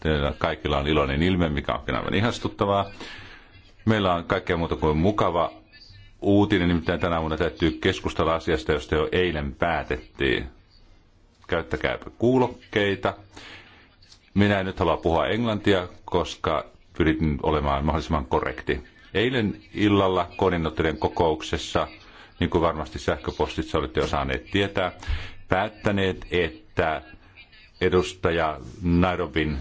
teillä kaikilla on iloinen ilme, mikä onkin aivan ihastuttavaa. Meillä on kaikkea muuta kuin mukava uutinen, nimittäin tänä vuonna täytyy keskustella asiasta, josta jo eilen päätettiin. Käyttäkääpä kuulokkeita. Minä en nyt halua puhua englantia, koska pyrin olemaan mahdollisimman korrekti. Eilen illalla koordinaattorien kokouksessa, niin kuin varmasti sähköpostissa olette jo saaneet tietää, päättäneet, että edustaja Nairobin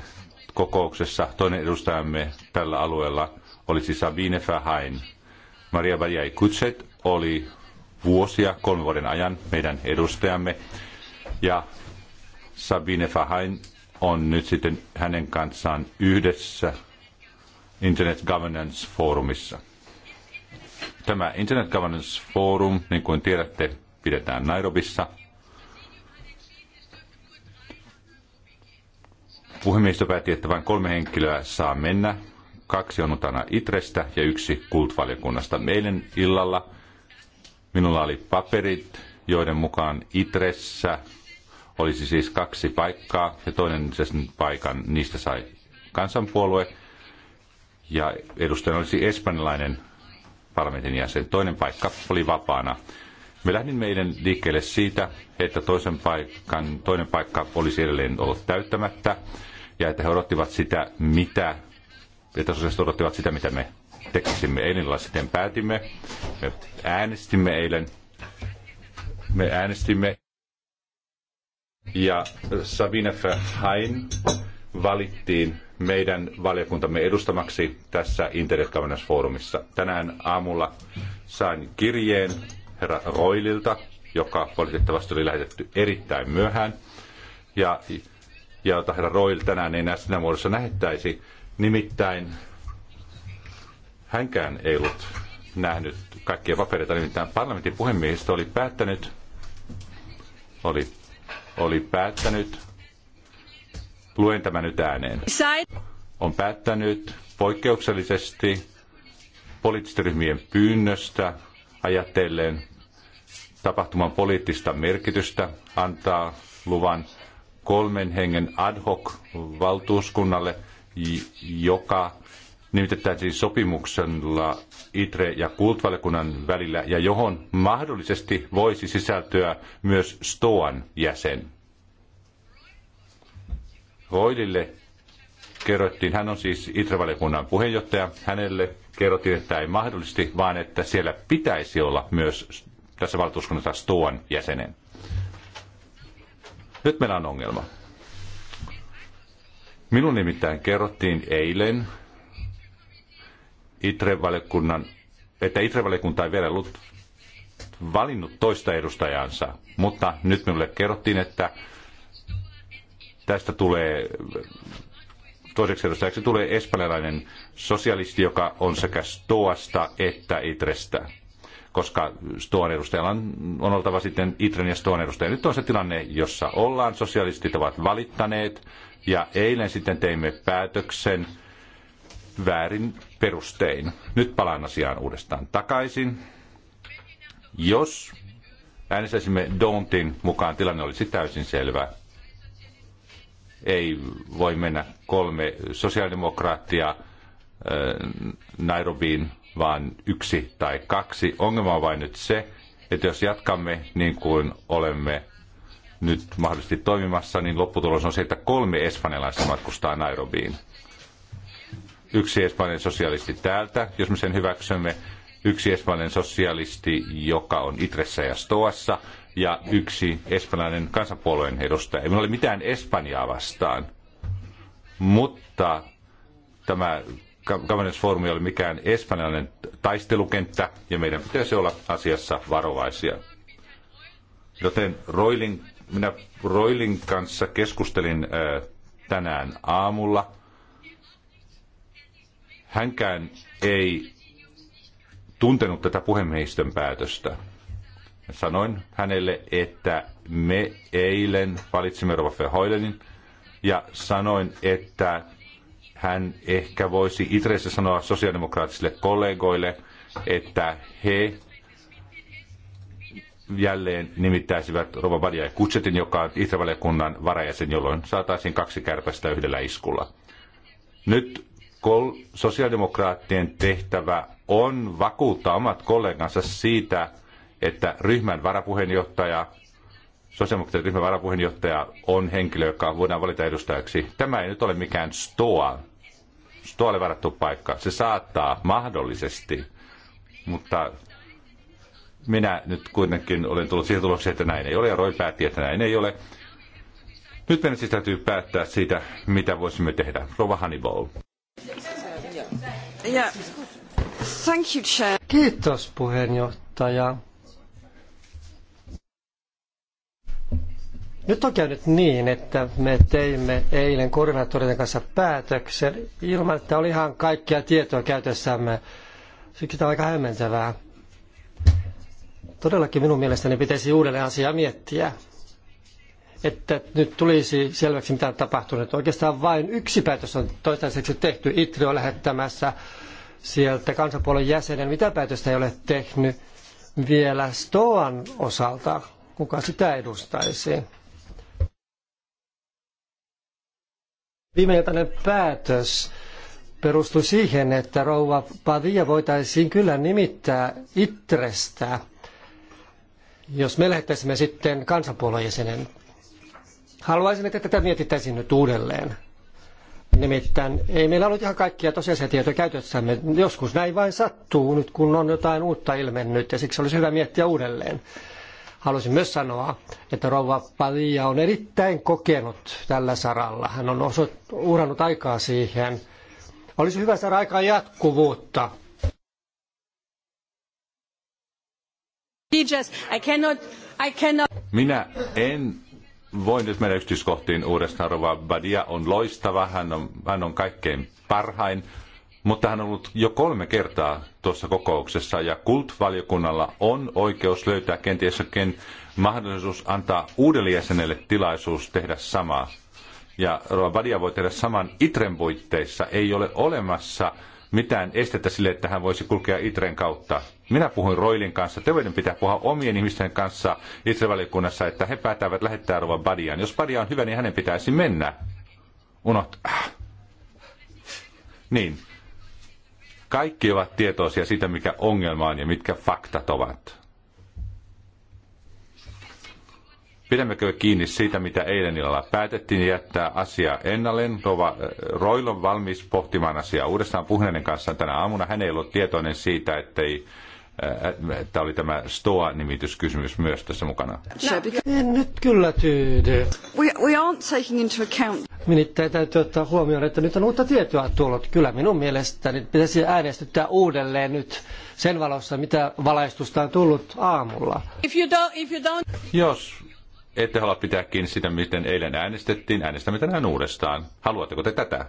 kokouksessa toinen edustajamme tällä alueella oli siis Sabine Fahain. Maria Bajai Kutset oli vuosia, kolmen vuoden ajan meidän edustajamme. Ja Sabine Fahain on nyt sitten hänen kanssaan yhdessä Internet Governance Forumissa. Tämä Internet Governance Forum, niin kuin tiedätte, pidetään Nairobissa Puhemiehistö päätti, että vain kolme henkilöä saa mennä. Kaksi on utana Itrestä ja yksi kultvaliokunnasta. meilen illalla minulla oli paperit, joiden mukaan Itressä olisi siis kaksi paikkaa ja toinen sen paikan niistä sai kansanpuolue ja edustajana olisi espanjalainen parlamentin jäsen. Toinen paikka oli vapaana. Me lähdimme meidän liikkeelle siitä, että toisen paikan, toinen paikka olisi edelleen ollut täyttämättä ja että he odottivat sitä, mitä, että sosiaaliset odottivat sitä, mitä me tekisimme. eilen, jolla sitten päätimme. Me äänestimme eilen, me äänestimme ja Sabine Verheyen valittiin meidän valiokuntamme edustamaksi tässä Internet Governance Forumissa. Tänään aamulla sain kirjeen herra Roililta, joka valitettavasti oli lähetetty erittäin myöhään. Ja ja herra Roil tänään ei näissä muodossa nähtäisi. Nimittäin hänkään ei ollut nähnyt kaikkia papereita, nimittäin parlamentin puhemiehistö oli päättänyt, oli, oli päättänyt, luen tämän nyt ääneen, on päättänyt poikkeuksellisesti poliittisten ryhmien pyynnöstä ajatellen tapahtuman poliittista merkitystä antaa luvan kolmen hengen ad hoc valtuuskunnalle, joka siis sopimuksella ITRE- ja kultvalikunnan välillä ja johon mahdollisesti voisi sisältyä myös STOAN jäsen. Roilille kerrottiin, hän on siis itre valikunnan puheenjohtaja, hänelle kerrottiin, että ei mahdollisesti, vaan että siellä pitäisi olla myös tässä valtuuskunnassa STOAN jäsenen. Nyt meillä on ongelma. Minun nimittäin kerrottiin eilen ITRE-valiokunnan, että ITRE-valiokunta ei vielä ollut valinnut toista edustajansa, mutta nyt minulle kerrottiin, että tästä tulee toiseksi edustajaksi tulee espanjalainen sosialisti, joka on sekä Stoasta että Itrestä koska Stoon edustajalla on, on oltava sitten Itren ja Stoon edustaja. Nyt on se tilanne, jossa ollaan, sosialistit ovat valittaneet, ja eilen sitten teimme päätöksen väärin perustein. Nyt palaan asiaan uudestaan takaisin. Jos äänestäisimme Dontin mukaan, tilanne olisi täysin selvä. Ei voi mennä kolme sosiaalidemokraattia äh, Nairobiin vaan yksi tai kaksi. Ongelma on vain nyt se, että jos jatkamme niin kuin olemme nyt mahdollisesti toimimassa, niin lopputulos on se, että kolme espanjalaista matkustaa Nairobiin. Yksi espanjalainen sosialisti täältä, jos me sen hyväksymme, yksi espanjalainen sosialisti, joka on Itressä ja Stoassa, ja yksi espanjalainen kansanpuolueen edustaja. Ei ole mitään Espanjaa vastaan, mutta tämä governance ei oli mikään espanjalainen taistelukenttä, ja meidän pitäisi olla asiassa varovaisia. Joten Roilin, minä Roilin kanssa keskustelin ää, äh, tänään aamulla. Hänkään ei tuntenut tätä puhemiehistön päätöstä. Sanoin hänelle, että me eilen valitsimme Rova Verhoilenin ja sanoin, että hän ehkä voisi itse sanoa sosiaalidemokraattisille kollegoille, että he jälleen nimittäisivät Rova Badia ja Kutsetin, joka on Itävaliokunnan varajäsen, jolloin saataisiin kaksi kärpästä yhdellä iskulla. Nyt kol- sosiaalidemokraattien tehtävä on vakuuttaa omat kollegansa siitä, että ryhmän varapuheenjohtaja, sosiaalidemokraattien ryhmän varapuheenjohtaja on henkilö, joka voidaan valita edustajaksi. Tämä ei nyt ole mikään stoa tuolle varattu paikka. Se saattaa mahdollisesti, mutta minä nyt kuitenkin olen tullut siihen tulokseen, että näin ei ole, ja Roy päätti, että näin ei ole. Nyt meidän siis täytyy päättää siitä, mitä voisimme tehdä. Rova Hannibal. Kiitos puheenjohtaja. Nyt on käynyt niin, että me teimme eilen koordinaattoreiden kanssa päätöksen ilman, että oli ihan kaikkia tietoa käytössämme. Siksi tämä on aika hämmentävää. Todellakin minun mielestäni pitäisi uudelleen asiaa miettiä. Että nyt tulisi selväksi, mitä on tapahtunut. Oikeastaan vain yksi päätös on toistaiseksi tehty. Itri on lähettämässä sieltä kansanpuolen jäsenen. Mitä päätöstä ei ole tehnyt vielä Stoan osalta? Kuka sitä edustaisi? viimeiltainen päätös perustui siihen, että rouva Padia voitaisiin kyllä nimittää Itrestä, jos me lähettäisimme sitten kansanpuolueen jäsenen. Haluaisin, että tätä mietittäisiin nyt uudelleen. Nimittäin ei meillä ollut ihan kaikkia tosiasiatietoja käytössämme. Joskus näin vain sattuu nyt, kun on jotain uutta ilmennyt, ja siksi olisi hyvä miettiä uudelleen. Haluaisin myös sanoa, että rouva Padilla on erittäin kokenut tällä saralla. Hän on osoit, uhrannut aikaa siihen. Olisi hyvä saada aikaa jatkuvuutta. Minä en voi nyt mennä yksityiskohtiin uudestaan. Rova Badia on loistava, hän on, hän on kaikkein parhain mutta hän on ollut jo kolme kertaa tuossa kokouksessa ja kultvaliokunnalla on oikeus löytää kenties jokin mahdollisuus antaa uudelle jäsenelle tilaisuus tehdä samaa. Ja Badia voi tehdä saman Itren puitteissa. Ei ole olemassa mitään estettä sille, että hän voisi kulkea Itren kautta. Minä puhuin Roilin kanssa. Teidän pitää puhua omien ihmisten kanssa Itrevaliokunnassa, että he päätävät lähettää Rova Badian. Jos Badia on hyvä, niin hänen pitäisi mennä. Unohtaa. Ah. Niin, kaikki ovat tietoisia siitä, mikä ongelma on ja mitkä faktat ovat. Pidämmekö kiinni siitä, mitä eilen illalla päätettiin jättää asia ennalleen? Rova, äh, Roil on valmis pohtimaan asiaa uudestaan puhelimen kanssa tänä aamuna. Hän ei ollut tietoinen siitä, ettei Äh, äh, tämä oli tämä STOA-nimityskysymys myös tässä mukana. No, en nyt kyllä tyydy. We, we aren't taking into account. Nimittäin täytyy ottaa huomioon, että nyt on uutta tietoa tullut. Kyllä minun mielestäni pitäisi äänestyttää uudelleen nyt sen valossa, mitä valaistusta on tullut aamulla. If you don't, if you don't... Jos ette halua pitää kiinni sitä, miten eilen äänestettiin, äänestämme tänään uudestaan. Haluatteko te tätä?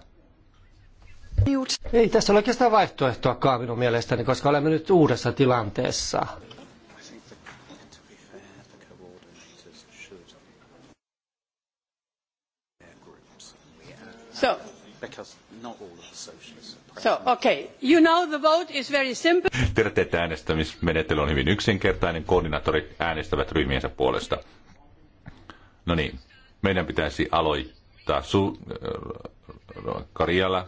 Ei tässä ole oikeastaan vaihtoehtoakaan minun mielestäni, koska olemme nyt uudessa tilanteessa. So, so, okay. you know the vote is very simple. Tiedätte, että äänestämismenettely on hyvin yksinkertainen. Koordinaattorit äänestävät ryhmiensä puolesta. No niin, meidän pitäisi aloittaa. Su- Karjala,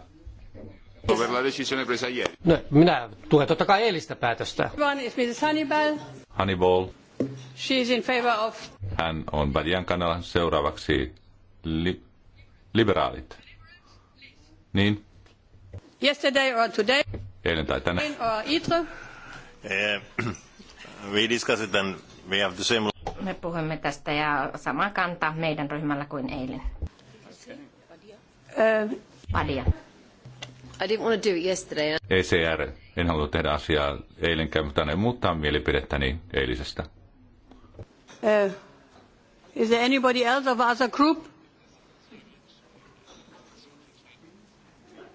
No, minä tuen totta kai eilistä päätöstä. One is Mrs. Hannibal. Hannibal. She is in favor of... Hän on Badian kannalla seuraavaksi li- liberaalit. Niin. Yesterday or today. Eilen tai tänään. Or itre. Eh, we discussed it and we have the same... Me puhumme tästä ja sama kanta meidän ryhmällä kuin eilen. Okay. Äh, Padia. I didn't want to do it yesterday. ECR, en halua tehdä asiaa eilenkään, mutta ne muuttaa mielipidettäni eilisestä. Uh, is there anybody else of other group?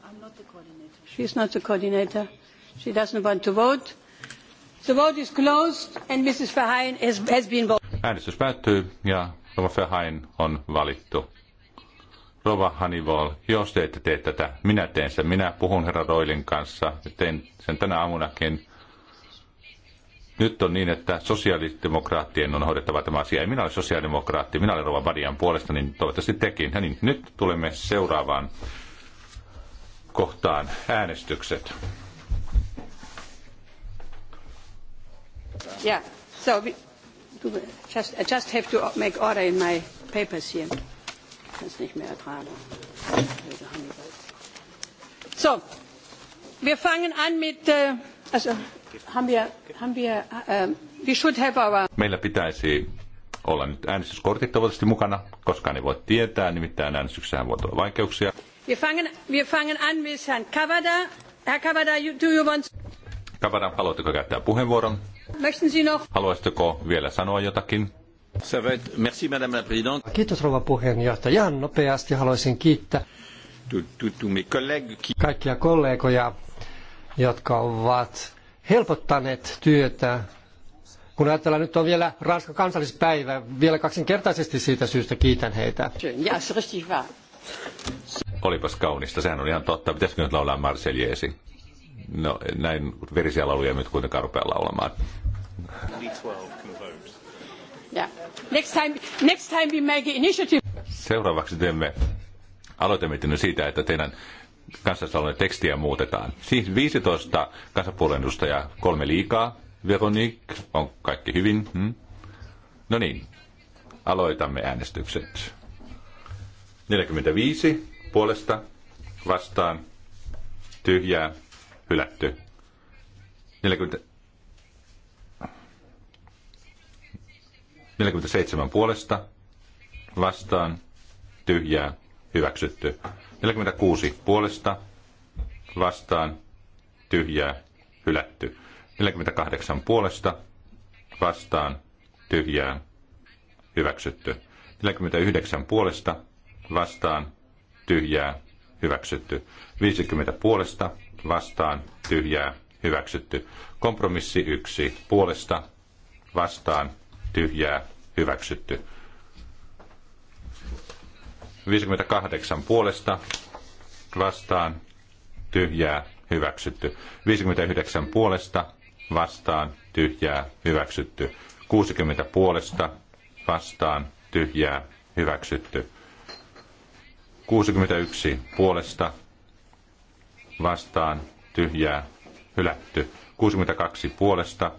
I'm not the coordinator. She's not the coordinator. She doesn't want to vote. The vote is closed and Mrs. Verheyen has, has been voted. Äänestys päättyy ja Rova Verheyen on valittu. Rova Hannibal, jos te ette tee tätä, minä teen sen. Minä puhun herra Doylin kanssa, teen sen tänä aamunakin. Nyt on niin, että sosiaalidemokraattien on hoidettava tämä asia. Ei minä olen sosiaalidemokraatti, minä olen Rova Badian puolesta, niin toivottavasti tekin. Ja niin, nyt tulemme seuraavaan kohtaan äänestykset. Yeah, so we just, I just have to make order in my papers here es nicht mehr So, wir fangen an mit... Äh, also, haben wir, haben wir, ähm, we should have our... Meillä pitäisi olla nyt äänestyskortit toivottavasti mukana. koska ne voi tietää, nimittäin äänestyksessä voi tulla vaikeuksia. Wir fangen, wir fangen an mit Herrn Kavada. Herr Kavada, you, do you want... Kavada, haluatteko käyttää puheenvuoron? Möchten Sie noch... Haluaisitteko vielä sanoa jotakin? Merci, Madame la Présidente. Kiitos rouva puheenjohtaja. Ihan nopeasti haluaisin kiittää kaikkia kollegoja, jotka ovat helpottaneet työtä. Kun ajatellaan, nyt on vielä Ranskan kansallispäivä, vielä kaksinkertaisesti siitä syystä kiitän heitä. Olipas kaunista, sehän on ihan totta. Pitäisikö nyt laulaa Marseljeesi? No näin verisiä lauluja nyt kuitenkaan rupeaa laulamaan. Yeah. Next time, next time we make initiative. Seuraavaksi teemme aloitemietinnön siitä, että teidän kansalaisaloinen tekstiä muutetaan. Siis 15 kansanpuolueen edustajaa, kolme liikaa. Veronique, on kaikki hyvin? Hmm? No niin, aloitamme äänestykset. 45 puolesta vastaan tyhjää hylätty. 40, 47 puolesta vastaan tyhjää hyväksytty. 46 puolesta vastaan tyhjää hylätty. 48 puolesta vastaan tyhjää hyväksytty. 49 puolesta vastaan tyhjää hyväksytty. 50 puolesta vastaan tyhjää hyväksytty. Kompromissi 1 puolesta vastaan tyhjää hyväksytty. 58 puolesta vastaan tyhjää hyväksytty. 59 puolesta vastaan tyhjää hyväksytty. 60 puolesta vastaan tyhjää hyväksytty. 61 puolesta vastaan tyhjää hylätty. 62 puolesta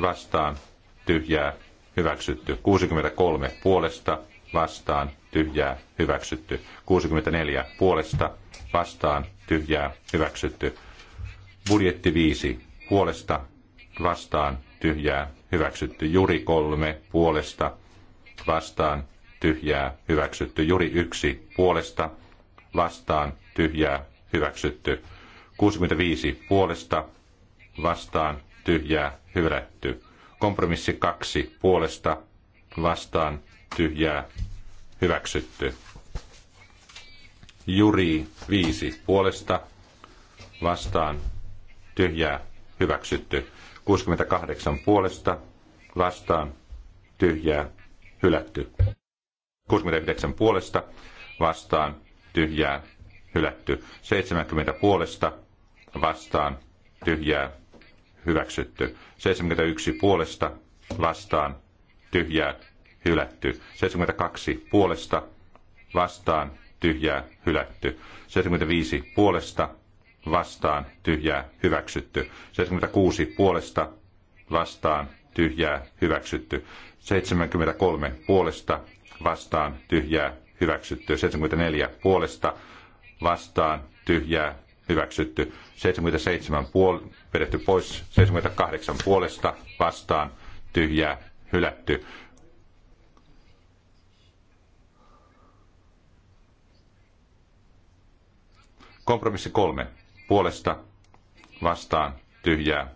vastaan tyhjää hyväksytty. 63 puolesta vastaan tyhjää hyväksytty. 64 puolesta vastaan tyhjää hyväksytty. Budjetti 5 puolesta vastaan tyhjää hyväksytty. Juri 3 puolesta vastaan tyhjää hyväksytty. Juri 1 puolesta vastaan tyhjää hyväksytty. 65 puolesta vastaan tyhjää hylätty. Kompromissi kaksi puolesta vastaan tyhjää hyväksytty. Juri viisi puolesta vastaan tyhjää hyväksytty. 68 puolesta vastaan tyhjää hylätty. 69 puolesta vastaan tyhjää hylätty. 70 puolesta vastaan tyhjää hyväksytty. 71 puolesta vastaan tyhjää hylätty. 72 puolesta vastaan tyhjää hylätty. 75 puolesta vastaan tyhjää hyväksytty. 76 puolesta vastaan tyhjää hyväksytty. 73 puolesta vastaan tyhjää hyväksytty. 74 puolesta vastaan tyhjää hyväksytty. 77 puol- vedetty pois, 78 puolesta vastaan, tyhjää, hylätty. Kompromissi kolme. Puolesta, vastaan, tyhjää,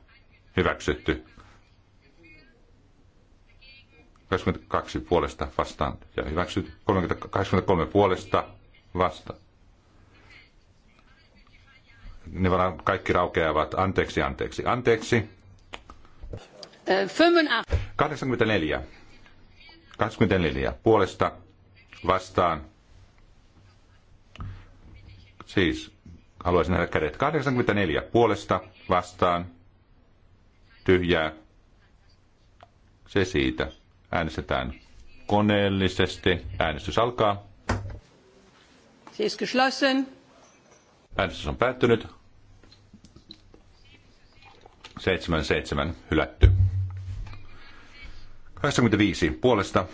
hyväksytty. 22 puolesta vastaan ja hyväksytty. 83 puolesta vastaan ne vaan kaikki raukeavat. Anteeksi, anteeksi, anteeksi. 84. 24. Puolesta vastaan. Siis haluaisin nähdä kädet. 84. Puolesta vastaan. Tyhjää. Se siitä. Äänestetään koneellisesti. Äänestys alkaa. Siis geschlossen. Äänestys on päättynyt. 77 hylätty. 85 puolesta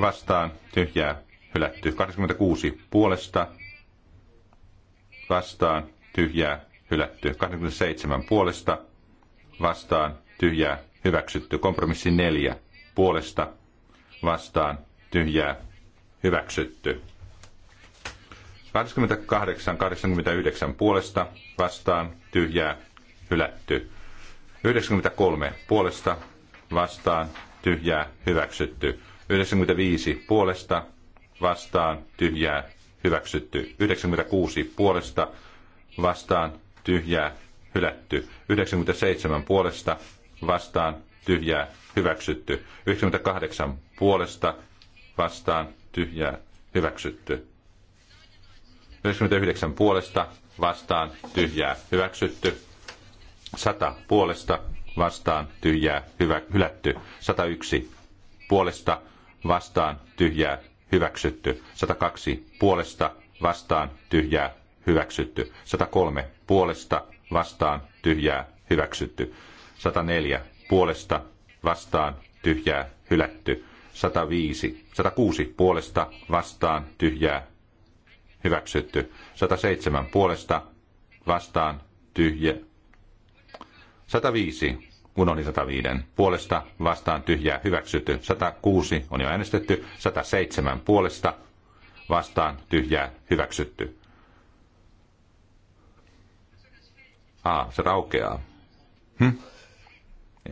vastaan tyhjää hylätty. 86 puolesta vastaan tyhjää hylätty. 87 puolesta vastaan tyhjää hyväksytty. Kompromissi 4 puolesta vastaan tyhjää hyväksytty. 88, 89 puolesta vastaan tyhjää hylätty. 93 puolesta vastaan tyhjää hyväksytty. 95 puolesta vastaan tyhjää hyväksytty. 96 puolesta vastaan tyhjää hylätty. 97 puolesta vastaan tyhjää hyväksytty. 98 puolesta vastaan tyhjää hyväksytty. 99 puolesta vastaan tyhjää hyväksytty. 100 puolesta vastaan tyhjää hyvä, hylätty. 101 puolesta vastaan tyhjää hyväksytty. 102 puolesta vastaan tyhjää hyväksytty. 103 puolesta vastaan tyhjää hyväksytty. 104 puolesta vastaan tyhjää hylätty. 105, 106 puolesta vastaan tyhjää hyväksytty. 107 puolesta vastaan tyhjää 105. Unohdin 105. Puolesta vastaan tyhjää hyväksytty. 106 on jo äänestetty. 107 puolesta vastaan tyhjää hyväksytty. A, se raukeaa. Hm?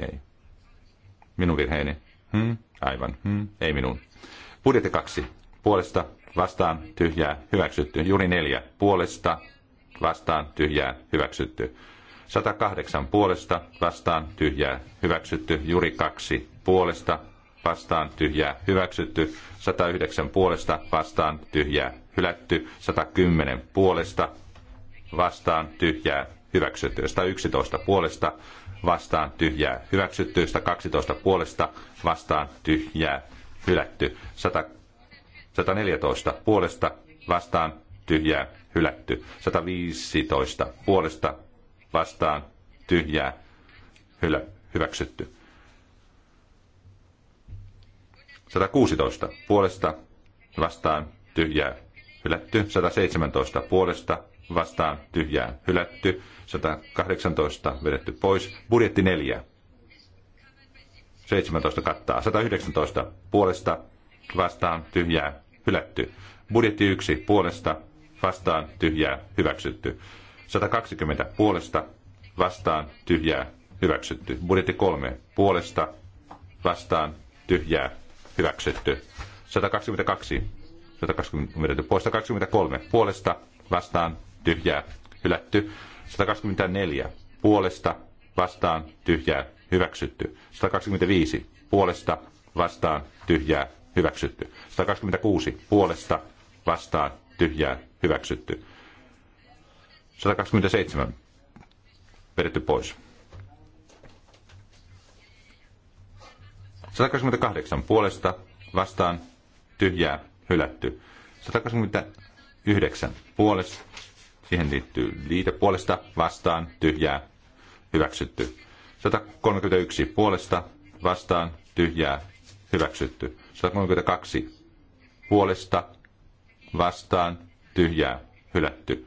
Ei. Minun virheeni. Hm? Aivan. Hm? Ei minun. Budjetti kaksi. Puolesta vastaan tyhjää hyväksytty. Juuri neljä. Puolesta vastaan tyhjää hyväksytty. 108 puolesta vastaan tyhjää hyväksytty. Juri kaksi puolesta vastaan tyhjää hyväksytty. 109 puolesta vastaan tyhjää hylätty. 110 puolesta vastaan tyhjää hyväksytty. 111 puolesta vastaan tyhjää hyväksytty. 112 puolesta vastaan tyhjää hylätty. 100, 114 puolesta vastaan tyhjää hylätty. 115 puolesta vastaan tyhjää hylä, hyväksytty. 116 puolesta vastaan tyhjää hylätty. 117 puolesta vastaan tyhjää hylätty. 118 vedetty pois. Budjetti 4. 17 kattaa. 119 puolesta vastaan tyhjää hylätty. Budjetti 1 puolesta vastaan tyhjää hyväksytty. 120 puolesta vastaan tyhjää hyväksytty. Budjetti kolme puolesta vastaan tyhjää hyväksytty. 122 120 poista 23 puolesta vastaan tyhjää hylätty. 124 puolesta vastaan tyhjää hyväksytty. 125 puolesta vastaan tyhjää hyväksytty. 126 puolesta vastaan tyhjää hyväksytty. 127. Vedetty pois. 128 puolesta vastaan tyhjää hylätty. 129 puolesta, siihen liittyy liite puolesta vastaan tyhjää hyväksytty. 131 puolesta vastaan tyhjää hyväksytty. 132 puolesta vastaan tyhjää hylätty.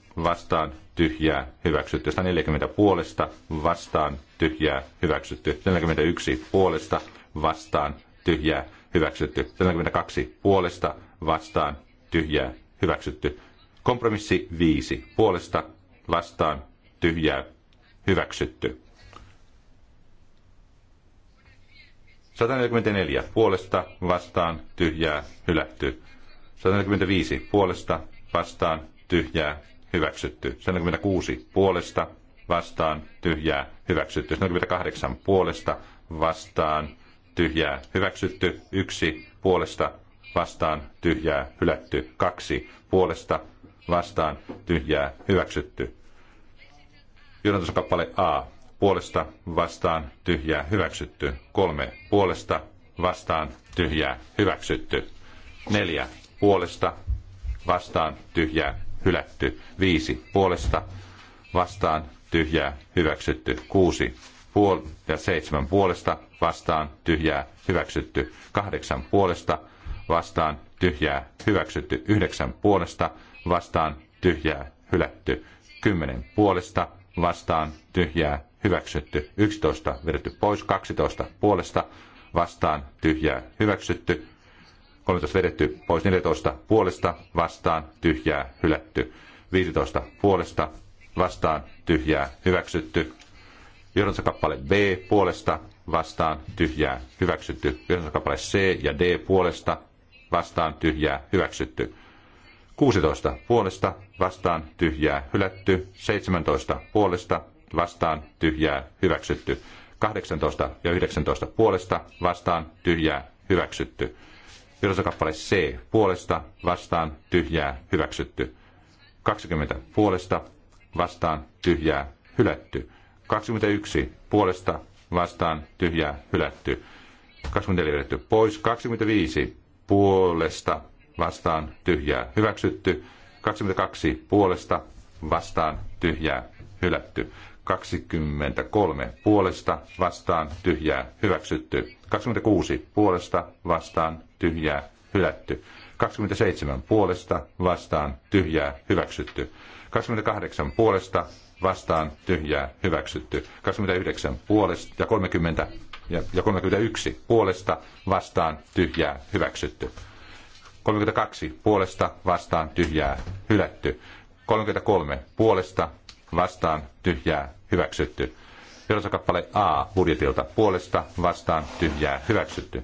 vastaan tyhjää hyväksytty. 140 puolesta vastaan tyhjää hyväksytty. 141 puolesta vastaan tyhjää hyväksytty. 142 puolesta vastaan tyhjää hyväksytty. Kompromissi 5 puolesta vastaan tyhjää hyväksytty. 144 puolesta vastaan tyhjää hylätty. 145 puolesta vastaan tyhjää hyväksytty. 76 puolesta vastaan tyhjää hyväksytty. 78 puolesta vastaan tyhjää hyväksytty. 1 puolesta vastaan tyhjää hylätty. 2 puolesta vastaan tyhjää hyväksytty. Johdatuskappale A. Puolesta vastaan tyhjää hyväksytty. 3. Puolesta vastaan tyhjää hyväksytty. 4. Puolesta vastaan tyhjää hylätty. Viisi puolesta vastaan tyhjää hyväksytty. Kuusi puol- ja seitsemän puolesta vastaan tyhjää hyväksytty. Kahdeksan puolesta vastaan tyhjää hyväksytty. Yhdeksän puolesta vastaan tyhjää hylätty. Kymmenen puolesta vastaan tyhjää hyväksytty. Yksitoista vedetty pois. Kaksitoista puolesta vastaan tyhjää hyväksytty. 13 vedetty pois 14 puolesta vastaan tyhjää hylätty. 15 puolesta vastaan tyhjää hyväksytty. Johdansa kappale B puolesta vastaan tyhjää hyväksytty. Johdansa kappale C ja D puolesta vastaan tyhjää hyväksytty. 16 puolesta vastaan tyhjää hylätty. 17 puolesta vastaan tyhjää hyväksytty. 18 ja 19 puolesta vastaan tyhjää hyväksytty. Virtokappale C puolesta vastaan tyhjää hyväksytty. 20 puolesta vastaan tyhjää hylätty. 21 puolesta vastaan tyhjää hylätty. 24 hylätty pois. 25 puolesta vastaan tyhjää hyväksytty. 22 puolesta vastaan tyhjää hylätty. 23 puolesta vastaan tyhjää hyväksytty. 26 puolesta vastaan tyhjää, hylätty. 27 puolesta, vastaan, tyhjää, hyväksytty. 28 puolesta, vastaan, tyhjää, hyväksytty. 29 puolesta ja 30 ja, ja 31 puolesta, vastaan, tyhjää, hyväksytty. 32 puolesta, vastaan, tyhjää, hylätty. 33 puolesta, vastaan, tyhjää, hyväksytty. Johdantosakappale A budjetilta puolesta, vastaan, tyhjää, hyväksytty.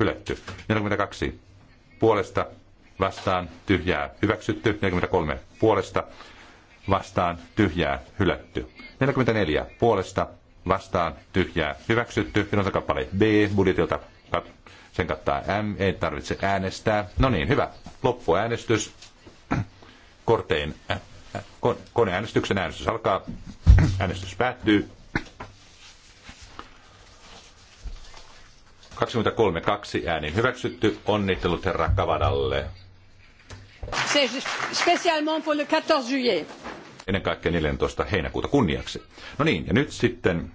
hylätty. 42 puolesta vastaan tyhjää hyväksytty. 43 puolesta vastaan tyhjää hylätty. 44 puolesta vastaan tyhjää hyväksytty. Minun kappale B budjetilta sen kattaa M, ei tarvitse äänestää. No niin, hyvä. Loppuäänestys. Kortein, koneäänestyksen äänestys alkaa. Äänestys päättyy. 23.2 äänin hyväksytty. Onnittelut herra Kavadalle. Spécialement pour le 14 juillet. Ennen kaikkea 14. heinäkuuta kunniaksi. No niin, ja nyt sitten...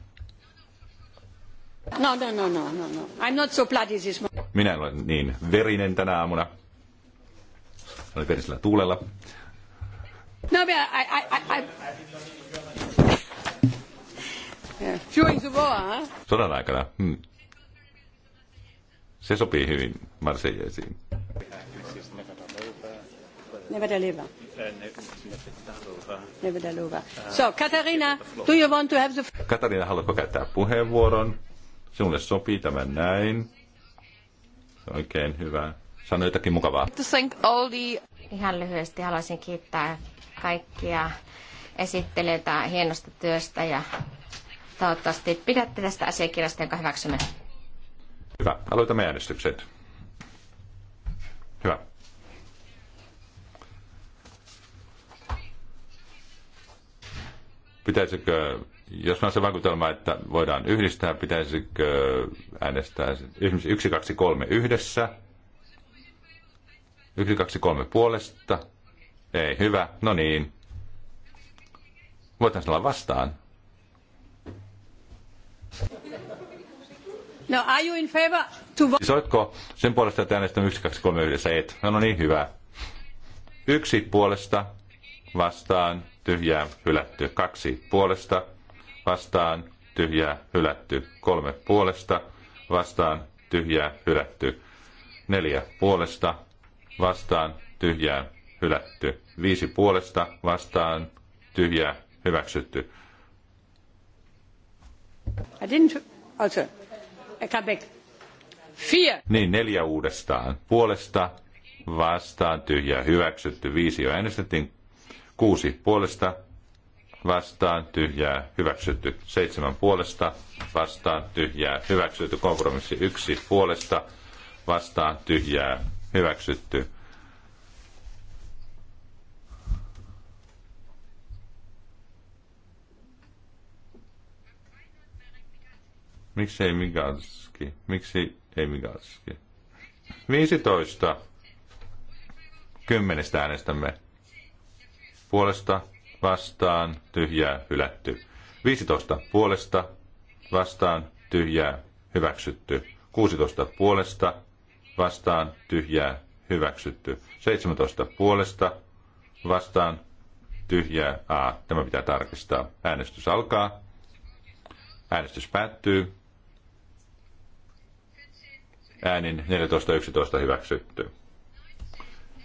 No, no, no, no, no, no. I'm not so bloody this morning. Minä olen niin verinen tänä aamuna. Olen verisellä tuulella. No, but I, I, I, I... Yeah. During the war, huh? Sodan aikana. Hmm. Se sopii hyvin Marseilleisiin. So, Katarina, do you want to have the... Katarina, haluatko käyttää puheenvuoron? Sinulle sopii tämä näin. Oikein hyvä. Sano jotakin mukavaa. Ihan lyhyesti haluaisin kiittää kaikkia esittelijöitä hienosta työstä ja toivottavasti pidätte tästä asiakirjasta, jonka hyväksymme. Hyvä. Aloitamme äänestykset. Hyvä. Pitäisikö, jos on se vaikutelma, että voidaan yhdistää, pitäisikö äänestää esimerkiksi 1, 2, 3 yhdessä? 1, 2, 3 puolesta? Ei, hyvä. No niin. Voitaisiin olla vastaan. No, are you in favor to vote? sen puolesta, että äänestän 1, 2, 3 yhdessä? Et. No, no niin, hyvä. Yksi puolesta vastaan tyhjää hylätty. Kaksi puolesta vastaan tyhjää hylätty. Kolme puolesta vastaan tyhjää hylätty. Neljä puolesta vastaan tyhjää hylätty. Viisi puolesta vastaan tyhjää hyväksytty. I didn't... Also, niin, neljä uudestaan. Puolesta, vastaan, tyhjää, hyväksytty. Viisi jo äänestettiin. Kuusi puolesta, vastaan, tyhjää, hyväksytty. Seitsemän puolesta, vastaan, tyhjää, hyväksytty. Kompromissi yksi puolesta, vastaan, tyhjää, hyväksytty. Miksei Migalski? Miksi ei Migalski? 15. Kymmenestä äänestämme. Puolesta, vastaan, tyhjää, hylätty. 15. Puolesta, vastaan, tyhjää, hyväksytty. 16. Puolesta, vastaan, tyhjää, hyväksytty. 17. Puolesta, vastaan, tyhjää, a. Tämä pitää tarkistaa. Äänestys alkaa. Äänestys päättyy äänin 14.11 hyväksytty.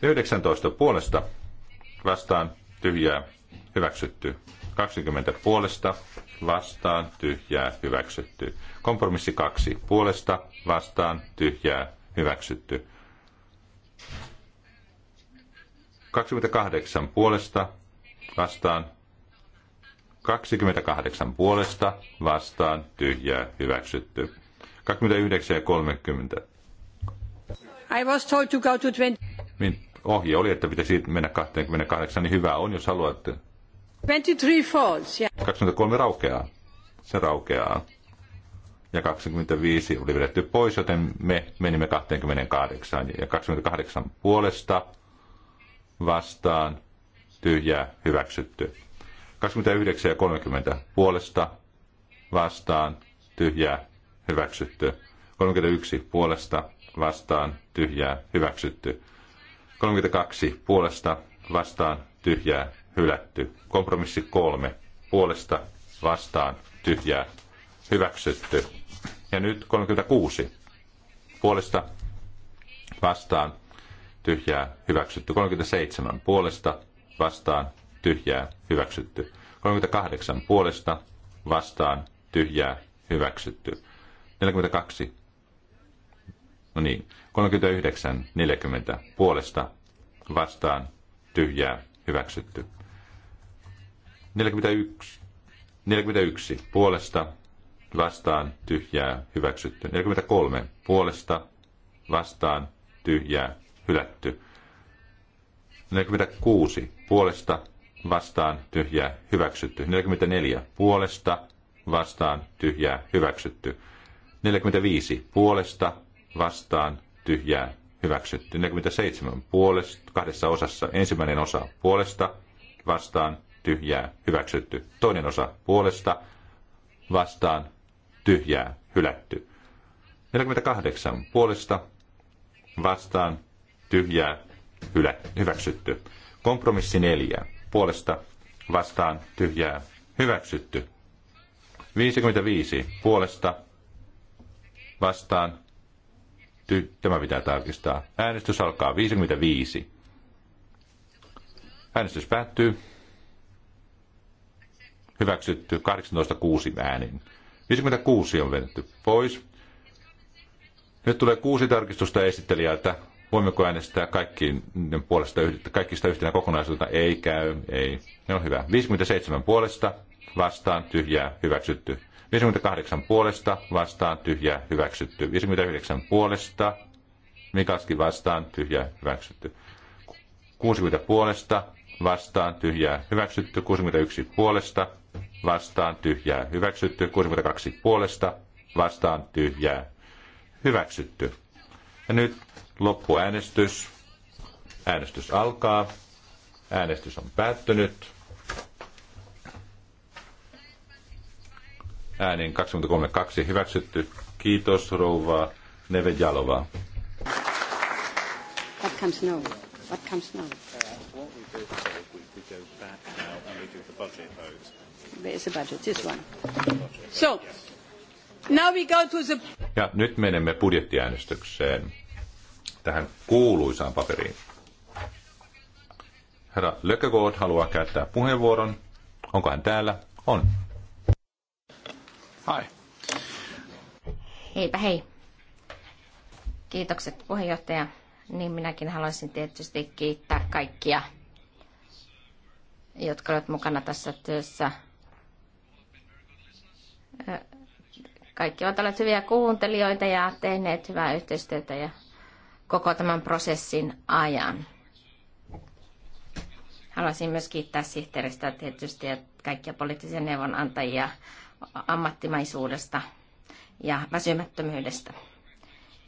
19 puolesta vastaan tyhjää hyväksytty. 20 puolesta vastaan tyhjää hyväksytty. Kompromissi 2 puolesta vastaan tyhjää hyväksytty. 28 puolesta vastaan 28 puolesta vastaan tyhjää hyväksytty. 29.30. I was told to go to 20. Niin, ohje oli, että pitäisi mennä 28, niin hyvä on, jos haluatte. 23 falls, yeah. 23 raukeaa. Se raukeaa. Ja 25 oli vedetty pois, joten me menimme 28. Ja 28 puolesta vastaan tyhjää hyväksytty. 29 ja 30 puolesta vastaan tyhjää hyväksytty. 31 puolesta vastaan tyhjää hyväksytty. 32 puolesta vastaan tyhjää hylätty. Kompromissi 3 puolesta vastaan tyhjää hyväksytty. Ja nyt 36 puolesta vastaan tyhjää hyväksytty. 37 puolesta vastaan tyhjää hyväksytty. 38 puolesta vastaan tyhjää hyväksytty. 42. No niin, 39, 40 puolesta vastaan tyhjää hyväksytty. 41, 41 puolesta vastaan tyhjää hyväksytty. 43 puolesta vastaan tyhjää hylätty. 46 puolesta vastaan tyhjää hyväksytty. 44 puolesta vastaan tyhjää hyväksytty. 45 puolesta vastaan tyhjää hyväksytty. 47 puolesta kahdessa osassa. Ensimmäinen osa puolesta vastaan tyhjää hyväksytty. Toinen osa puolesta vastaan tyhjää hylätty. 48 puolesta vastaan tyhjää hylä, hyväksytty. Kompromissi 4 puolesta vastaan tyhjää hyväksytty. 55 puolesta vastaan. Ty- Tämä pitää tarkistaa. Äänestys alkaa 55. Äänestys päättyy. Hyväksytty 18.6 äänin. 56 on vedetty pois. Nyt tulee kuusi tarkistusta esittelijältä. Voimmeko äänestää kaikkien puolesta, kaikista yhtenä kokonaisuutena? Ei käy, ei. Ne on hyvä. 57 puolesta, vastaan, tyhjää, hyväksytty. 58 puolesta vastaan tyhjää hyväksytty. 59 puolesta Mikaski vastaan tyhjää hyväksytty. 60 puolesta vastaan tyhjää hyväksytty. 61 puolesta vastaan tyhjää hyväksytty. 62 puolesta vastaan tyhjää hyväksytty. Ja nyt loppuäänestys. Äänestys alkaa. Äänestys on päättynyt. äänin 23.2 hyväksytty. Kiitos rouva Nevejalova. What comes now? What comes now? we go back now and we do the budget vote. Where's the budget? This one. So, now we go to the... Ja nyt menemme budjettiäänestykseen, tähän kuuluisaan paperiin. Herra Lökkökoot haluaa käyttää puheenvuoron. Onko hän täällä? On. Hi. Heipä hei. Kiitokset puheenjohtaja. Niin minäkin haluaisin tietysti kiittää kaikkia, jotka ovat mukana tässä työssä. Kaikki ovat olleet hyviä kuuntelijoita ja tehneet hyvää yhteistyötä ja koko tämän prosessin ajan. Haluaisin myös kiittää sihteeristä tietysti ja kaikkia poliittisia neuvonantajia ammattimaisuudesta ja väsymättömyydestä.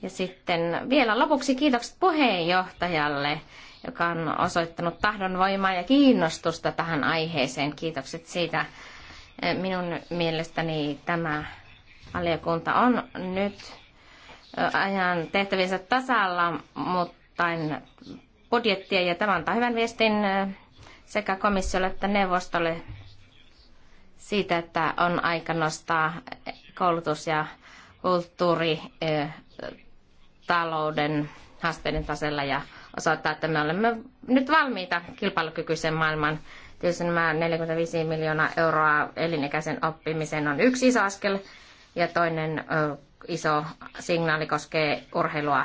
Ja sitten vielä lopuksi kiitokset puheenjohtajalle, joka on osoittanut tahdonvoimaa ja kiinnostusta tähän aiheeseen. Kiitokset siitä. Eh, minun mielestäni tämä valiokunta on nyt eh, ajan tehtävissä tasalla, mutta en budjettia ja tämän antaa hyvän viestin eh, sekä komissiolle että neuvostolle siitä, että on aika nostaa koulutus- ja kulttuuritalouden haasteiden tasella ja osoittaa, että me olemme nyt valmiita kilpailukykyisen maailman. Tietysti nämä 45 miljoonaa euroa elinikäisen oppimisen on yksi iso askel ja toinen iso signaali koskee urheilua.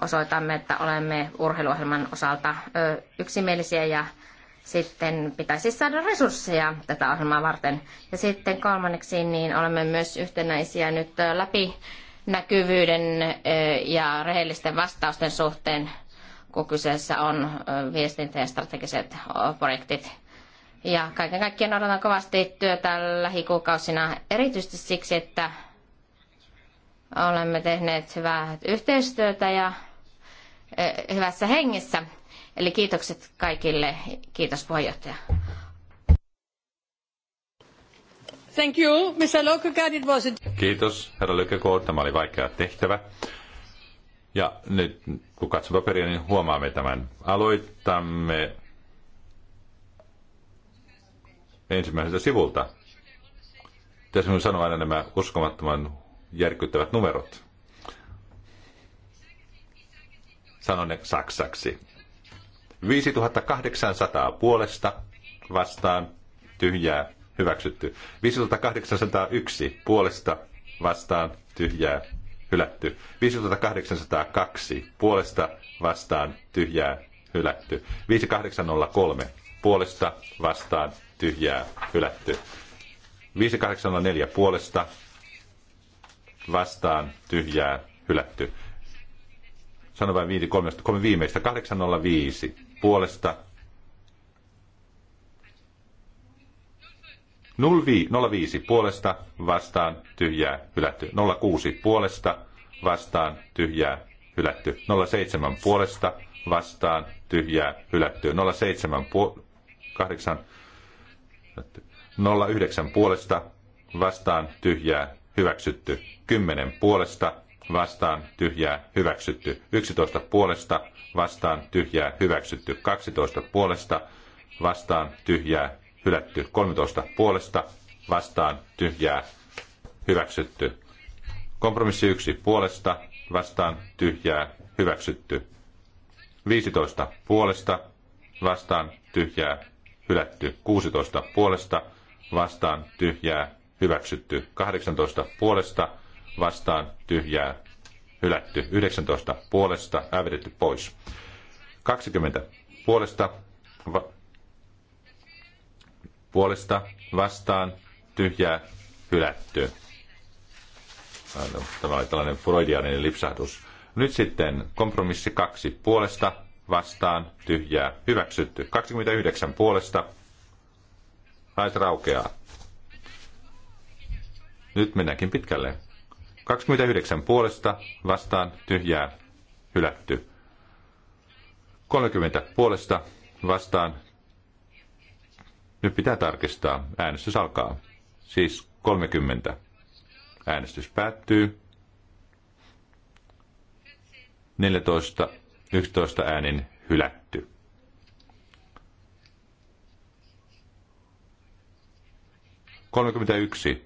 Osoitamme, että olemme urheiluohjelman osalta yksimielisiä ja sitten pitäisi saada resursseja tätä ohjelmaa varten. Ja sitten kolmanneksi niin olemme myös yhtenäisiä nyt läpi näkyvyyden ja rehellisten vastausten suhteen, kun kyseessä on viestintä ja strategiset projektit. Ja kaiken kaikkiaan odotan kovasti työtä lähikuukausina, erityisesti siksi, että olemme tehneet hyvää yhteistyötä ja hyvässä hengessä Eli kiitokset kaikille. Kiitos puheenjohtaja. Thank you, Mr. Lokkegaard. It was a... Kiitos, herra Lökkegaard. Tämä oli vaikea tehtävä. Ja nyt kun katsoo paperia, niin huomaamme tämän. Aloitamme ensimmäiseltä sivulta. Pitäisi minun sanoa aina nämä uskomattoman järkyttävät numerot. Sanon ne saksaksi. 5800 puolesta vastaan tyhjää hyväksytty. 5801 puolesta vastaan tyhjää hylätty. 5802 puolesta vastaan tyhjää hylätty. 5803 puolesta vastaan tyhjää hylätty. 5804 puolesta vastaan tyhjää hylätty. Sano vain viisi, kolme, kolme viimeistä. 805 puolesta. 05 puolesta vastaan tyhjää hylätty. 06 puolesta vastaan tyhjää hylätty. 07 puolesta vastaan tyhjää hylätty. 07 8 09 puolesta vastaan tyhjää hyväksytty. 10 puolesta vastaan tyhjää hyväksytty. 11 puolesta vastaan tyhjää hyväksytty 12 puolesta, vastaan tyhjää hylätty 13 puolesta, vastaan tyhjää hyväksytty. Kompromissi 1 puolesta, vastaan tyhjää hyväksytty. 15 puolesta, vastaan tyhjää hylätty. 16 puolesta, vastaan tyhjää hyväksytty. 18 puolesta, vastaan tyhjää hylätty. 19 puolesta hävitetty pois. 20 puolesta, va, puolesta vastaan tyhjää hylätty. Tämä oli tällainen freudianinen lipsahdus. Nyt sitten kompromissi kaksi puolesta vastaan tyhjää hyväksytty. 29 puolesta naiset raukeaa. Nyt mennäänkin pitkälle. 29 puolesta vastaan tyhjää hylätty. 30 puolesta vastaan. Nyt pitää tarkistaa. Äänestys alkaa. Siis 30. Äänestys päättyy. 14, 11 äänin hylätty. Kolmekymmentä yksi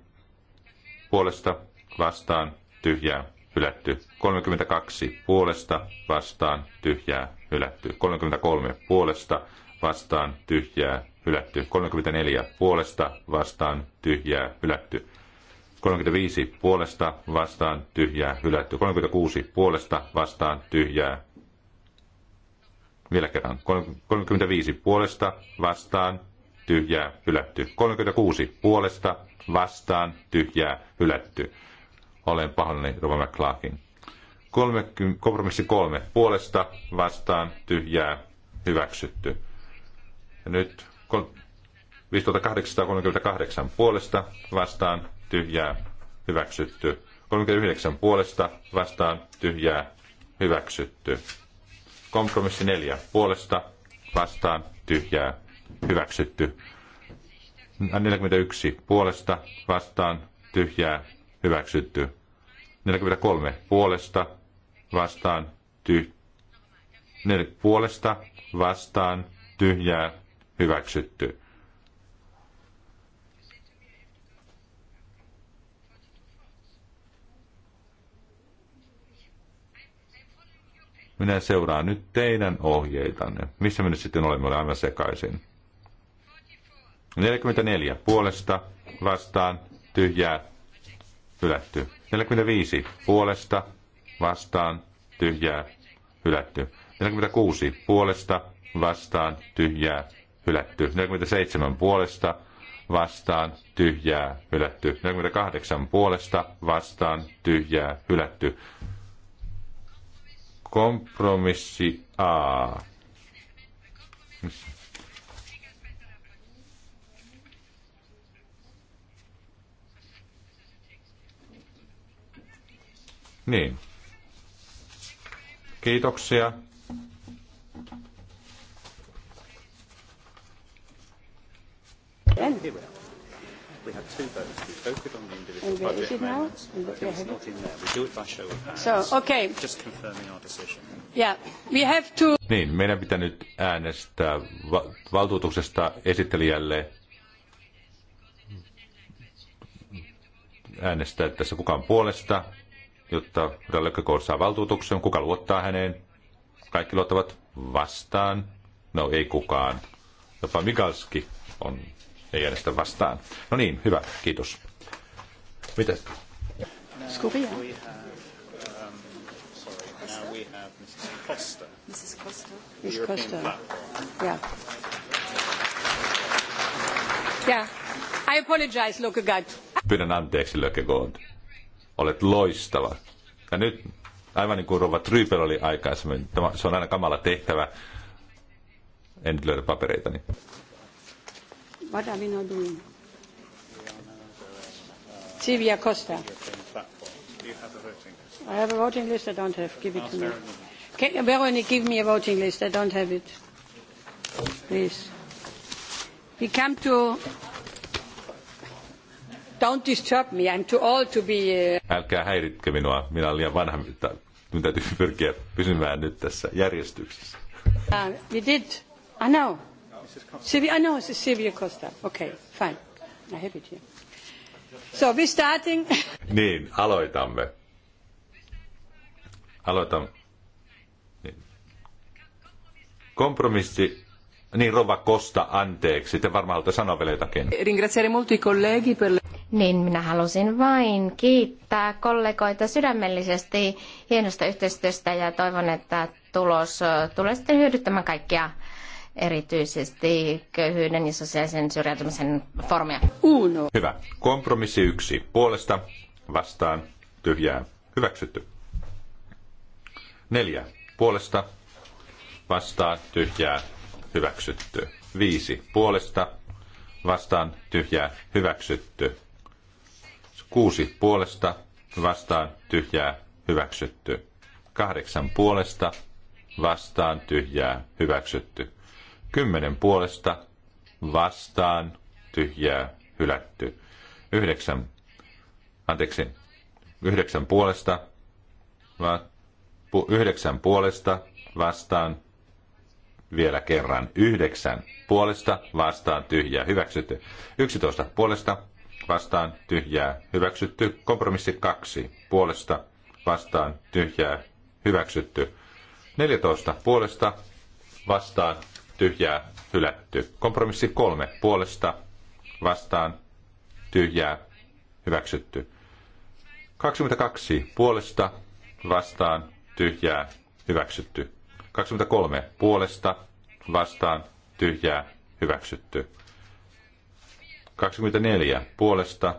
puolesta vastaan, tyhjää, hylätty. 32 puolesta, vastaan, tyhjää, hylätty. 33 puolesta, vastaan, tyhjää, hylätty. 34 puolesta, vastaan, tyhjää, hylätty. 35 puolesta, vastaan, tyhjää, hylätty. 36 puolesta, vastaan, tyhjää, vielä kerran. 35 puolesta, vastaan, tyhjää, hylätty. 36 puolesta, vastaan, tyhjää, hylätty. Olen pahoillani Rova McClarkin. kompromissi kolme. Puolesta vastaan tyhjää hyväksytty. Ja nyt 5838 puolesta vastaan tyhjää hyväksytty. 39 puolesta vastaan tyhjää hyväksytty. Kompromissi neljä puolesta vastaan tyhjää hyväksytty. 41 puolesta vastaan tyhjää hyväksytty. 43 puolesta vastaan ty, puolesta vastaan tyhjää hyväksytty. Minä seuraan nyt teidän ohjeitanne. Missä me nyt sitten olemme? Olen aivan sekaisin. 44 puolesta vastaan tyhjää hylätty. 45 puolesta vastaan tyhjää hylätty. 46 puolesta vastaan tyhjää hylätty. 47 puolesta vastaan tyhjää hylätty. 48 puolesta vastaan tyhjää hylätty. Kompromissi A. Niin. Kiitoksia. Then. We have two votes. We voted on the individual and budget it not in there. We do it by show of hands. So, okay. Just confirming our decision. Yeah, we have to... Niin, meidän pitää nyt äänestää va- valtuutuksesta esittelijälle äänestää tässä kukaan puolesta, jotta Dalekakor saa valtuutuksen. Kuka luottaa häneen? Kaikki luottavat vastaan. No ei kukaan. Jopa Mikalski on, ei äänestä vastaan. No niin, hyvä, kiitos. Mitä? Skopia. Um, Costa. Mrs. Costa. Mrs. Costa. Yeah. Yeah. I apologize, Lökkegaard. Pyydän anteeksi, Lökkegaard olet loistava. Ja nyt, aivan niin kuin Rova Trypel oli aikaisemmin, tämä, se on aina kamala tehtävä. En nyt löydä papereitani. What are we not doing? Silvia Costa. I have a voting list I don't have. Give it to me. Can, Veronique, give me a voting list. I don't have it. Please. We come to Don't disturb me, I'm too old to be... Uh, Älkää häiritkö minua, minä olen liian vanha, mutta minun täytyy pyrkiä pysymään nyt tässä järjestyksessä. Uh, we did, I know. Silvia, I know, it's Silvia Costa. Okay, fine. I have it here. So we're starting. niin, aloitamme. Aloitamme. Niin. Kompromissi niin Rova Costa anteeksi, te varmaan haluatte sanoa vielä jotakin. Ringraziare molto i colleghi per niin minä halusin vain kiittää kollegoita sydämellisesti hienosta yhteistyöstä ja toivon, että tulos tulee sitten hyödyttämään kaikkia erityisesti köyhyyden ja sosiaalisen syrjäytymisen formia. Uno. Hyvä. Kompromissi yksi. Puolesta vastaan tyhjää. Hyväksytty. Neljä. Puolesta vastaan tyhjää. Hyväksytty. Viisi. Puolesta vastaan tyhjää. Hyväksytty. Kuusi puolesta vastaan tyhjää hyväksytty. Kahdeksan puolesta vastaan tyhjää hyväksytty. Kymmenen puolesta vastaan tyhjää hylätty. Yhdeksän, anteeksi, yhdeksän puolesta, va, pu, yhdeksän puolesta vastaan vielä kerran. Yhdeksän puolesta vastaan tyhjää hyväksytty. Yksitoista puolesta vastaan tyhjää hyväksytty. Kompromissi 2 puolesta vastaan tyhjää hyväksytty. 14 puolesta vastaan tyhjää hylätty. Kompromissi 3 puolesta vastaan tyhjää hyväksytty. 22 puolesta vastaan tyhjää hyväksytty. 23 puolesta vastaan tyhjää hyväksytty. 24 puolesta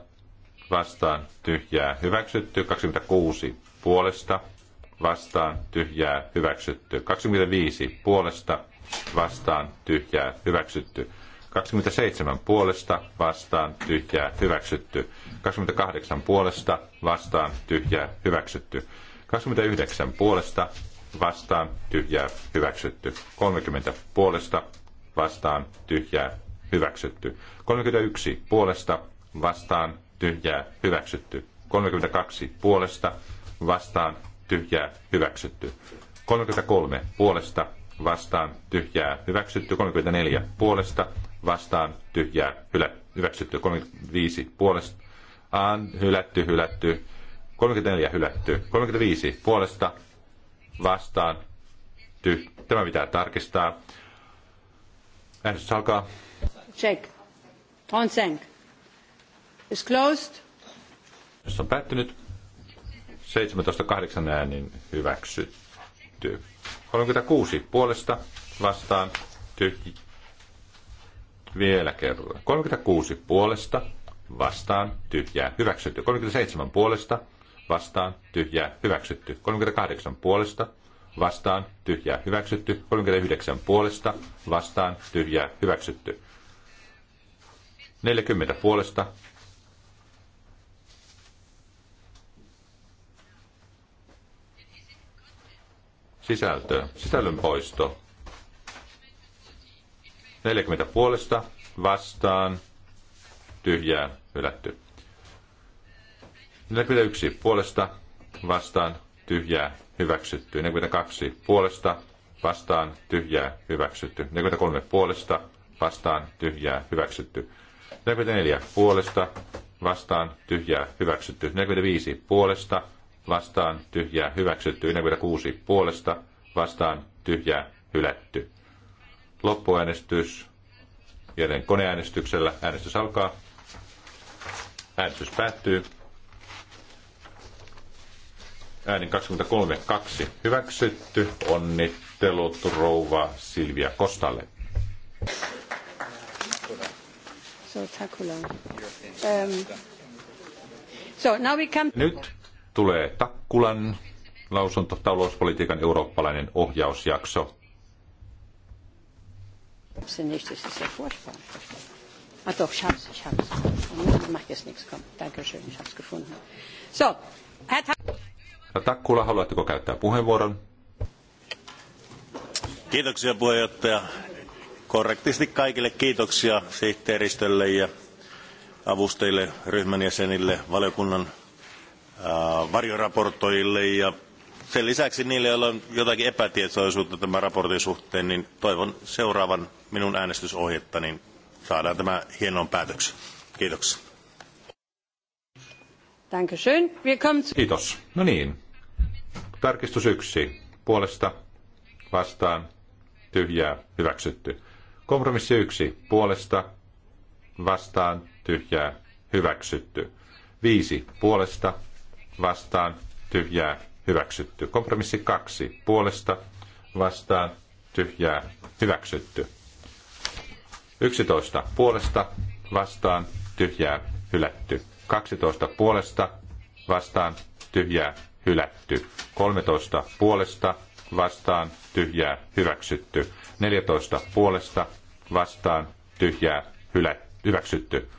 vastaan tyhjää hyväksytty. 26 puolesta vastaan tyhjää hyväksytty. 25 puolesta vastaan tyhjää hyväksytty. 27 puolesta vastaan tyhjää hyväksytty. 28 puolesta vastaan tyhjää hyväksytty. 29 puolesta vastaan tyhjää hyväksytty. 30 puolesta vastaan tyhjää hyväksytty. 31 puolesta vastaan tyhjää hyväksytty. 32 puolesta vastaan tyhjää hyväksytty. 33 puolesta vastaan tyhjää hyväksytty. 34 puolesta vastaan tyhjää hylä, hyväksytty. 35 puolesta aan, hylätty, hylätty. 34 hylätty. 35 puolesta vastaan tyhjää. Tämä pitää tarkistaa. Äänestys alkaa. Check. 35. Jos on päättynyt 17.8 äänin hyväksytty. 36 puolesta vastaan tyhjä Vielä kerran. 36 puolesta vastaan tyhjää hyväksytty. 37 puolesta vastaan tyhjää hyväksytty. 38 puolesta vastaan tyhjää hyväksytty. 39 puolesta vastaan tyhjää hyväksytty. 40 puolesta. Sisältö. Sisällön poisto. 40 puolesta vastaan. Tyhjää hylätty. 41 puolesta vastaan tyhjää hyväksytty. 42 puolesta vastaan tyhjää hyväksytty. 43 puolesta vastaan tyhjää hyväksytty. 44 puolesta vastaan tyhjää hyväksytty. 45 puolesta vastaan tyhjää hyväksytty. 46 puolesta vastaan tyhjää hylätty. Loppuäänestys joten koneäänestyksellä äänestys alkaa. Äänestys päättyy. Äänin 23.2 hyväksytty. Onnittelut rouva Silvia Kostalle. Ähm, Nyt tulee Takkulan lausunto talouspolitiikan eurooppalainen ohjausjakso. Siis se ah So, Takkula. Takkula, haluatteko käyttää puheenvuoron? Kiitoksia puheenjohtaja korrektisti kaikille kiitoksia sihteeristölle ja avustajille, ryhmän jäsenille, valiokunnan varjoraportoijille ja sen lisäksi niille, joilla on jotakin epätietoisuutta tämän raportin suhteen, niin toivon seuraavan minun äänestysohjetta, niin saadaan tämä hienoon päätöksen. Kiitoksia. Kiitos. No niin. Tarkistus yksi. Puolesta vastaan tyhjää hyväksytty. Kompromissi yksi. Puolesta vastaan tyhjää hyväksytty. Viisi. Puolesta vastaan tyhjää hyväksytty. Kompromissi kaksi. Puolesta vastaan tyhjää hyväksytty. Yksitoista puolesta vastaan tyhjää hylätty. Kaksitoista, puolesta vastaan tyhjää hylätty. Kolmetoista, puolesta vastaan tyhjää hyväksytty. 14 puolesta vastaan tyhjää hyväksytty.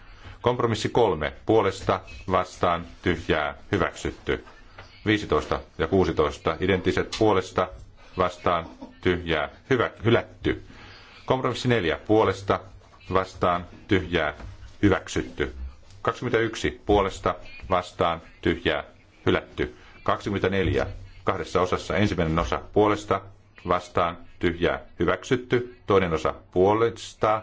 Kompromissi kolme puolesta vastaan tyhjää hyväksytty. 15 ja 16 identtiset puolesta vastaan tyhjää hyvä, hylätty. Kompromissi neljä puolesta vastaan tyhjää hyväksytty. 21 puolesta vastaan tyhjää hylätty. 24 kahdessa osassa ensimmäinen osa puolesta vastaan tyhjää hyväksytty. Toinen osa puolesta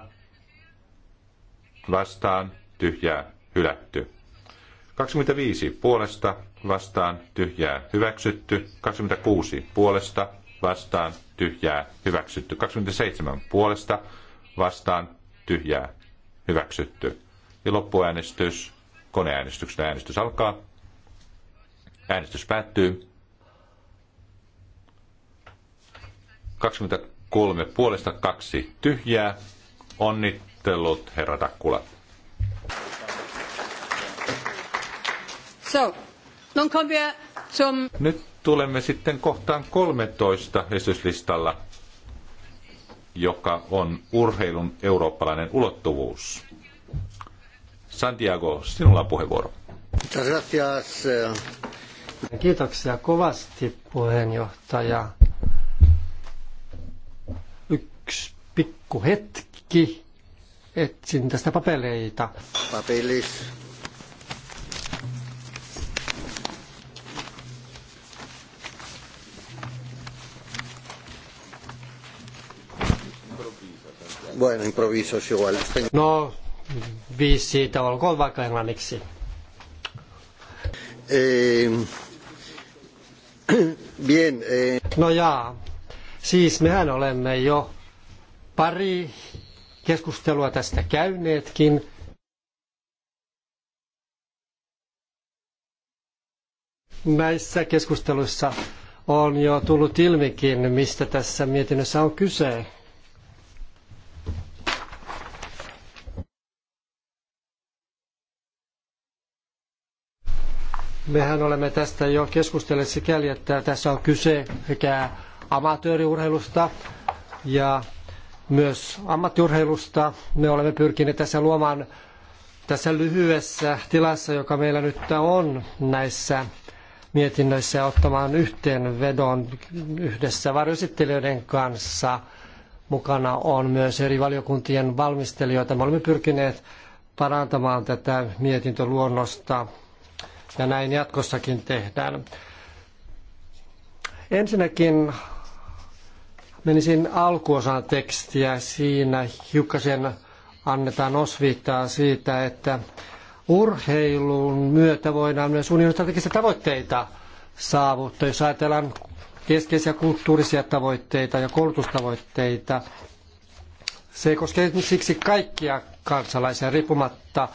vastaan tyhjää hylätty. 25 puolesta vastaan tyhjää hyväksytty. 26 puolesta vastaan tyhjää hyväksytty. 27 puolesta vastaan tyhjää hyväksytty. Ja loppuäänestys koneäänestyksen äänestys alkaa. Äänestys päättyy. 23 puolesta kaksi tyhjää. Onnittelut, herra Takkula. So, nun wir zum... Nyt tulemme sitten kohtaan 13 esityslistalla, joka on urheilun eurooppalainen ulottuvuus. Santiago, sinulla on puheenvuoro. Eh. Kiitoksia kovasti puheenjohtaja. pikku hetki. Etsin tästä papeleita. Papelis. Bueno, improviso igual. No, viisi siitä, olkoon vaikka englanniksi. Eh, bien, eh. No jaa, siis mehän olemme jo pari keskustelua tästä käyneetkin. Näissä keskusteluissa on jo tullut ilmikin, mistä tässä mietinnössä on kyse. Mehän olemme tästä jo keskustelleet sikäli, että tässä on kyse sekä amatööriurheilusta ja myös ammattiurheilusta. Me olemme pyrkineet tässä luomaan tässä lyhyessä tilassa, joka meillä nyt on näissä mietinnöissä ottamaan yhteenvedon yhdessä varjoesittelijöiden kanssa. Mukana on myös eri valiokuntien valmistelijoita. Me olemme pyrkineet parantamaan tätä mietintöluonnosta ja näin jatkossakin tehdään. Ensinnäkin menisin alkuosaan tekstiä. Siinä hiukkasen annetaan osviittaa siitä, että urheilun myötä voidaan myös unionin strategisia tavoitteita saavuttaa. Jos ajatellaan keskeisiä kulttuurisia tavoitteita ja koulutustavoitteita, se koskee siksi kaikkia kansalaisia riippumatta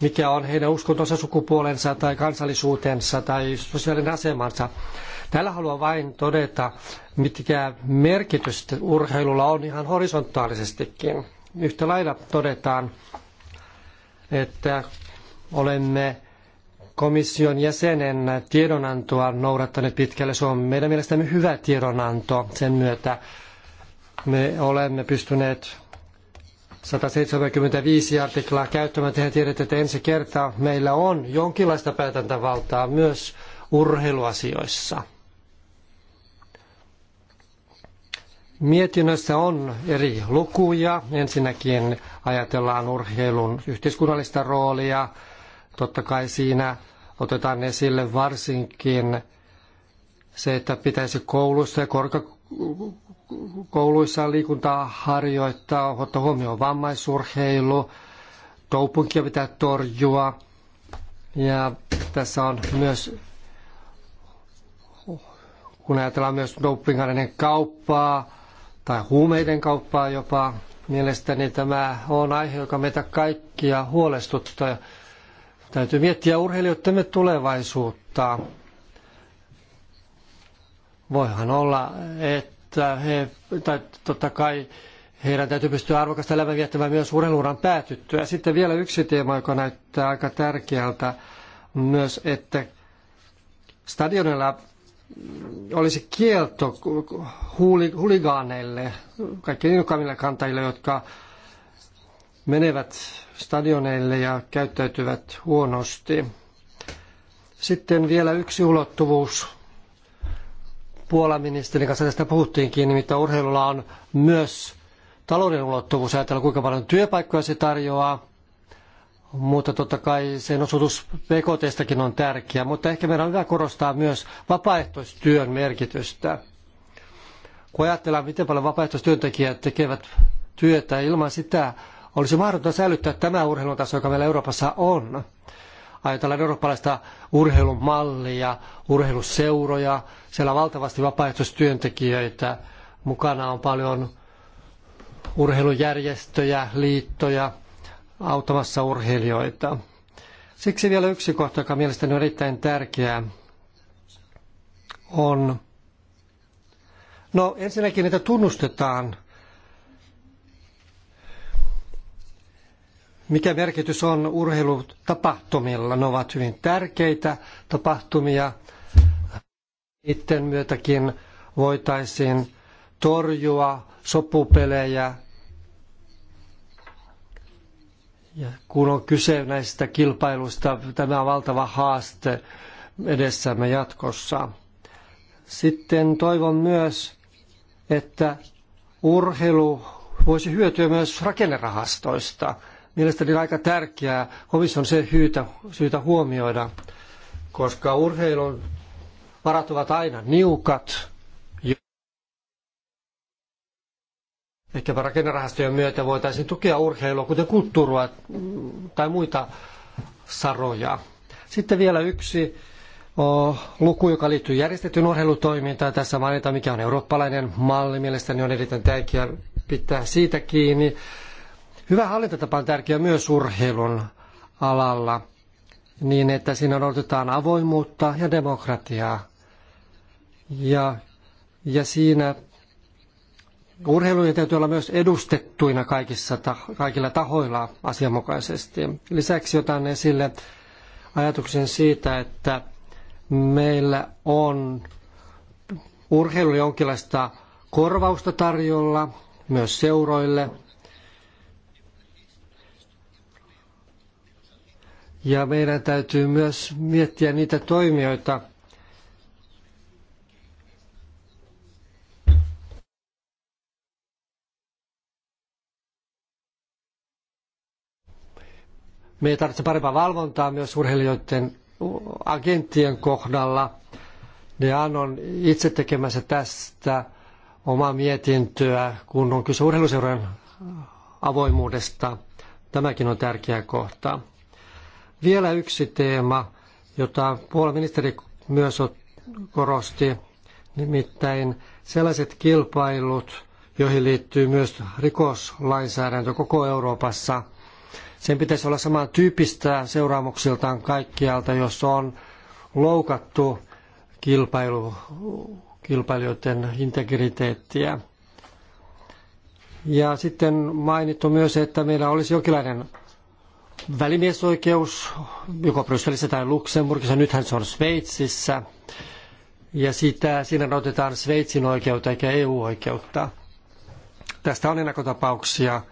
mikä on heidän uskontonsa, sukupuolensa tai kansallisuutensa tai sosiaalinen asemansa. Tällä haluan vain todeta, mitkä merkitys urheilulla on ihan horisontaalisestikin. Yhtä lailla todetaan, että olemme komission jäsenen tiedonantoa noudattaneet pitkälle. Se on meidän mielestämme hyvä tiedonanto. Sen myötä me olemme pystyneet 175 artiklaa käyttämään. he tiedätte, että ensi kertaa meillä on jonkinlaista päätäntävaltaa myös urheiluasioissa. Mietinnössä on eri lukuja. Ensinnäkin ajatellaan urheilun yhteiskunnallista roolia. Totta kai siinä otetaan esille varsinkin se, että pitäisi kouluissa ja kouluissa liikuntaa harjoittaa, ottaa huomioon vammaisurheilu, kaupunkia pitää torjua. Ja tässä on myös, kun ajatellaan myös dopingaineiden kauppaa tai huumeiden kauppaa jopa, mielestäni tämä on aihe, joka meitä kaikkia huolestuttaa. Täytyy miettiä urheilijoittemme tulevaisuutta. Voihan olla, että että he, tai totta kai heidän täytyy pystyä arvokasta elämää viettämään myös urheiluuran päätyttyä. Sitten vielä yksi teema, joka näyttää aika tärkeältä myös, että stadionilla olisi kielto huuli, huligaaneille, kaikki innokkaimmille kantajille, jotka menevät stadioneille ja käyttäytyvät huonosti. Sitten vielä yksi ulottuvuus Puolan ministerin kanssa tästä puhuttiinkin, nimittäin urheilulla on myös talouden ulottuvuus, ajatellaan kuinka paljon työpaikkoja se tarjoaa, mutta totta kai sen osuus PKTstäkin on tärkeä, mutta ehkä meidän on hyvä korostaa myös vapaaehtoistyön merkitystä. Kun ajatellaan, miten paljon vapaaehtoistyöntekijät tekevät työtä, ilman sitä olisi mahdotonta säilyttää tämä urheilun taso, joka meillä Euroopassa on ajatellaan eurooppalaista urheilun mallia, urheiluseuroja, siellä on valtavasti vapaaehtoistyöntekijöitä, mukana on paljon urheilujärjestöjä, liittoja auttamassa urheilijoita. Siksi vielä yksi kohta, joka mielestäni on erittäin tärkeää, on, no ensinnäkin, että tunnustetaan – mikä merkitys on urheilutapahtumilla. Ne ovat hyvin tärkeitä tapahtumia. Itten myötäkin voitaisiin torjua sopupelejä. Ja kun on kyse näistä kilpailuista, tämä on valtava haaste edessämme jatkossa. Sitten toivon myös, että urheilu voisi hyötyä myös rakennerahastoista – mielestäni aika tärkeää. Komission se hyytä, syytä huomioida, koska urheilun varat ovat aina niukat. Ehkäpä rakennerahastojen myötä voitaisiin tukea urheilua, kuten kulttuuria tai muita saroja. Sitten vielä yksi luku, joka liittyy järjestettyyn urheilutoimintaan. Tässä mainitaan, mikä on eurooppalainen malli. Mielestäni on erittäin tärkeää pitää siitä kiinni. Hyvä hallintotapa on tärkeä myös urheilun alalla, niin että siinä odotetaan avoimuutta ja demokratiaa. Ja, ja siinä urheilujen täytyy olla myös edustettuina kaikissa, kaikilla tahoilla asianmukaisesti. Lisäksi otan esille ajatuksen siitä, että meillä on urheilu jonkinlaista korvausta tarjolla myös seuroille – Ja meidän täytyy myös miettiä niitä toimijoita, Me tarvitse parempaa valvontaa myös urheilijoiden agenttien kohdalla. Dean on itse tekemässä tästä omaa mietintöä, kun on kyse urheiluseuran avoimuudesta. Tämäkin on tärkeä kohta. Vielä yksi teema, jota puolueministeri myös korosti, nimittäin sellaiset kilpailut, joihin liittyy myös rikoslainsäädäntö koko Euroopassa. Sen pitäisi olla saman tyyppistä seuraamuksiltaan kaikkialta, jos on loukattu kilpailu, kilpailijoiden integriteettiä. Ja sitten mainittu myös, että meillä olisi jonkinlainen välimiesoikeus, joko Brysselissä tai Luxemburgissa, nythän se on Sveitsissä, ja sitä, siinä noudatetaan Sveitsin oikeutta eikä EU-oikeutta. Tästä on ennakkotapauksia.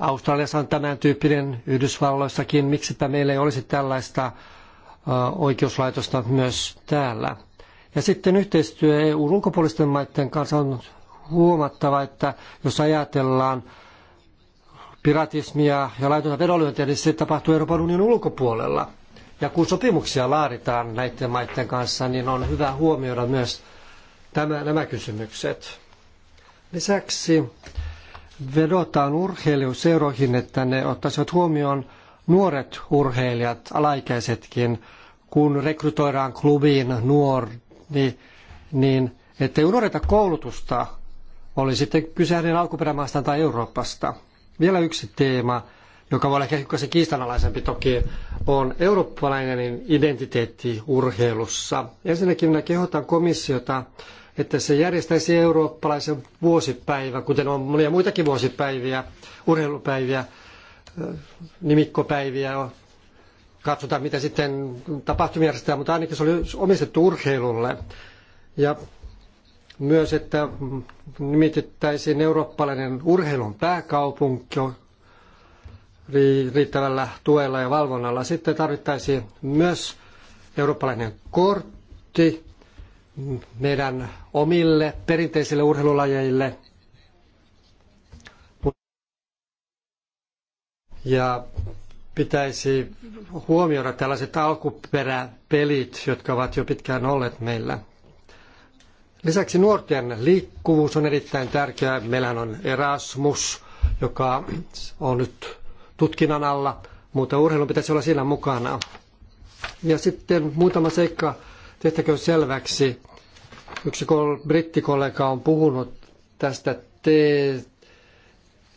Australiassa on tämän tyyppinen, Yhdysvalloissakin, miksipä meillä ei olisi tällaista oikeuslaitosta myös täällä. Ja sitten yhteistyö EU-ulkopuolisten maiden kanssa on huomattava, että jos ajatellaan piratismia ja laitonta vedonlyöntiä, niin se tapahtuu Euroopan unionin ulkopuolella. Ja kun sopimuksia laaditaan näiden maiden kanssa, niin on hyvä huomioida myös tämä, nämä kysymykset. Lisäksi vedotaan urheiluseuroihin, että ne ottaisivat huomioon nuoret urheilijat, alaikäisetkin, kun rekrytoidaan klubiin nuori, niin, niin ettei unohdeta koulutusta, oli sitten kyse hänen alkuperämaastaan tai Euroopasta. Vielä yksi teema, joka voi olla hiukkasen kiistanalaisempi toki, on eurooppalainen identiteetti urheilussa. Ensinnäkin minä kehotan komissiota, että se järjestäisi eurooppalaisen vuosipäivän, kuten on monia muitakin vuosipäiviä, urheilupäiviä, nimikkopäiviä, katsotaan mitä sitten tapahtumia järjestetään, mutta ainakin se oli omistettu urheilulle. Ja myös, että nimitettäisiin eurooppalainen urheilun pääkaupunki riittävällä tuella ja valvonnalla. Sitten tarvittaisiin myös eurooppalainen kortti meidän omille perinteisille urheilulajeille. Ja pitäisi huomioida tällaiset alkuperäpelit, jotka ovat jo pitkään olleet meillä – Lisäksi nuorten liikkuvuus on erittäin tärkeää. Meillähän on Erasmus, joka on nyt tutkinnan alla, mutta urheilun pitäisi olla siinä mukana. Ja sitten muutama seikka, tehtäköön selväksi. Yksi brittikollega on puhunut tästä te-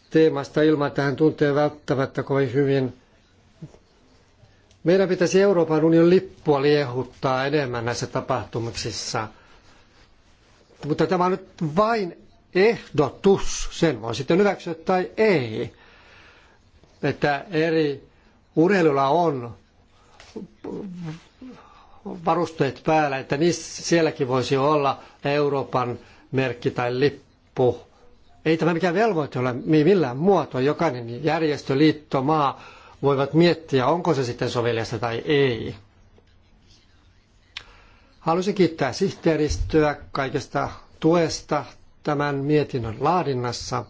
teemasta ilman, että hän tuntee välttämättä kovin hyvin. Meidän pitäisi Euroopan unionin lippua liehuttaa enemmän näissä tapahtumissa – mutta tämä on nyt vain ehdotus, sen voi sitten hyväksyä tai ei. Että eri urheilulla on varusteet päällä, että niissä sielläkin voisi olla Euroopan merkki tai lippu. Ei tämä mikään velvoite ole millään muotoa. Jokainen järjestö, liitto, maa voivat miettiä, onko se sitten soveliasta tai ei. Haluaisin kiittää sihteeristöä kaikesta tuesta tämän mietinnön laadinnassa.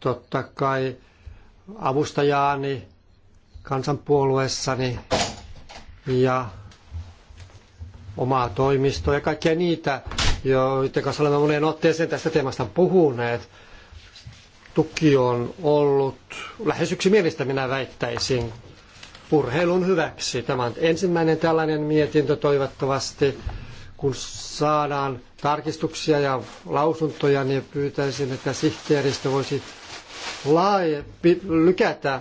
Totta kai avustajaani kansanpuolueessani ja omaa toimistoa ja kaikkia niitä, joiden kanssa olemme moneen otteeseen tästä teemasta puhuneet. Tuki on ollut lähes yksimielistä, minä väittäisin, urheilun hyväksi. Tämä on ensimmäinen tällainen mietintö toivottavasti. Kun saadaan tarkistuksia ja lausuntoja, niin pyytäisin, että sihteeristö voisi laaje, lykätä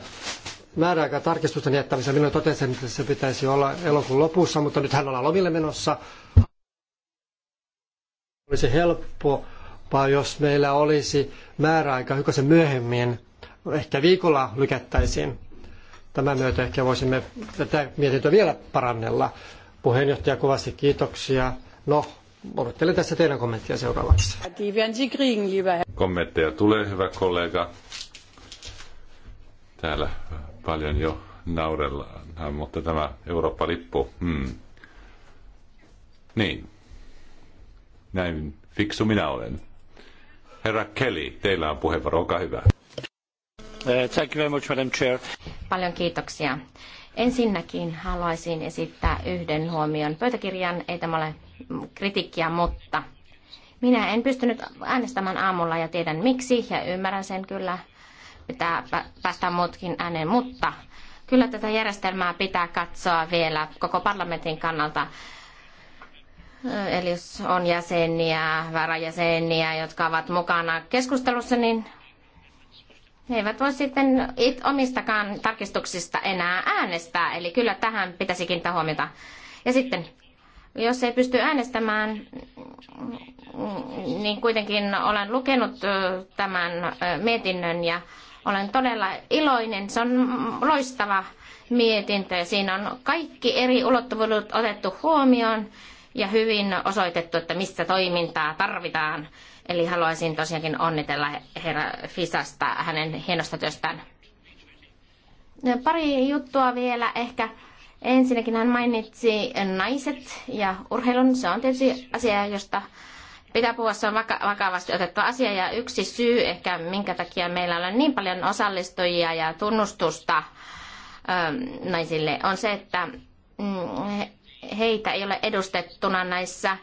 määräaikaa tarkistusten jättämisen. Minä totesin, että se pitäisi olla elokuun lopussa, mutta nythän ollaan lomille menossa. Olisi helppoa, jos meillä olisi määräaika hyvässä myöhemmin. Ehkä viikolla lykättäisiin. Tämän myötä ehkä voisimme tätä mietintöä vielä parannella. Puheenjohtaja, kovasti kiitoksia. No, odottelen tässä teidän kommenttia seuraavaksi. Kommentteja tulee, hyvä kollega. Täällä paljon jo naurellaan, mutta tämä Eurooppa-lippu, hmm. Niin, näin fiksu minä olen. Herra Kelly, teillä on puheenvuoro, olkaa hyvä. Eh, thank you very much, Madam Chair. Paljon kiitoksia. Ensinnäkin haluaisin esittää yhden huomion. Pöytäkirjan ei tämä ole kritiikkiä, mutta minä en pystynyt äänestämään aamulla ja tiedän miksi ja ymmärrän sen kyllä. Pitää päästä muutkin ääneen, mutta kyllä tätä järjestelmää pitää katsoa vielä koko parlamentin kannalta. Eh, eli jos on jäseniä, varajäseniä, jotka ovat mukana keskustelussa, niin he eivät voi sitten it omistakaan tarkistuksista enää äänestää. Eli kyllä tähän pitäisi kiinnittää huomiota. Ja sitten, jos ei pysty äänestämään, niin kuitenkin olen lukenut tämän mietinnön ja olen todella iloinen. Se on loistava mietintö ja siinä on kaikki eri ulottuvuudet otettu huomioon ja hyvin osoitettu, että missä toimintaa tarvitaan. Eli haluaisin tosiaankin onnitella herra Fisasta hänen hienosta työstään. Pari juttua vielä ehkä. Ensinnäkin hän mainitsi naiset ja urheilun. Se on tietysti asia, josta pitää puhua. Se on vakavasti otettava asia ja yksi syy ehkä, minkä takia meillä on niin paljon osallistujia ja tunnustusta ähm, naisille, on se, että mm, heitä ei ole edustettuna näissä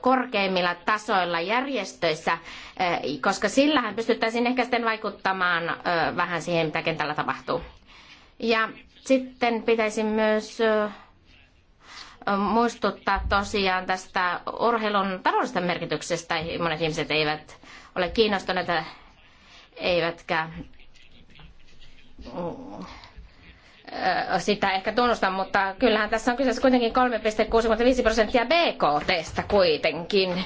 korkeimmilla tasoilla järjestöissä, koska sillähän pystyttäisiin ehkä sitten vaikuttamaan vähän siihen, mitä kentällä tapahtuu. Ja sitten pitäisi myös muistuttaa tosiaan tästä urheilun taloudellisesta merkityksestä. Monet ihmiset eivät ole kiinnostuneita, eivätkä mm, sitä ehkä tunnustan, mutta kyllähän tässä on kyseessä kuitenkin 3,65 prosenttia BKTstä kuitenkin.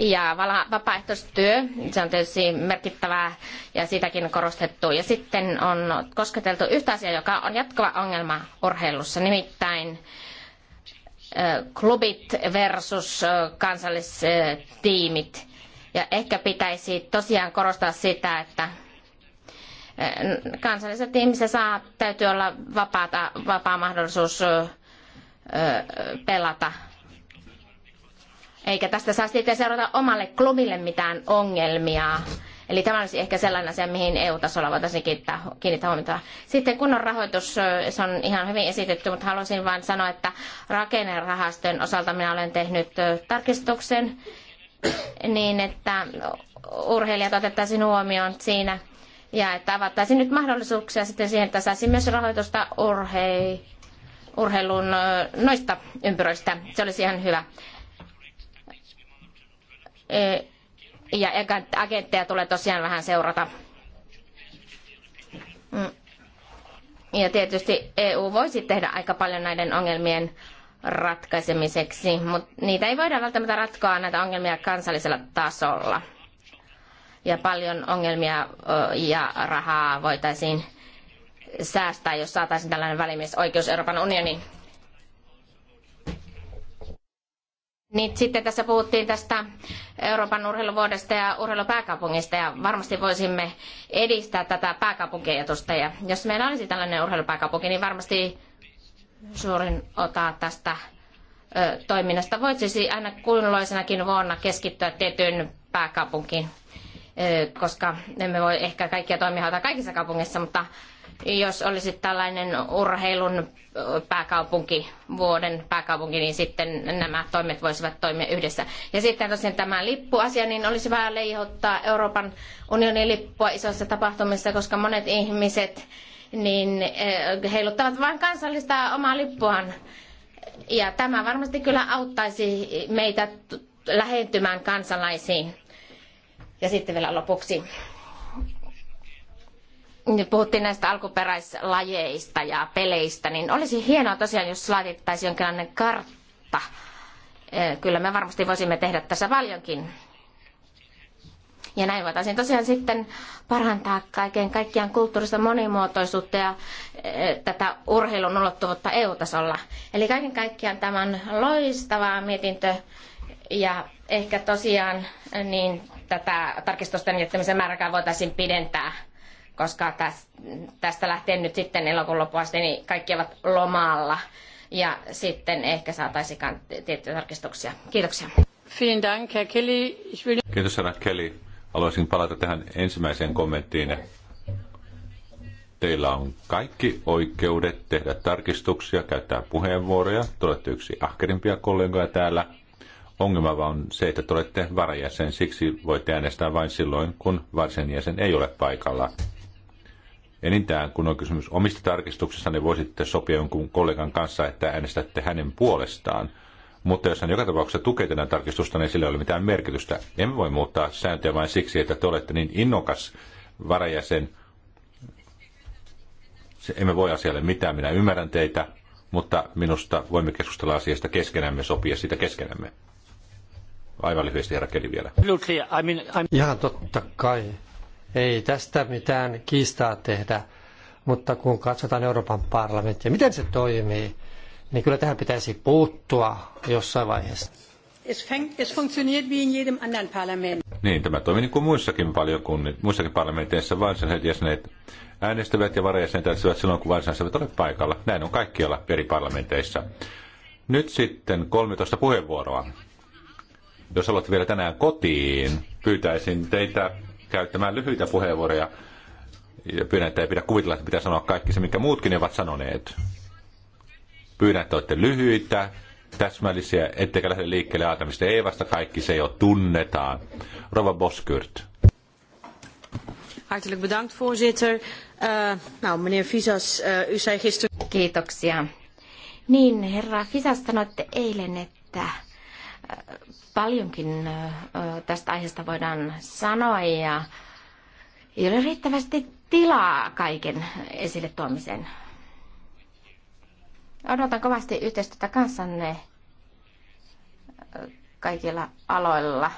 Ja vapaaehtoistyö, se on tietysti merkittävää ja sitäkin korostettu. Ja sitten on kosketeltu yhtä asiaa, joka on jatkuva ongelma urheilussa, nimittäin klubit versus kansallistiimit. Ja ehkä pitäisi tosiaan korostaa sitä, että kansallisella tiimissä saa, täytyy olla vapaata, vapaa mahdollisuus pelata. Eikä tästä saa sitten seurata omalle klubille mitään ongelmia. Eli tämä olisi ehkä sellainen asia, mihin EU-tasolla voitaisiin kiinnittää, kiinnittää huomiota. Sitten kunnon rahoitus, se on ihan hyvin esitetty, mutta haluaisin vain sanoa, että rakennerahaston osalta minä olen tehnyt tarkistuksen niin, että urheilijat otettaisiin huomioon siinä ja että avattaisiin nyt mahdollisuuksia sitten siihen, että saisi myös rahoitusta urheilun noista ympyröistä. Se olisi ihan hyvä. E, ja agentteja tulee tosiaan vähän seurata. Mm. Ja tietysti EU voisi tehdä aika paljon näiden ongelmien ratkaisemiseksi, mutta niitä ei voida välttämättä ratkoa näitä ongelmia kansallisella tasolla ja paljon ongelmia ja rahaa voitaisiin säästää, jos saataisiin tällainen välimiesoikeus Euroopan unioniin. Niin sitten tässä puhuttiin tästä Euroopan urheiluvuodesta ja urheilupääkaupungista ja varmasti voisimme edistää tätä pääkaupunkiajatusta. Ja jos meillä olisi tällainen urheilupääkaupunki, niin varmasti suurin osa tästä ö, toiminnasta voisi aina kulloisenakin vuonna keskittyä tietyn pääkaupunkiin koska emme voi ehkä kaikkia toimijoita kaikissa kaupungeissa, mutta jos olisi tällainen urheilun pääkaupunki, vuoden pääkaupunki, niin sitten nämä toimet voisivat toimia yhdessä. Ja sitten tosiaan tämä lippuasia, niin olisi vähän leihottaa Euroopan unionin lippua isoissa tapahtumissa, koska monet ihmiset niin heiluttavat vain kansallista omaa lippuaan. Ja tämä varmasti kyllä auttaisi meitä lähentymään kansalaisiin. Ja sitten vielä lopuksi puhuttiin näistä alkuperäislajeista ja peleistä, niin olisi hienoa tosiaan, jos laitettaisiin jonkinlainen kartta. Kyllä me varmasti voisimme tehdä tässä paljonkin. Ja näin voitaisiin tosiaan sitten parantaa kaiken kaikkiaan kulttuurista monimuotoisuutta ja tätä urheilun ulottuvuutta EU-tasolla. Eli kaiken kaikkiaan tämä on loistava mietintö ja ehkä tosiaan niin tätä tarkistusten jättämisen määräkään voitaisiin pidentää, koska tästä lähtien nyt sitten elokuun loppuun asti, niin kaikki ovat lomalla. Ja sitten ehkä saataisikaan tiettyjä tarkistuksia. Kiitoksia. Kelly. Kiitos, herra Kelly. Haluaisin palata tähän ensimmäiseen kommenttiin. Teillä on kaikki oikeudet tehdä tarkistuksia, käyttää puheenvuoroja. Te olette yksi ahkerimpia kollegoja täällä Ongelma vaan se, että te olette varajäsen, siksi voitte äänestää vain silloin, kun varsin jäsen ei ole paikalla. Enintään kun on kysymys omista tarkistuksista, niin voisitte sopia jonkun kollegan kanssa, että äänestätte hänen puolestaan. Mutta jos hän joka tapauksessa tukee tätä tarkistusta, niin sillä ei ole mitään merkitystä. Emme voi muuttaa sääntöjä vain siksi, että te olette niin innokas varajäsen. Emme voi asialle mitään, minä ymmärrän teitä, mutta minusta voimme keskustella asiasta keskenämme, sopia sitä keskenämme. Aivan lyhyesti herra Keli vielä. Ihan totta kai. Ei tästä mitään kiistaa tehdä, mutta kun katsotaan Euroopan parlamenttia, miten se toimii, niin kyllä tähän pitäisi puuttua jossain vaiheessa. Es es funktioniert wie in jedem anderen Parlament. Niin, tämä toimii niin kuin muissakin valiokunnissa, muissakin parlamenteissa varsinaiset jäsenet äänestävät ja varajäsenet äänestävät silloin, kun varsinaiset eivät ole paikalla. Näin on kaikkialla eri parlamenteissa. Nyt sitten 13 puheenvuoroa. Jos haluatte vielä tänään kotiin, pyytäisin teitä käyttämään lyhyitä puheenvuoroja. Ja pyydän, että ei pidä kuvitella, että pitää sanoa kaikki se, mikä muutkin ovat sanoneet. Pyydän, että olette lyhyitä, täsmällisiä, ettekä lähde liikkeelle Aatamista ei vasta kaikki se jo tunnetaan. Rova Boskyrt. Hartelijk bedankt, voorzitter. Uh, nou, meneer Visas, uh, u zei gisteren... Kiitoksia. Niin, herra Fisas, sanoitte eilen, että paljonkin tästä aiheesta voidaan sanoa ja ei ole riittävästi tilaa kaiken esille tuomiseen. Odotan kovasti yhteistyötä kanssanne kaikilla aloilla.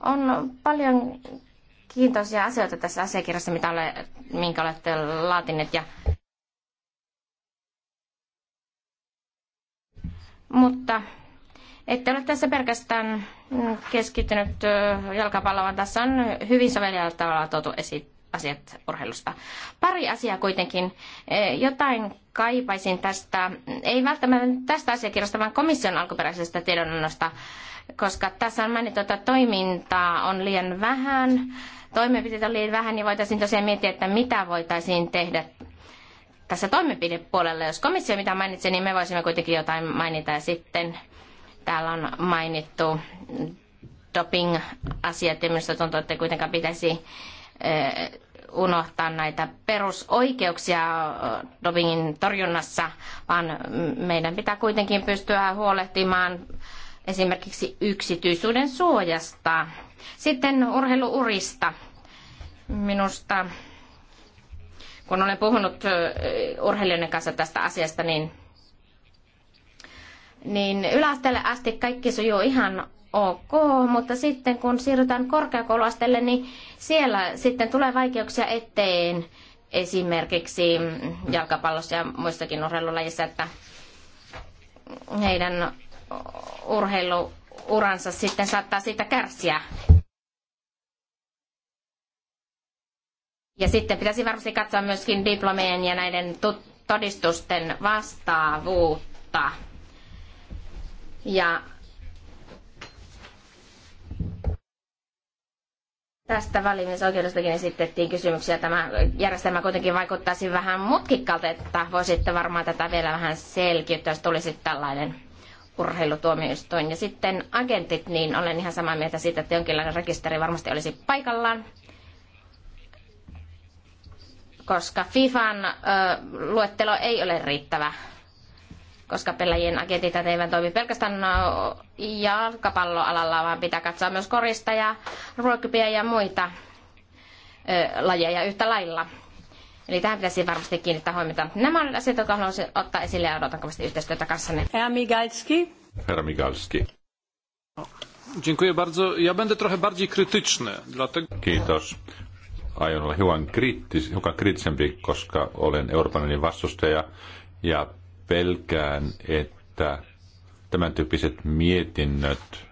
On paljon kiintoisia asioita tässä asiakirjassa, mitä ole, minkä olette laatineet. Ja mutta ette ole tässä pelkästään mm, keskittynyt jalkapalloon, vaan tässä on hyvin sovellijalla tavalla tuotu esiin asiat urheilusta. Pari asiaa kuitenkin. E, jotain kaipaisin tästä, mm, ei välttämättä tästä asiakirjasta, vaan komission alkuperäisestä tiedonannosta, koska tässä on mainittu, että toimintaa on liian vähän, toimenpiteitä on liian vähän, niin voitaisiin tosiaan miettiä, että mitä voitaisiin tehdä tässä toimenpidepuolella. Jos komissio mitä mainitsi, niin me voisimme kuitenkin jotain mainita ja sitten Täällä on mainittu doping-asiat ja minusta tuntuu, että kuitenkaan pitäisi unohtaa näitä perusoikeuksia dopingin torjunnassa, vaan meidän pitää kuitenkin pystyä huolehtimaan esimerkiksi yksityisyyden suojasta. Sitten urheiluurista. Minusta, kun olen puhunut urheilijoiden kanssa tästä asiasta, niin niin yläasteelle asti kaikki sujuu ihan ok, mutta sitten kun siirrytään korkeakouluasteelle, niin siellä sitten tulee vaikeuksia eteen esimerkiksi jalkapallossa ja muissakin urheilulajissa, että heidän urheiluuransa sitten saattaa siitä kärsiä. Ja sitten pitäisi varmasti katsoa myöskin diplomeen ja näiden todistusten vastaavuutta. Ja Tästä välimiesoikeudestakin esitettiin kysymyksiä. Tämä järjestelmä kuitenkin vaikuttaisi vähän mutkikkaalta, että voisitte varmaan tätä vielä vähän selkiyttää, jos tulisi tällainen urheilutuomioistuin. Ja sitten agentit, niin olen ihan samaa mieltä siitä, että jonkinlainen rekisteri varmasti olisi paikallaan. Koska FIFAn ö, luettelo ei ole riittävä koska pelaajien agentit eivät toimi pelkästään no, jalkapalloalalla, vaan pitää katsoa myös korista ja rugbyä ja muita ö, lajeja yhtä lailla. Eli tähän pitäisi varmasti kiinnittää huomiota. Nämä ovat asiat, jotka haluaisin ottaa esille ja odotan kovasti yhteistyötä kanssanne. Herra Migalski. Herra Migalski. Dziękuję bardzo. Ja będę trochę bardziej krytyczny. Dlatego... Kiitos. Aion olla hiukan, kriittis, hiukan kriittisempi, koska olen Euroopan vastustaja ja pelkään, että tämän tyyppiset mietinnöt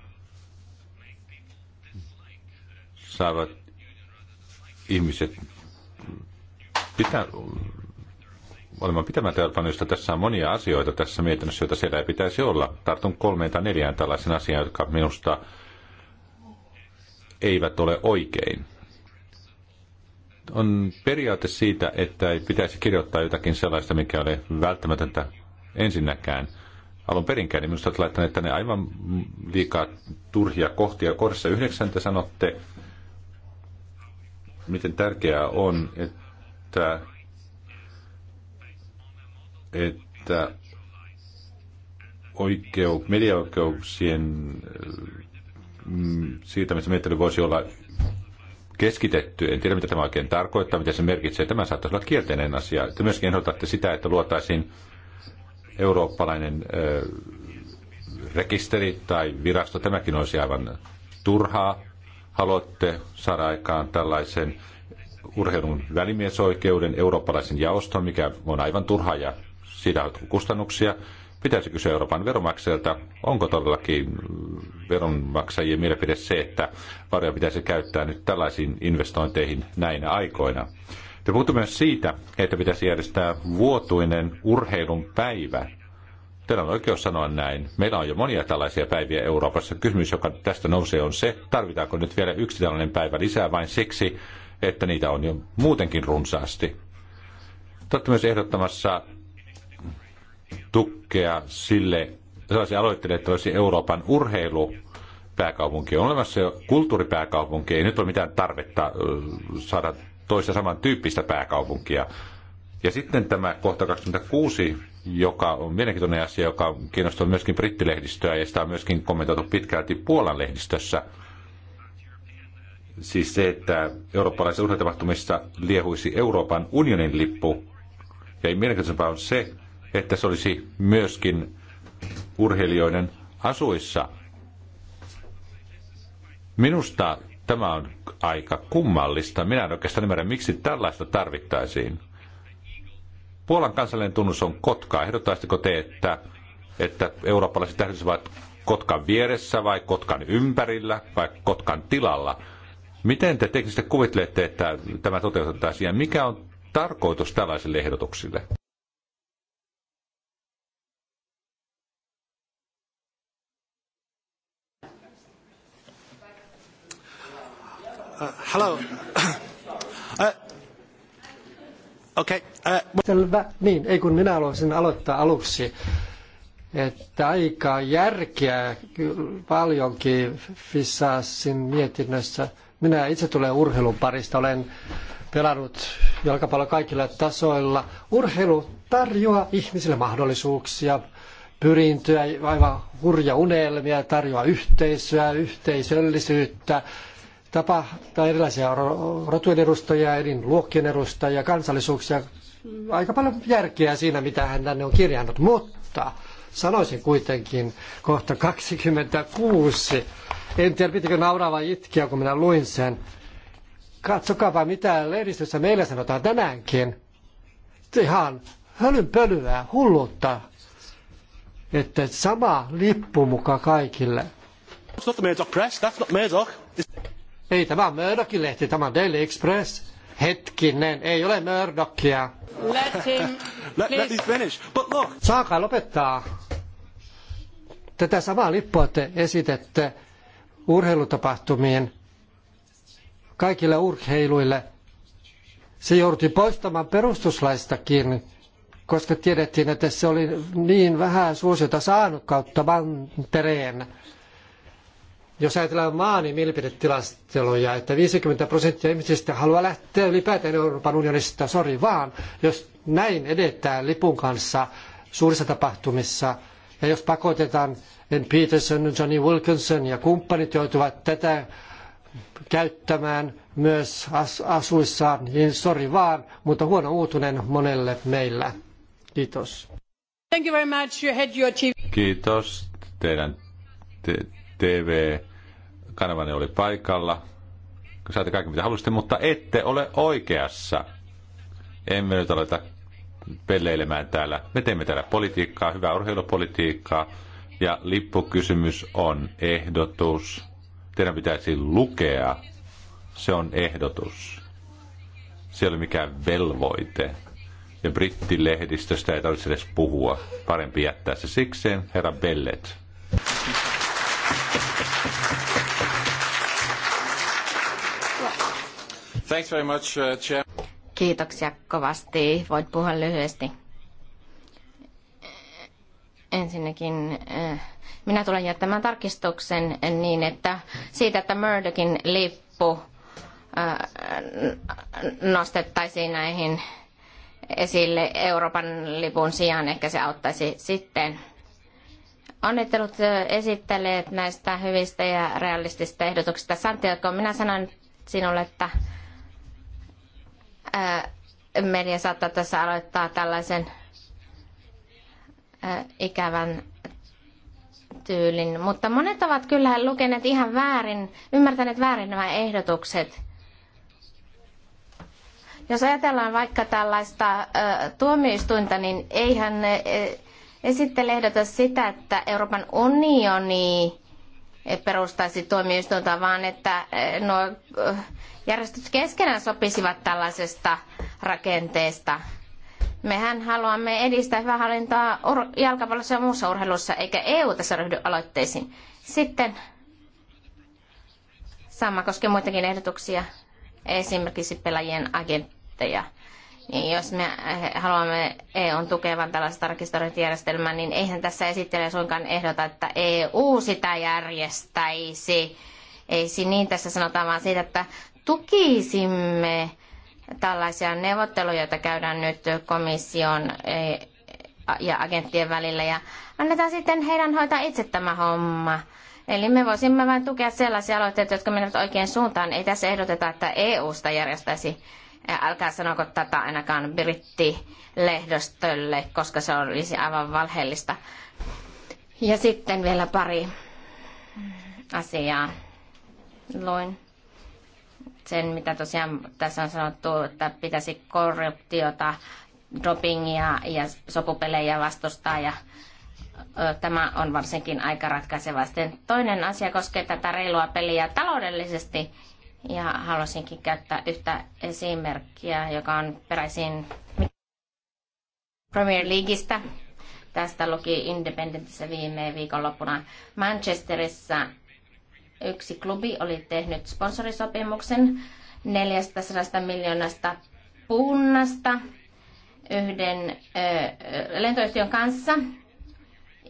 saavat ihmiset pitää, olemaan pitämättä Euroopan josta tässä on monia asioita tässä mietinnössä, joita siellä ei pitäisi olla. Tartun kolmeen tai neljään tällaisen asian, jotka minusta eivät ole oikein. On periaate siitä, että ei pitäisi kirjoittaa jotakin sellaista, mikä ole välttämätöntä ensinnäkään alun perinkään, niin minusta olet laittaneet tänne aivan liikaa turhia kohtia. Kohdassa yhdeksän te sanotte, miten tärkeää on, että, että oikeu, mediaoikeuksien mm, missä menettely voisi olla keskitetty. En tiedä, mitä tämä oikein tarkoittaa, mitä se merkitsee. Tämä saattaisi olla kielteinen asia. Te myöskin ehdotatte sitä, että luotaisiin eurooppalainen rekisteri tai virasto, tämäkin olisi aivan turhaa. Haluatte saada aikaan tällaisen urheilun välimiesoikeuden, eurooppalaisen jaoston, mikä on aivan turhaa ja siitä on kustannuksia. Pitäisi kysyä Euroopan veronmaksajilta, onko todellakin veronmaksajien mielipide se, että varoja pitäisi käyttää nyt tällaisiin investointeihin näinä aikoina. Te puhutte myös siitä, että pitäisi järjestää vuotuinen urheilun päivä. Teillä on oikeus sanoa näin. Meillä on jo monia tällaisia päiviä Euroopassa. Kysymys, joka tästä nousee, on se, tarvitaanko nyt vielä yksi tällainen päivä lisää vain siksi, että niitä on jo muutenkin runsaasti. Te olette myös ehdottamassa tukea sille, sellaisia aloitteille, että olisi Euroopan urheilu pääkaupunki. On olemassa jo kulttuuripääkaupunki, ei nyt ole mitään tarvetta saada toista samantyyppistä pääkaupunkia. Ja sitten tämä kohta 26, joka on mielenkiintoinen asia, joka kiinnostaa myöskin brittilehdistöä ja sitä on myöskin kommentoitu pitkälti Puolan lehdistössä. Siis se, että eurooppalaisissa urheilutapahtumissa liehuisi Euroopan unionin lippu. Ja mielenkiintoisempaa on se, että se olisi myöskin urheilijoiden asuissa. Minusta Tämä on aika kummallista. Minä en oikeastaan ymmärrä, miksi tällaista tarvittaisiin. Puolan kansallinen tunnus on Kotka. Ehdottaisitteko te, että, että eurooppalaiset tähdys ovat Kotkan vieressä vai Kotkan ympärillä vai Kotkan tilalla? Miten te teknisesti kuvittelette, että tämä toteutettaisiin ja mikä on tarkoitus tällaisille ehdotuksille? Uh, hello. Uh, okay. Uh, Selvä. Niin, ei kun minä haluaisin aloittaa aluksi, että aika järkeä paljonkin Fissasin mietinnössä. Minä itse tulen urheilun parista, olen pelannut jalkapallo kaikilla tasoilla. Urheilu tarjoaa ihmisille mahdollisuuksia, pyrintöä, aivan hurja unelmia, tarjoaa yhteisöä, yhteisöllisyyttä, tai erilaisia rotujen edustajia, eri luokkien edustajia, kansallisuuksia. Aika paljon järkeä siinä, mitä hän tänne on kirjannut, mutta sanoisin kuitenkin kohta 26. En tiedä, pitikö nauraa vai itkeä, kun minä luin sen. Katsokaapa, mitä lehdistössä meillä sanotaan tänäänkin. Ihan hölynpölyä, hulluutta, että sama lippu muka kaikille. Ei tämä on Murdochin lehti, tämä on Daily Express. Hetkinen, ei ole Murdochia. Let him, let, let me finish. But look. Saakaa lopettaa. Tätä samaa lippua te esitette urheilutapahtumiin kaikille urheiluille. Se jouduttiin poistamaan perustuslaistakin, koska tiedettiin, että se oli niin vähän suosiota saanut kautta mantereen. Jos ajatellaan maani niin mielipidetilasteluja, että 50 prosenttia ihmisistä haluaa lähteä ylipäätään Euroopan unionista, sori vaan, jos näin edetään lipun kanssa suurissa tapahtumissa, ja jos pakotetaan Ben Peterson, Johnny Wilkinson ja kumppanit joutuvat tätä käyttämään myös as- asuissaan, niin sori vaan, mutta huono uutinen monelle meillä. Kiitos. Thank you very much. You had your TV. Kiitos teidän te- TV kanavani oli paikalla. Saatte kaikki mitä halusitte, mutta ette ole oikeassa. Emme nyt aleta pelleilemään täällä. Me teemme täällä politiikkaa, hyvää urheilupolitiikkaa. Ja lippukysymys on ehdotus. Teidän pitäisi lukea. Se on ehdotus. Se ei ole mikään velvoite. Ja brittilehdistöstä ei tarvitse edes puhua. Parempi jättää se sikseen, herra Bellet. Thank you. Thanks very much, uh, chair. Kiitoksia kovasti. Voit puhua lyhyesti. Ensinnäkin äh, minä tulen jättämään tarkistuksen niin, että siitä, että Murdochin lippu äh, nostettaisiin näihin esille Euroopan lipun sijaan, ehkä se auttaisi sitten. Onnittelut äh, esittelijät näistä hyvistä ja realistista ehdotuksista. Santiago, minä sanon sinulle, että media saattaa tässä aloittaa tällaisen ikävän tyylin. Mutta monet ovat kyllä lukeneet ihan väärin, ymmärtäneet väärin nämä ehdotukset. Jos ajatellaan vaikka tällaista ää, tuomioistuinta, niin eihän ö, esittele ehdota sitä, että Euroopan unioni perustaisi tuomioistuinta, vaan että eh, nuo eh, järjestöt keskenään sopisivat tällaisesta rakenteesta. Mehän haluamme edistää hyvää hallintaa jalkapallossa ja muussa urheilussa, eikä EU tässä ryhdy aloitteisiin. Sitten sama koskee muitakin ehdotuksia, esimerkiksi pelaajien agentteja. Niin jos me eh, haluamme EUn tukevan tällaista tarkistointijärjestelmää, niin eihän tässä esittelijä suinkaan ehdota, että EU sitä järjestäisi. Ei niin tässä sanotaan vaan siitä, että tukisimme tällaisia neuvotteluja, joita käydään nyt komission eh, ja agenttien välillä ja annetaan sitten heidän hoitaa itse tämä homma. Eli me voisimme vain tukea sellaisia aloitteita, jotka menevät oikein suuntaan. Ei tässä ehdoteta, että EUsta järjestäisi Älkää sanoko tätä ainakaan brittilehdostölle, koska se olisi aivan valheellista. Ja sitten vielä pari asiaa. Luin sen, mitä tosiaan tässä on sanottu, että pitäisi korruptiota, dopingia ja sopupelejä vastustaa ja tämä on varsinkin aika ratkaiseva. Sitten toinen asia koskee tätä reilua peliä taloudellisesti ja haluaisinkin käyttää yhtä esimerkkiä, joka on peräisin Premier Leagueista. Tästä luki Independentissä viime viikonloppuna Manchesterissa yksi klubi oli tehnyt sponsorisopimuksen 400 miljoonasta punnasta yhden ö, lentoyhtiön kanssa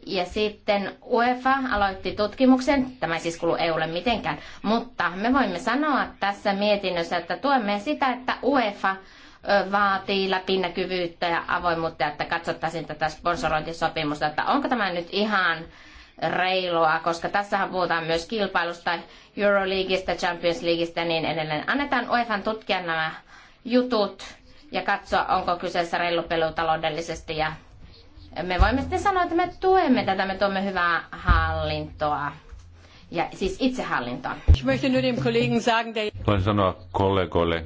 ja sitten UEFA aloitti tutkimuksen, tämä ei siis kuulu EUlle mitenkään, mutta me voimme sanoa tässä mietinnössä, että tuemme sitä, että UEFA vaatii läpinäkyvyyttä ja avoimuutta, että katsottaisiin tätä sponsorointisopimusta, että onko tämä nyt ihan reilua, koska tässähän puhutaan myös kilpailusta, Euroleagueista, Champions Leagueista ja niin edelleen. Annetaan UEFan tutkia nämä jutut ja katsoa, onko kyseessä reilu pelu taloudellisesti ja me voimme sitten sanoa, että me tuemme tätä, me tuomme hyvää hallintoa. Ja siis itsehallintoa. Voin sanoa kollegoille,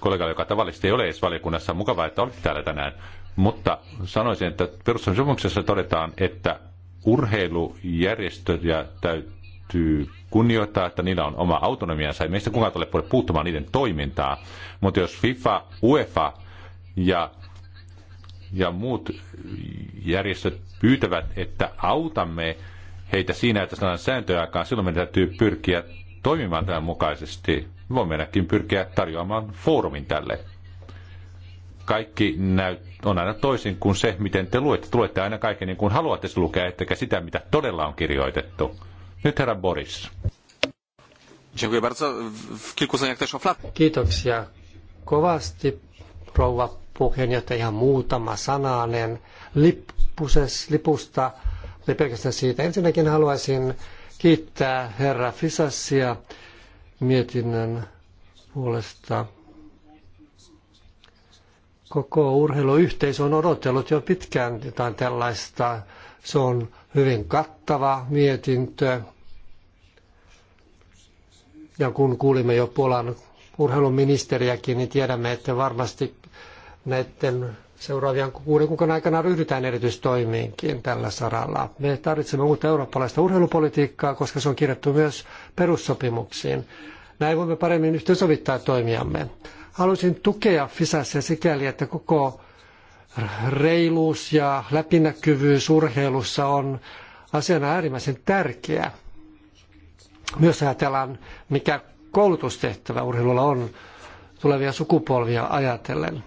kollegalle, joka tavallisesti ei ole edes valiokunnassa, mukavaa, että olette täällä tänään. Mutta sanoisin, että perussopimuksessa todetaan, että urheilujärjestöjä täytyy kunnioittaa, että niillä on oma autonomiansa. Ei meistä kukaan tule puuttumaan niiden toimintaa. Mutta jos FIFA, UEFA ja ja muut järjestöt pyytävät, että autamme heitä siinä, että saadaan sääntöä aikaan, silloin meidän täytyy pyrkiä toimimaan tämän mukaisesti. Voimme ainakin pyrkiä tarjoamaan foorumin tälle. Kaikki näyt, on aina toisin kuin se, miten te luette. Tulette aina kaiken niin kuin haluatte se lukea, ettekä sitä, mitä todella on kirjoitettu. Nyt herra Boris. Kiitoksia kovasti, rouva puheenjohtaja ihan muutama sananen lippuses, lipusta, ei pelkästään siitä. Ensinnäkin haluaisin kiittää herra Fisassia mietinnön puolesta. Koko urheiluyhteisö on odotellut jo pitkään jotain tällaista. Se on hyvin kattava mietintö. Ja kun kuulimme jo Puolan urheiluministeriäkin, niin tiedämme, että varmasti näiden seuraavien kuuden kuukauden aikana ryhdytään erityistoimiinkin tällä saralla. Me tarvitsemme uutta eurooppalaista urheilupolitiikkaa, koska se on kirjattu myös perussopimuksiin. Näin voimme paremmin yhteensovittaa toimiamme. Haluaisin tukea FISassa sikäli, että koko reiluus ja läpinäkyvyys urheilussa on asiana äärimmäisen tärkeä. Myös ajatellaan, mikä koulutustehtävä urheilulla on tulevia sukupolvia ajatellen.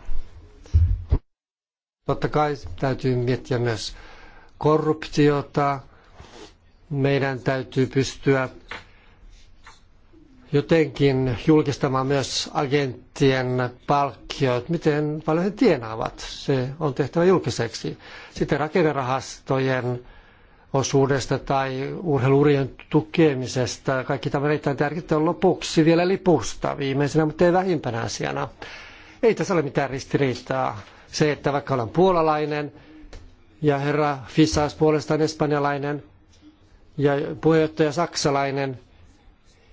Totta kai täytyy miettiä myös korruptiota. Meidän täytyy pystyä jotenkin julkistamaan myös agenttien palkkiot, miten paljon he tienaavat. Se on tehtävä julkiseksi. Sitten rakennerahastojen osuudesta tai urheilurien tukemisesta. Kaikki tämä erittäin tärkeää lopuksi vielä lipusta viimeisenä, mutta ei vähimpänä asiana. Ei tässä ole mitään ristiriitaa se, että vaikka olen puolalainen ja herra Fisas puolestaan espanjalainen ja puheenjohtaja saksalainen,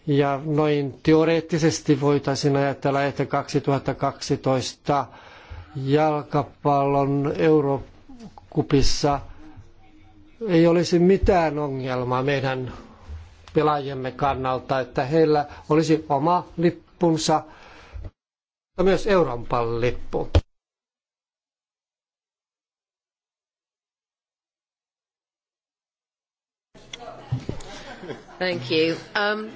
ja noin teoreettisesti voitaisiin ajatella, että 2012 jalkapallon Eurokupissa ei olisi mitään ongelmaa meidän pelaajiemme kannalta, että heillä olisi oma lippunsa, mutta myös Euroopan lippu. Thank you. Um,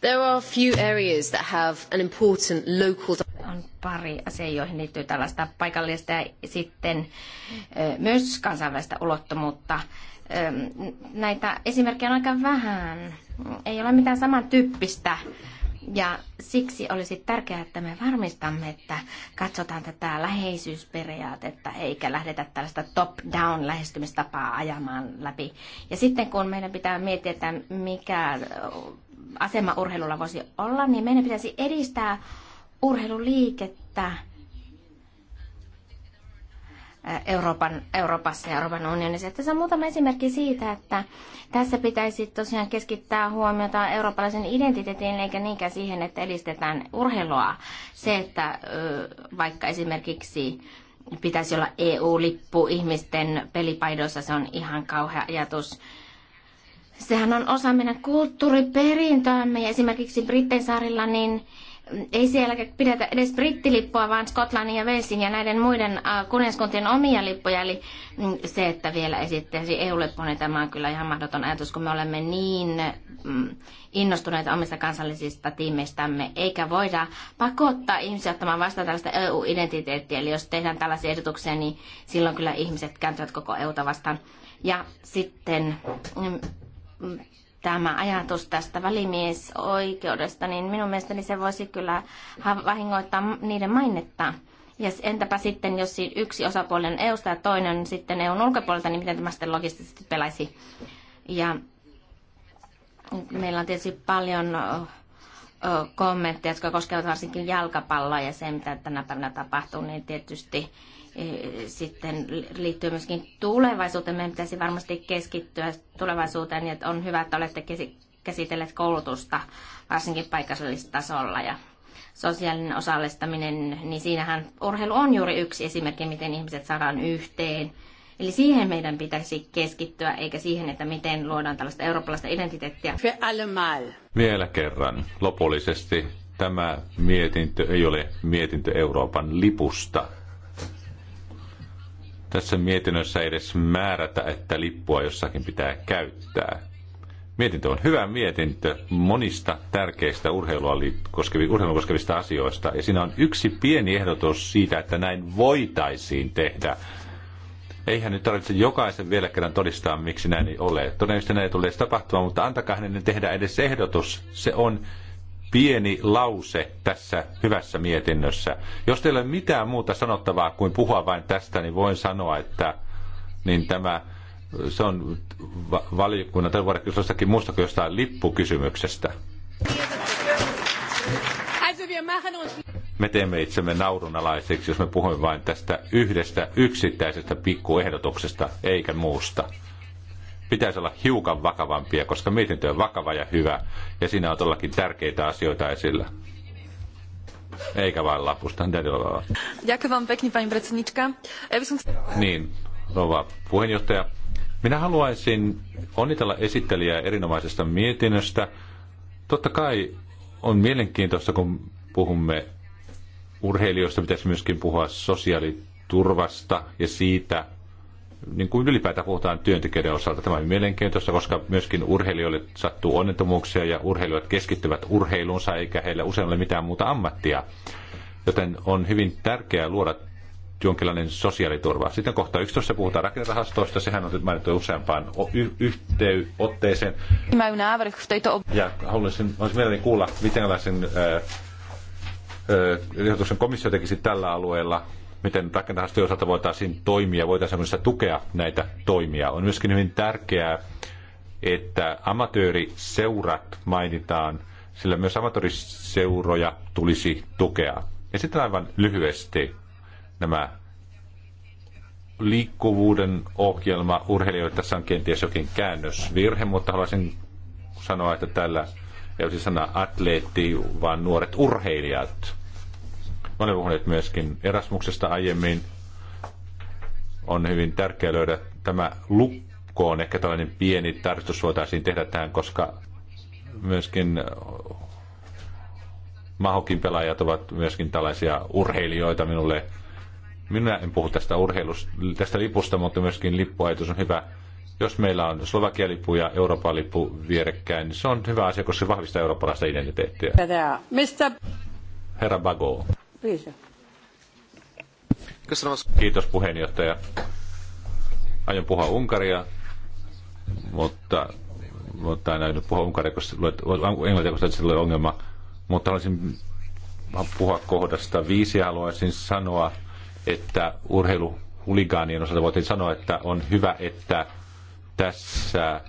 there are few areas that have an important local on pari asiaa, joihin liittyy tällaista paikallista ja sitten myös kansainvälistä ulottomuutta. Näitä esimerkkejä on aika vähän. Ei ole mitään samantyyppistä ja siksi olisi tärkeää, että me varmistamme, että katsotaan tätä läheisyysperiaatetta eikä lähdetä tällaista top-down lähestymistapaa ajamaan läpi. Ja sitten kun meidän pitää miettiä, että mikä asema urheilulla voisi olla, niin meidän pitäisi edistää urheiluliikettä Euroopan, Euroopassa ja Euroopan unionissa. Tässä on muutama esimerkki siitä, että tässä pitäisi tosiaan keskittää huomiota eurooppalaisen identiteettiin, eikä niinkään siihen, että edistetään urheilua. Se, että vaikka esimerkiksi pitäisi olla EU-lippu ihmisten pelipaidoissa, se on ihan kauhea ajatus. Sehän on osa meidän kulttuuriperintöämme ja esimerkiksi Britteen saarilla niin ei siellä pidetä edes brittilippua, vaan Skotlannin ja Walesin ja näiden muiden äh, kuningaskuntien omia lippuja. Eli mm, se, että vielä esittäisi eu lippu niin tämä on kyllä ihan mahdoton ajatus, kun me olemme niin mm, innostuneita omista kansallisista tiimeistämme, eikä voida pakottaa ihmisiä ottamaan vastaan tällaista EU-identiteettiä. Eli jos tehdään tällaisia ehdotuksia, niin silloin kyllä ihmiset kääntyvät koko EUta vastaan. Ja sitten mm, tämä ajatus tästä välimiesoikeudesta, niin minun mielestäni se voisi kyllä vahingoittaa niiden mainetta. Ja entäpä sitten, jos yksi osapuoli on EUsta ja toinen sitten EUn ulkopuolelta, niin miten tämä sitten logistisesti pelaisi? Ja meillä on tietysti paljon kommentteja, jotka koskevat varsinkin jalkapalloa ja se, mitä tänä päivänä tapahtuu, niin tietysti Eh, sitten liittyy myöskin tulevaisuuteen. Meidän pitäisi varmasti keskittyä tulevaisuuteen, niin että on hyvä, että olette käsitelleet koulutusta varsinkin paikallisella tasolla ja sosiaalinen osallistaminen, niin siinähän urheilu on juuri yksi esimerkki, miten ihmiset saadaan yhteen. Eli siihen meidän pitäisi keskittyä, eikä siihen, että miten luodaan tällaista eurooppalaista identiteettiä. Vielä kerran, lopullisesti tämä mietintö ei ole mietintö Euroopan lipusta, tässä mietinnössä edes määrätä, että lippua jossakin pitää käyttää. Mietintö on hyvä mietintö monista tärkeistä urheilua koskevista, urheilua koskevista asioista. Ja siinä on yksi pieni ehdotus siitä, että näin voitaisiin tehdä. Eihän nyt tarvitse jokaisen vielä kerran todistaa, miksi näin ei ole. Todennäköisesti näin ei tule tapahtumaan, mutta antakaa hänen tehdä edes ehdotus. Se on pieni lause tässä hyvässä mietinnössä. Jos teillä ei ole mitään muuta sanottavaa kuin puhua vain tästä, niin voin sanoa, että niin tämä, se on valiokunnan, tai voidaan kysyä jostakin muusta kuin jostain lippukysymyksestä. Me teemme itsemme naurunalaiseksi, jos me puhumme vain tästä yhdestä yksittäisestä pikkuehdotuksesta, eikä muusta pitäisi olla hiukan vakavampia, koska mietintö on vakava ja hyvä, ja siinä on todellakin tärkeitä asioita esillä. Eikä vain lapusta, Niin, rouva puheenjohtaja. Minä haluaisin onnitella esittelijää erinomaisesta mietinnöstä. Totta kai on mielenkiintoista, kun puhumme urheilijoista, pitäisi myöskin puhua sosiaaliturvasta ja siitä, niin kuin ylipäätään puhutaan työntekijöiden osalta. Tämä on mielenkiintoista, koska myöskin urheilijoille sattuu onnettomuuksia ja urheilijat keskittyvät urheiluunsa eikä heillä usein ole mitään muuta ammattia. Joten on hyvin tärkeää luoda jonkinlainen sosiaaliturva. Sitten kohta 11 puhutaan rakennerahastoista, sehän on nyt mainittu useampaan yhteyotteeseen. Ja haluaisin, olisin mielelläni kuulla, mitenlaisen ehdotuksen komissio tekisi tällä alueella miten rakentarahastojen osalta voitaisiin toimia, voitaisiin sitä tukea näitä toimia. On myöskin hyvin tärkeää, että amatööriseurat mainitaan, sillä myös amatööriseuroja tulisi tukea. Ja sitten aivan lyhyesti nämä liikkuvuuden ohjelma urheilijoille. Tässä on kenties jokin käännösvirhe, mutta haluaisin sanoa, että tällä ei olisi sana atleetti, vaan nuoret urheilijat me olemme puhuneet myöskin Erasmuksesta aiemmin. On hyvin tärkeää löydä tämä on Ehkä tällainen pieni tarkistus voitaisiin tehdä tähän, koska myöskin Mahokin pelaajat ovat myöskin tällaisia urheilijoita minulle. Minä en puhu tästä urheilusta, tästä lipusta, mutta myöskin lippuajatus on hyvä. Jos meillä on Slovakian lippu ja Euroopan lippu vierekkäin, niin se on hyvä asia, koska se vahvistaa eurooppalaista identiteettiä. Herra Bago. Kiitos puheenjohtaja. Aion puhua Unkaria, mutta, mutta en aion puhua Unkaria, koska englantia, koska sillä tulee ongelma. Mutta haluaisin puhua kohdasta viisi ja haluaisin sanoa, että urheiluhuligaanien osalta voitiin sanoa, että on hyvä, että tässä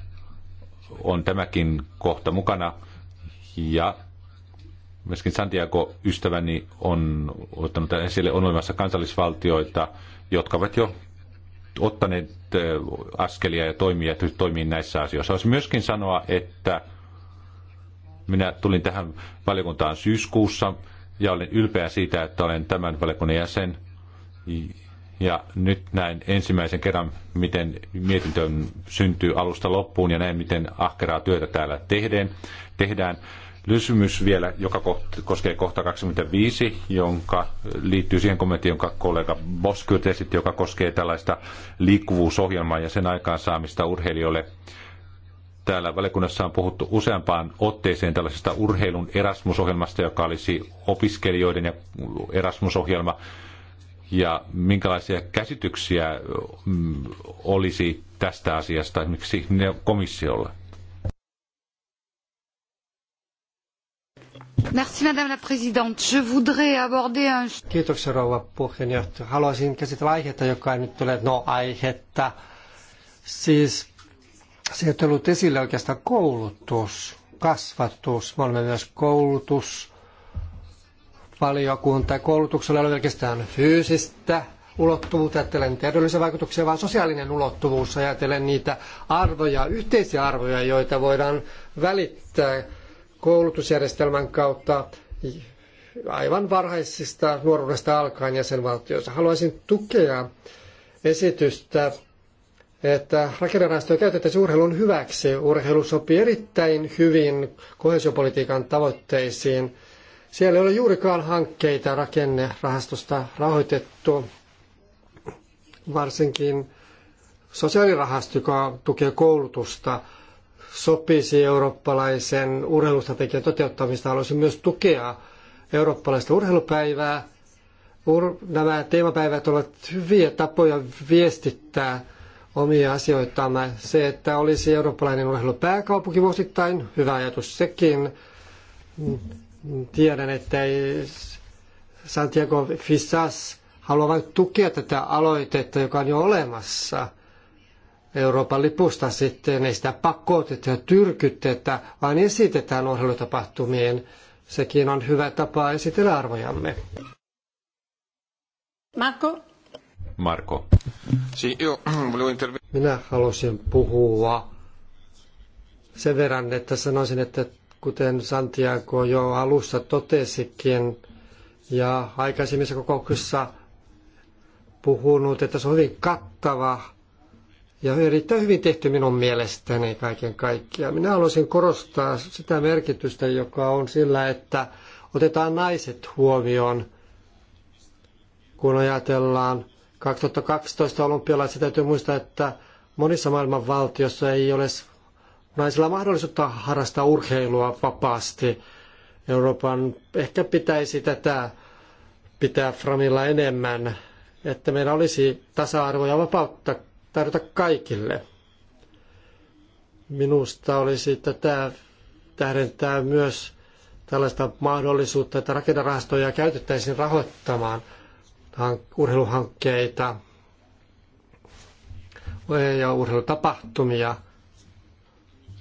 on tämäkin kohta mukana. Ja Myöskin Santiago ystäväni on ottanut esille, on olemassa kansallisvaltioita, jotka ovat jo ottaneet askelia ja toimia, toimii näissä asioissa. Voisi myöskin sanoa, että minä tulin tähän valiokuntaan syyskuussa ja olen ylpeä siitä, että olen tämän valiokunnan jäsen. Ja nyt näin ensimmäisen kerran, miten mietintö syntyy alusta loppuun ja näin, miten ahkeraa työtä täällä tehdään. tehdään lysymys vielä, joka koskee kohta 25, jonka liittyy siihen kommenttiin, jonka kollega Boskyt esitti, joka koskee tällaista liikkuvuusohjelmaa ja sen aikaansaamista urheilijoille. Täällä valiokunnassa on puhuttu useampaan otteeseen tällaisesta urheilun Erasmus-ohjelmasta, joka olisi opiskelijoiden ja Erasmus-ohjelma. Ja minkälaisia käsityksiä mm, olisi tästä asiasta esimerkiksi komissiolla? Kiitoksia rouva puheenjohtaja. Haluaisin käsitellä aihetta, joka ei nyt ole no aihetta. Siis se ei tullut esille oikeastaan koulutus, kasvatus. Me olemme myös koulutus valiokunta. Koulutuksella ei ole pelkästään fyysistä ulottuvuutta, ajattelen terveydellisiä vaikutuksia, vaan sosiaalinen ulottuvuus, ajatellen niitä arvoja, yhteisiä arvoja, joita voidaan välittää koulutusjärjestelmän kautta aivan varhaisista nuoruudesta alkaen jäsenvaltioissa. Haluaisin tukea esitystä, että rakennerahastoja käytettäisiin urheilun hyväksi. Urheilu sopii erittäin hyvin kohesiopolitiikan tavoitteisiin. Siellä ei ole juurikaan hankkeita rakennerahastosta rahoitettu, varsinkin sosiaalirahasto, joka tukee koulutusta, sopisi eurooppalaisen urheilustrategian toteuttamista. Haluaisin myös tukea eurooppalaista urheilupäivää. nämä teemapäivät ovat hyviä tapoja viestittää omia asioitamme. Se, että olisi eurooppalainen urheilupääkaupunki vuosittain, hyvä ajatus sekin. Tiedän, että ei Santiago Fisas halua vain tukea tätä aloitetta, joka on jo olemassa – Euroopan lipusta sitten, ei sitä pakoteta ja tyrkytetä, vaan esitetään urheilutapahtumien. Sekin on hyvä tapa esitellä arvojamme. Marko? Marko. Minä halusin puhua sen verran, että sanoisin, että kuten Santiago jo alussa totesikin ja aikaisemmissa kokouksissa puhunut, että se on hyvin kattava ja erittäin hyvin tehty minun mielestäni kaiken kaikkiaan. Minä haluaisin korostaa sitä merkitystä, joka on sillä, että otetaan naiset huomioon, kun ajatellaan 2012 olympialaiset. Täytyy muistaa, että monissa maailman valtiossa ei ole naisilla mahdollisuutta harrastaa urheilua vapaasti. Euroopan ehkä pitäisi tätä pitää framilla enemmän, että meillä olisi tasa-arvo ja vapautta tarjota kaikille. Minusta olisi tätä tähdentää myös tällaista mahdollisuutta, että rakennerahastoja käytettäisiin rahoittamaan urheiluhankkeita ja urheilutapahtumia.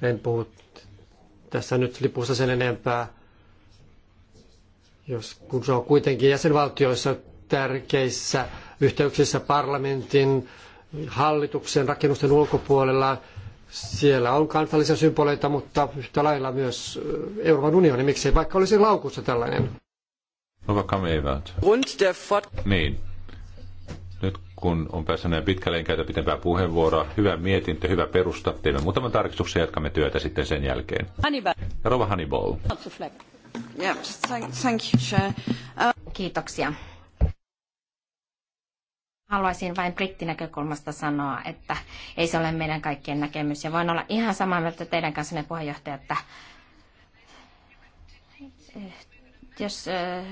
En puhu tässä nyt lipussa sen enempää, jos, kun se on kuitenkin jäsenvaltioissa tärkeissä yhteyksissä parlamentin hallituksen rakennusten ulkopuolella. Siellä on kansallisia symboleita, mutta yhtä lailla myös Euroopan unioni, miksei vaikka olisi laukussa tällainen. No vaikka me eivät. Niin. Nyt kun on päässyt näin pitkälle, en käytä pitempää puheenvuoroa. Hyvä mietintö, hyvä perusta. Teemme muutaman tarkistuksen ja jatkamme työtä sitten sen jälkeen. Hannibal. Rova Hannibal. Uh, Kiitoksia. Haluaisin vain brittinäkökulmasta sanoa, että ei se ole meidän kaikkien näkemys. Ja voin olla ihan samaa mieltä teidän kanssanne puheenjohtaja, että eh, jos eh,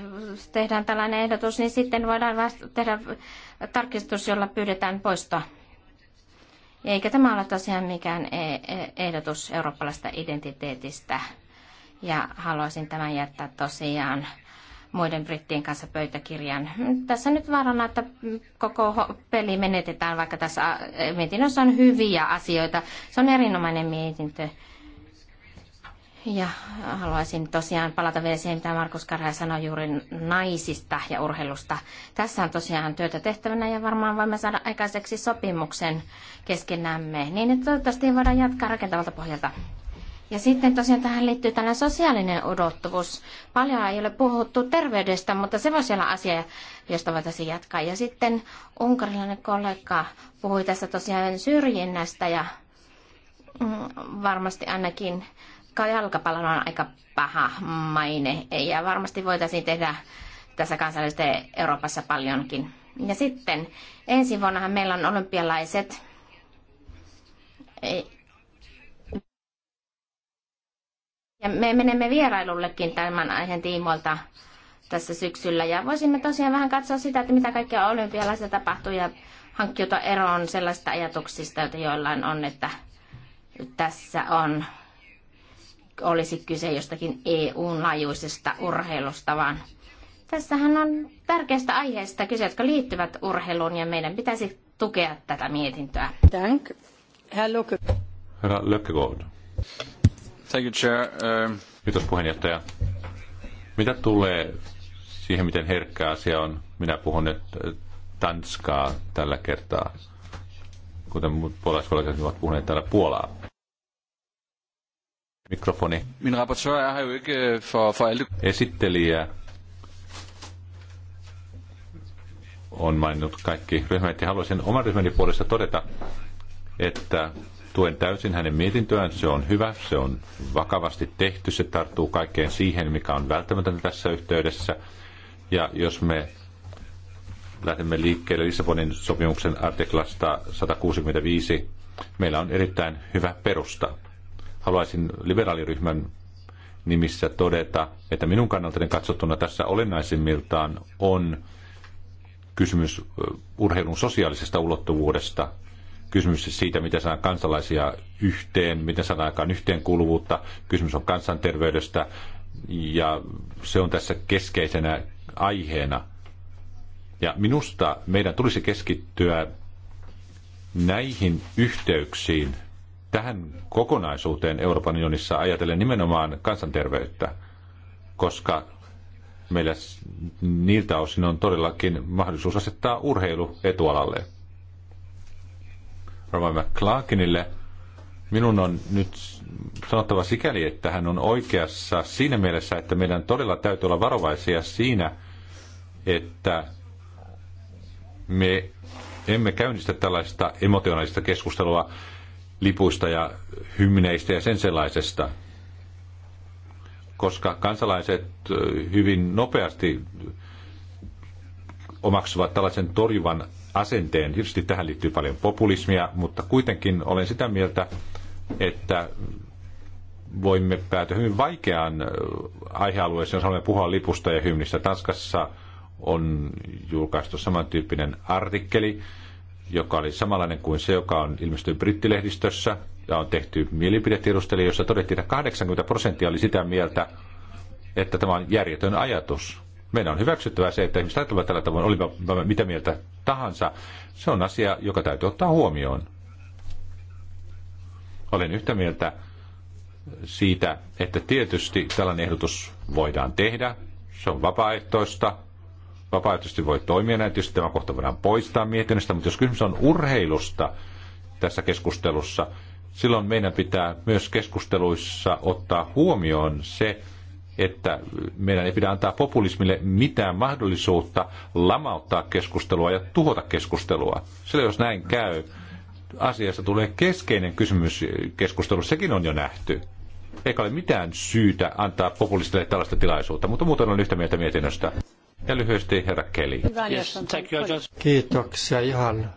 tehdään tällainen ehdotus, niin sitten voidaan tehdä tarkistus, jolla pyydetään poistoa. Eikä tämä ole tosiaan mikään e, e, ehdotus eurooppalaista identiteetistä. Ja haluaisin tämän jättää tosiaan muiden brittien kanssa pöytäkirjan. Tässä nyt vaarana, että koko peli menetetään, vaikka tässä äh, mietinnössä on hyviä asioita. Se on erinomainen mietintö. Ja haluaisin tosiaan palata vielä siihen, mitä Markus Karha sanoi juuri naisista ja urheilusta. Tässä on tosiaan työtä tehtävänä ja varmaan voimme saada aikaiseksi sopimuksen keskenämme, niin että toivottavasti voidaan jatkaa rakentavalta pohjalta. Ja sitten tosiaan tähän liittyy tällainen sosiaalinen odottuvuus. Paljon ei ole puhuttu terveydestä, mutta se voisi olla asia, josta voitaisiin jatkaa. Ja sitten unkarilainen kollega puhui tässä tosiaan syrjinnästä ja mm, varmasti ainakin jalkapallon on aika paha maine ja varmasti voitaisiin tehdä tässä kansallisessa Euroopassa paljonkin. Ja sitten ensi vuonnahan meillä on olympialaiset Ja me menemme vierailullekin tämän aiheen tiimoilta tässä syksyllä. Ja voisimme tosiaan vähän katsoa sitä, että mitä kaikkea olympialaisilla tapahtuu ja hankkiutua eroon sellaista ajatuksista, joita joillain on, että tässä on, olisi kyse jostakin EUn laajuisesta urheilusta, vaan tässähän on tärkeästä aiheesta kyse, jotka liittyvät urheiluun ja meidän pitäisi tukea tätä mietintöä. Dank. Herr Lökkegold. Thank you, um, Kiitos puheenjohtaja. Mitä tulee siihen, miten herkkä asia on, minä puhun nyt äh, Tanskaa tällä kertaa, kuten muut puolaiskollegat ovat puhuneet täällä Puolaa. Mikrofoni. Min rapportør er jo ikke øh, for, for alle. Esittelijä on maininnut kaikki ryhmät ja haluaisin oman ryhmäni puolesta todeta, että Tuen täysin hänen mietintöään, se on hyvä, se on vakavasti tehty, se tarttuu kaikkeen siihen, mikä on välttämätöntä tässä yhteydessä. Ja jos me lähdemme liikkeelle Lissabonin sopimuksen artiklasta 165, meillä on erittäin hyvä perusta. Haluaisin liberaaliryhmän nimissä todeta, että minun kannaltani katsottuna tässä olennaisimmiltaan on kysymys urheilun sosiaalisesta ulottuvuudesta. Kysymys siis siitä, miten saadaan kansalaisia yhteen, miten saadaan aikaan yhteenkuuluvuutta. Kysymys on kansanterveydestä ja se on tässä keskeisenä aiheena. Ja minusta meidän tulisi keskittyä näihin yhteyksiin, tähän kokonaisuuteen Euroopan unionissa ajatellen nimenomaan kansanterveyttä, koska meillä niiltä osin on todellakin mahdollisuus asettaa urheilu etualalle. Roman McClarkinille. Minun on nyt sanottava sikäli, että hän on oikeassa siinä mielessä, että meidän todella täytyy olla varovaisia siinä, että me emme käynnistä tällaista emotionaalista keskustelua lipuista ja hymneistä ja sen sellaisesta, koska kansalaiset hyvin nopeasti omaksuvat tällaisen torjuvan asenteen. Tietysti tähän liittyy paljon populismia, mutta kuitenkin olen sitä mieltä, että voimme päätyä hyvin vaikeaan aihealueeseen, jos haluamme puhua lipusta ja hymnistä. Tanskassa on julkaistu samantyyppinen artikkeli, joka oli samanlainen kuin se, joka on ilmestynyt brittilehdistössä ja on tehty mielipidetiedusteli, jossa todettiin, että 80 prosenttia oli sitä mieltä, että tämä on järjetön ajatus. Meidän on hyväksyttävä se, että ihmiset ajattelevat tällä tavoin, olimme mitä mieltä tahansa. Se on asia, joka täytyy ottaa huomioon. Olen yhtä mieltä siitä, että tietysti tällainen ehdotus voidaan tehdä. Se on vapaaehtoista. Vapaaehtoisesti voi toimia näin. Tietysti tämä kohta voidaan poistaa mietinnöstä, mutta jos kysymys on urheilusta tässä keskustelussa, silloin meidän pitää myös keskusteluissa ottaa huomioon se, että meidän ei pidä antaa populismille mitään mahdollisuutta lamauttaa keskustelua ja tuhota keskustelua. Sillä jos näin käy, asiasta tulee keskeinen kysymys keskustelu. Sekin on jo nähty. Eikä ole mitään syytä antaa populistille tällaista tilaisuutta, mutta muuten on yhtä mieltä mietinnöstä. Ja lyhyesti herra Keli. Niin Kiitoksia. Ihan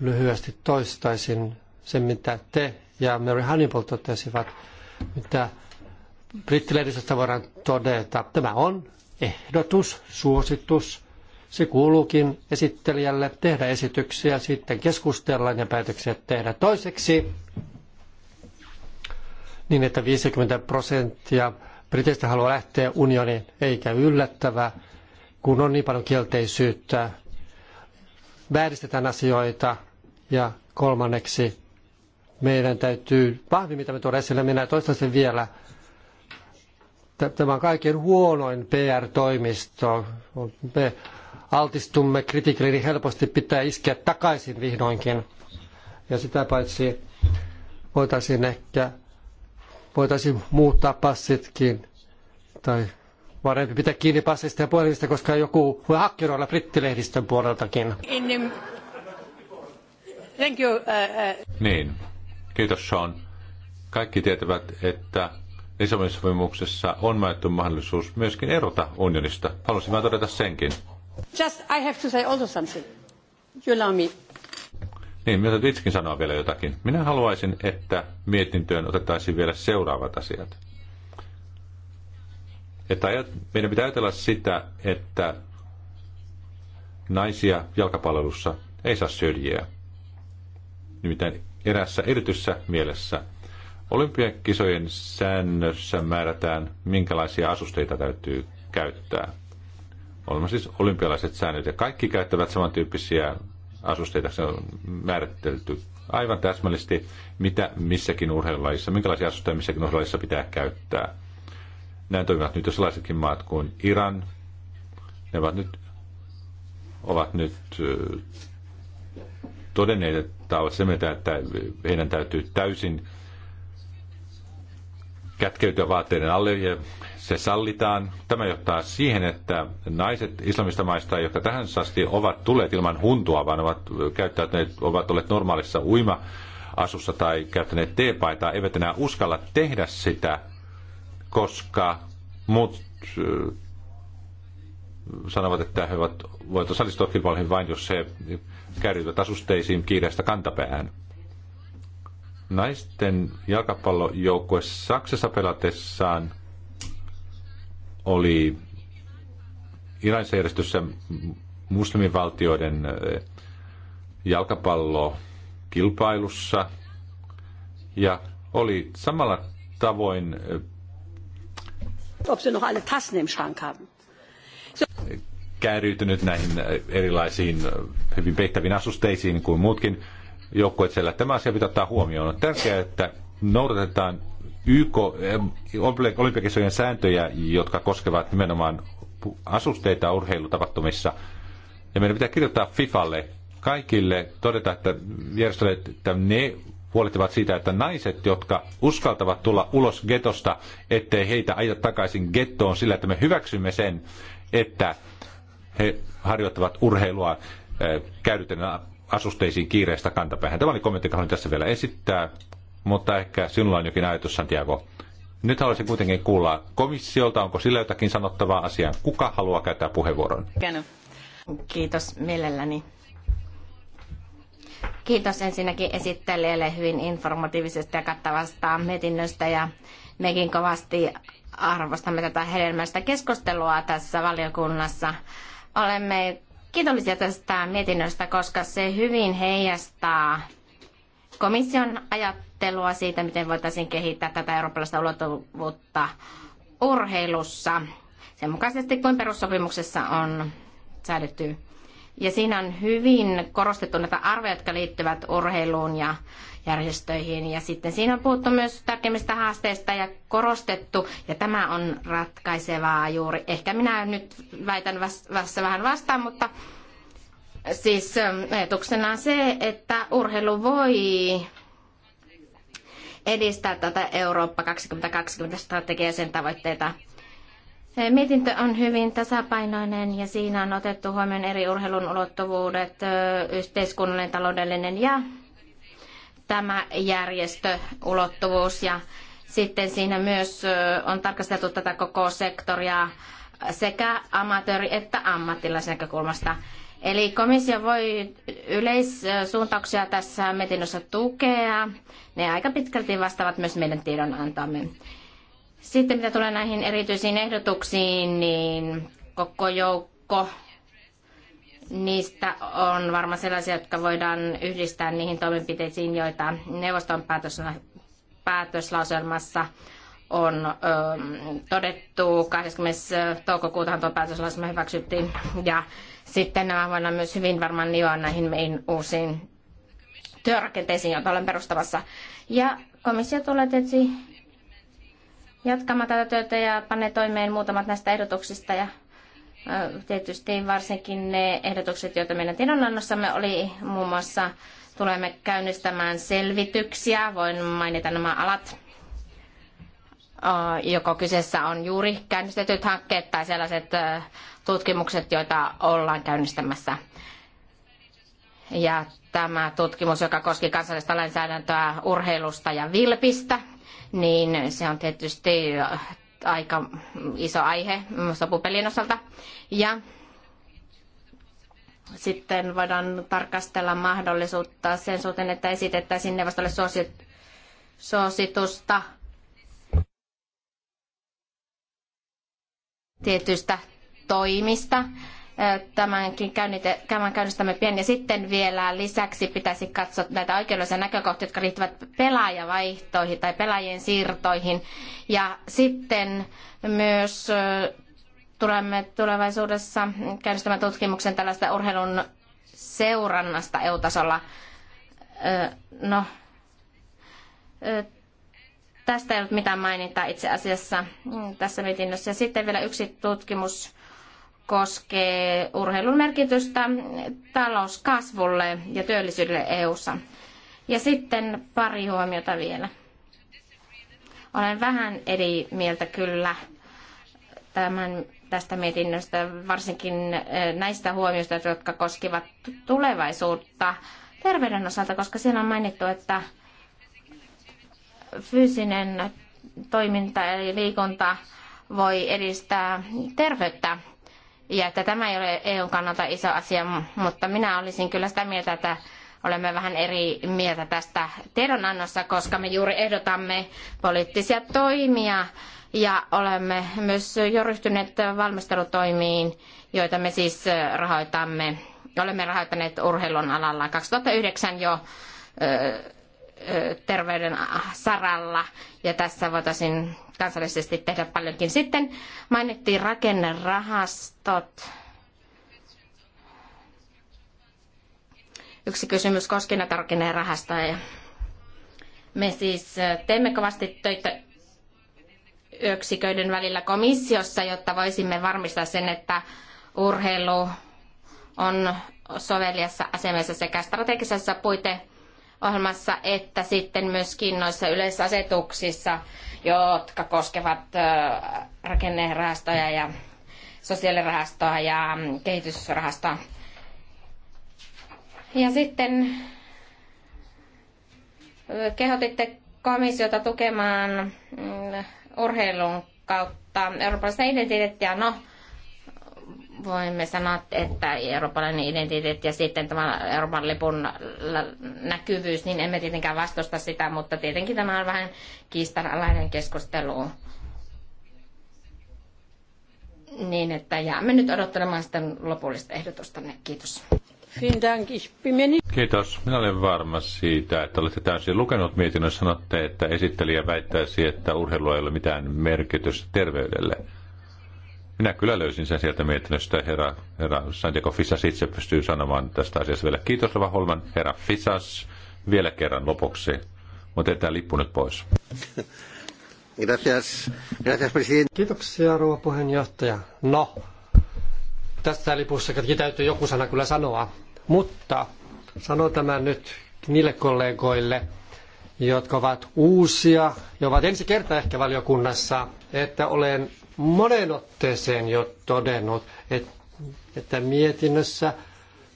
lyhyesti toistaisin sen, mitä te ja Mary Hannibal totesivat, mitä brittilehdistöstä voidaan todeta, että tämä on ehdotus, suositus. Se kuuluukin esittelijälle tehdä esityksiä, sitten keskustellaan ja päätöksiä tehdä. Toiseksi niin, että 50 prosenttia Briteistä haluaa lähteä unioniin, eikä yllättävä, kun on niin paljon kielteisyyttä, vääristetään asioita ja kolmanneksi meidän täytyy vahvimmin mitä me tuoda esille, minä toistan sen vielä – Tämä on kaiken huonoin PR-toimisto. Me altistumme kritiikille, niin helposti pitää iskeä takaisin vihdoinkin. Ja sitä paitsi voitaisiin ehkä voitaisiin muuttaa passitkin tai parempi pitää kiinni passista ja puhelimista, koska joku voi hakkeroida brittilehdistön puoleltakin. In, thank you, uh, uh. Niin, kiitos Sean. Kaikki tietävät, että Lissabonin sopimuksessa on mainittu mahdollisuus myöskin erota unionista. Haluaisin vain todeta senkin. Just, I have to say also something. You allow me. Niin, minä täytyy itsekin sanoa vielä jotakin. Minä haluaisin, että mietintöön otettaisiin vielä seuraavat asiat. Että meidän pitää ajatella sitä, että naisia jalkapalvelussa ei saa syrjiä. Nimittäin erässä erityisessä mielessä Olympiakisojen säännössä määrätään, minkälaisia asusteita täytyy käyttää. Olemme siis olympialaiset säännöt ja kaikki käyttävät samantyyppisiä asusteita. Se on määritelty aivan täsmällisesti, mitä missäkin urheilulajissa, minkälaisia asusteita missäkin urheilulajissa pitää käyttää. Näin toimivat nyt jo sellaisetkin maat kuin Iran. Ne ovat nyt, ovat nyt todenneet, että ovat se että heidän täytyy täysin kätkeytyä vaatteiden alle ja se sallitaan. Tämä johtaa siihen, että naiset islamista maista, jotka tähän asti ovat tulleet ilman huntua, vaan ovat käyttäytyneet, ovat olleet normaalissa uima asussa tai käyttäneet teepaitaa, eivät enää uskalla tehdä sitä, koska muut äh, sanovat, että he ovat, voivat osallistua kilpailuihin vain, jos he käyvät asusteisiin kiireestä kantapäähän. Naisten jalkapallojoukkue Saksassa pelatessaan oli Iranissa järjestössä muslimivaltioiden jalkapallokilpailussa ja oli samalla tavoin ob sie noch alle Tassen im Schrank haben. So. kääriytynyt näihin erilaisiin hyvin peittäviin asusteisiin kuin muutkin joukkueet siellä. Tämä asia pitää ottaa huomioon. On tärkeää, että noudatetaan YK, eh, olympiakisojen sääntöjä, jotka koskevat nimenomaan asusteita urheilutapahtumissa. Ja meidän pitää kirjoittaa FIFAlle kaikille, todeta, että järjestölle, että ne huolehtivat siitä, että naiset, jotka uskaltavat tulla ulos getosta, ettei heitä aita takaisin gettoon sillä, että me hyväksymme sen, että he harjoittavat urheilua eh, käydytänä asusteisiin kiireistä kantapäähän. Tämä oli kommentti, joka haluan tässä vielä esittää, mutta ehkä sinulla on jokin ajatus, Santiago. Nyt haluaisin kuitenkin kuulla komissiolta, onko sillä jotakin sanottavaa asiaan. Kuka haluaa käyttää puheenvuoron? Kiitos mielelläni. Kiitos ensinnäkin esittelijälle hyvin informatiivisesta ja kattavasta mietinnöstä ja mekin kovasti arvostamme tätä hedelmällistä keskustelua tässä valiokunnassa. Olemme kiitollisia tästä mietinnöstä, koska se hyvin heijastaa komission ajattelua siitä, miten voitaisiin kehittää tätä eurooppalaista ulottuvuutta urheilussa sen mukaisesti kuin perussopimuksessa on säädetty. Ja siinä on hyvin korostettu näitä arvoja, jotka liittyvät urheiluun ja järjestöihin. Ja sitten siinä on puhuttu myös tärkeimmistä haasteista ja korostettu, ja tämä on ratkaisevaa juuri. Ehkä minä nyt väitän tässä vähän vastaan, mutta siis ähm, ajatuksena on se, että urheilu voi edistää tätä Eurooppa 2020-strategiaa ja sen tavoitteita. Mietintö on hyvin tasapainoinen ja siinä on otettu huomioon eri urheilun ulottuvuudet, yhteiskunnallinen, taloudellinen ja tämä järjestöulottuvuus ja sitten siinä myös on tarkasteltu tätä koko sektoria sekä amatööri- että ammattilaisnäkökulmasta. Eli komissio voi yleissuuntauksia tässä mietinnössä tukea. Ne aika pitkälti vastaavat myös meidän tiedonantamme. Sitten mitä tulee näihin erityisiin ehdotuksiin, niin koko joukko niistä on varmaan sellaisia, jotka voidaan yhdistää niihin toimenpiteisiin, joita neuvoston päätöslauselmassa on ö, todettu. 20. toukokuutahan tuo päätöslauselma hyväksyttiin. Ja sitten nämä voidaan myös hyvin varmaan nioa näihin meidän uusiin työrakenteisiin, joita olen perustamassa. Ja komissio tulee tietysti jatkamaan tätä työtä ja panee toimeen muutamat näistä ehdotuksista ja Tietysti varsinkin ne ehdotukset, joita meidän tiedonannossamme oli, muun muassa tulemme käynnistämään selvityksiä, voin mainita nämä alat, joko kyseessä on juuri käynnistetyt hankkeet tai sellaiset tutkimukset, joita ollaan käynnistämässä. Ja tämä tutkimus, joka koski kansallista lainsäädäntöä urheilusta ja vilpistä, niin se on tietysti aika iso aihe sopupelien osalta. Ja sitten voidaan tarkastella mahdollisuutta sen suhteen, että esitettäisiin neuvostolle suosit- suositusta tietyistä toimista tämänkin tämän käynnistämme pian. Ja sitten vielä lisäksi pitäisi katsoa näitä oikeudellisia näkökohtia, jotka liittyvät pelaajavaihtoihin tai pelaajien siirtoihin. Ja sitten myös tulemme tulevaisuudessa käynnistämään tutkimuksen tällaista urheilun seurannasta EU-tasolla. No, tästä ei ollut mitään mainintaa itse asiassa tässä mietinnössä. Ja sitten vielä yksi tutkimus koskee urheilun merkitystä talouskasvulle ja työllisyydelle EU:ssa. Ja sitten pari huomiota vielä. Olen vähän eri mieltä kyllä tämän, tästä mietinnöstä, varsinkin eh, näistä huomioista, jotka koskivat tulevaisuutta terveyden osalta, koska siellä on mainittu, että fyysinen toiminta eli liikunta voi edistää terveyttä ja että tämä ei ole EUn kannalta iso asia, mutta minä olisin kyllä sitä mieltä, että olemme vähän eri mieltä tästä tiedonannossa, koska me juuri ehdotamme poliittisia toimia ja olemme myös jo ryhtyneet valmistelutoimiin, joita me siis rahoitamme. Olemme rahoittaneet urheilun alalla 2009 jo terveyden saralla ja tässä voitaisiin kansallisesti tehdä paljonkin. Sitten mainittiin rakennerahastot. Yksi kysymys koski näitä rakennerahastoja. Me siis teemme kovasti töitä yksiköiden välillä komissiossa, jotta voisimme varmistaa sen, että urheilu on soveliassa asemassa sekä strategisessa puite ohjelmassa että sitten myöskin noissa yleisasetuksissa, jotka koskevat rakennerahastoja ja sosiaalirahastoa ja kehitysrahastoa. Ja sitten kehotitte komissiota tukemaan mm, urheilun kautta eurooppalaista identiteettiä. No, voimme sanoa, että eurooppalainen identiteetti ja sitten tämä Euroopan lipun näkyvyys, niin emme tietenkään vastusta sitä, mutta tietenkin tämä on vähän kiistanalainen keskustelu. Niin, että jäämme nyt odottelemaan sitten lopullista ehdotusta. Kiitos. Kiitos. Minä olen varma siitä, että olette täysin lukenut mietinnön. Sanotte, että esittelijä väittäisi, että urheilu ei ole mitään merkitystä terveydelle. Minä kyllä löysin sen sieltä mietinnöstä. Herra, herra Santiago Fisas itse pystyy sanomaan tästä asiasta vielä. Kiitos Rova Holman. Herra Fisas vielä kerran lopuksi. Mutta tämä lippu nyt pois. Gracias. Gracias, presidente. Kiitoksia, rouva puheenjohtaja. No, tässä lipussa täytyy joku sana kyllä sanoa, mutta sano tämän nyt niille kollegoille, jotka ovat uusia ja ovat ensi kertaa ehkä valiokunnassa, että olen monen otteeseen jo todennut, että mietinnössä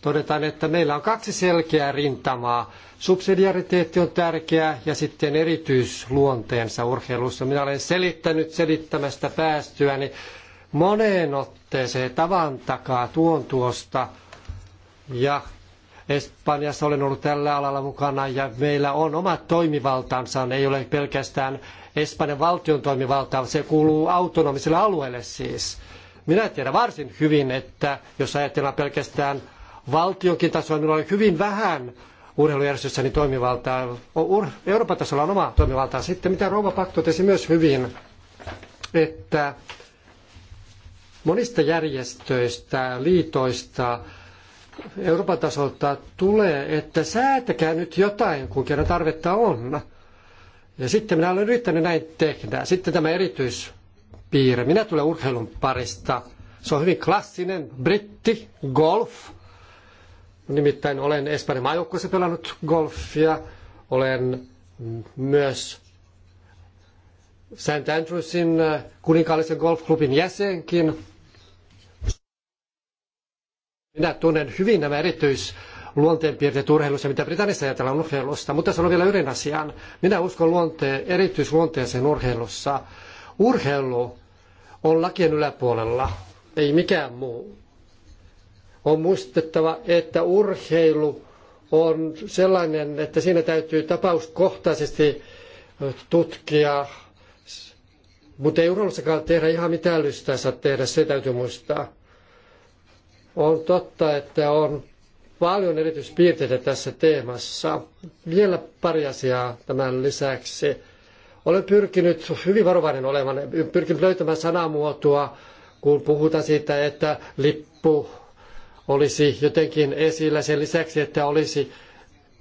todetaan, että meillä on kaksi selkeää rintamaa. Subsidiariteetti on tärkeä ja sitten erityisluonteensa urheilussa. Minä olen selittänyt selittämästä päästyäni moneen otteeseen tavan takaa tuon tuosta ja Espanjassa olen ollut tällä alalla mukana ja meillä on omat toimivaltansa, ei ole pelkästään Espanjan valtion toimivaltaa, se kuuluu autonomiselle alueelle siis. Minä tiedän varsin hyvin, että jos ajatellaan pelkästään valtionkin tasoa, minulla oli hyvin vähän urheilujärjestössäni niin toimivaltaa. Euroopan tasolla on oma toimivaltaa. Sitten mitä Rouva Pak totesi myös hyvin, että monista järjestöistä, liitoista, Euroopan tasolta tulee, että säätäkää nyt jotain, kun kerran tarvetta on. Ja sitten minä olen yrittänyt näin tehdä. Sitten tämä erityispiirre. Minä tulen urheilun parista. Se on hyvin klassinen britti, golf. Nimittäin olen Espanjan maajoukkueessa pelannut golfia. Olen myös St. Andrewsin kuninkaallisen golfklubin jäsenkin. Minä tunnen hyvin nämä erityisluonteenpiirteet urheilussa, mitä Britanniassa ajatellaan urheilusta, mutta sanon vielä yhden asian. Minä uskon luonteen, erityisluonteeseen urheilussa. Urheilu on lakien yläpuolella, ei mikään muu. On muistettava, että urheilu on sellainen, että siinä täytyy tapauskohtaisesti tutkia, mutta ei urheilussakaan tehdä ihan mitä lystänsä tehdä, se täytyy muistaa. On totta, että on paljon erityispiirteitä tässä teemassa. Vielä pari asiaa tämän lisäksi. Olen pyrkinyt, hyvin varovainen olevan, pyrkinyt löytämään sanamuotoa, kun puhutaan siitä, että lippu olisi jotenkin esillä sen lisäksi, että olisi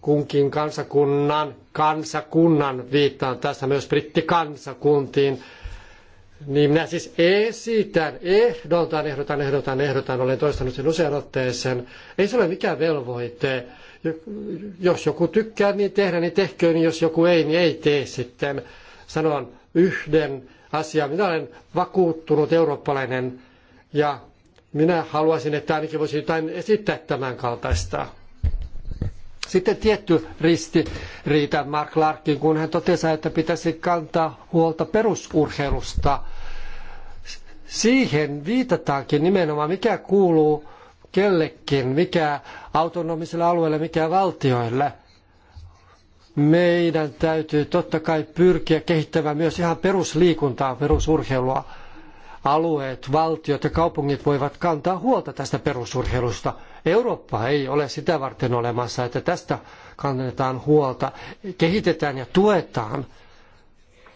kunkin kansakunnan, kansakunnan viittaan tässä myös brittikansakuntiin, niin minä siis esitän, ehdotan, ehdotan, ehdotan, ehdotan, olen toistanut sen usean otteeseen. Ei se ole mikään velvoite. Jos joku tykkää niin tehdä, niin tehköön, niin jos joku ei, niin ei tee sitten. Sanon yhden asian. Minä olen vakuuttunut eurooppalainen ja minä haluaisin, että ainakin voisi jotain esittää tämän kaltaista. Sitten tietty ristiriita Mark Clarkin, kun hän totesi, että pitäisi kantaa huolta perusurheilusta. Siihen viitataankin nimenomaan, mikä kuuluu kellekin, mikä autonomiselle alueelle, mikä valtioille. Meidän täytyy totta kai pyrkiä kehittämään myös ihan perusliikuntaa, perusurheilua. Alueet, valtiot ja kaupungit voivat kantaa huolta tästä perusurheilusta – Eurooppa ei ole sitä varten olemassa, että tästä kannetaan huolta, kehitetään ja tuetaan,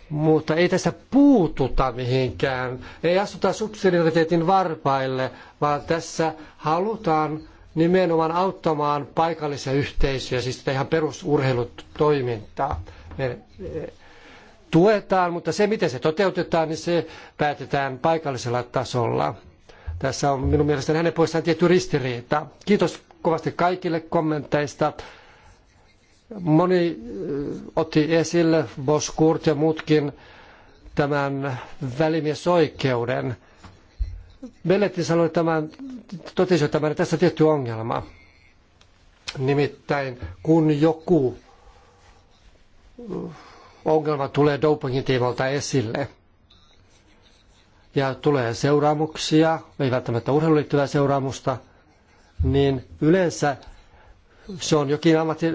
mutta ei tässä puututa mihinkään. Ei astuta subsidiariteetin varpaille, vaan tässä halutaan nimenomaan auttamaan paikallisia yhteisöjä, siis tätä ihan perusurheilutoimintaa. Me eh, tuetaan, mutta se miten se toteutetaan, niin se päätetään paikallisella tasolla. Tässä on minun mielestäni hänen poissaan tietty ristiriita. Kiitos kovasti kaikille kommenteista. Moni otti esille, Boskurt ja muutkin, tämän välimiesoikeuden. Belletti sanoi tämän, totesi tämän, että tässä on tietty ongelma. Nimittäin kun joku ongelma tulee dopingin tiimalta esille, ja tulee seuraamuksia, ei välttämättä urheiluun liittyvää seuraamusta, niin yleensä se on jokin ammatti,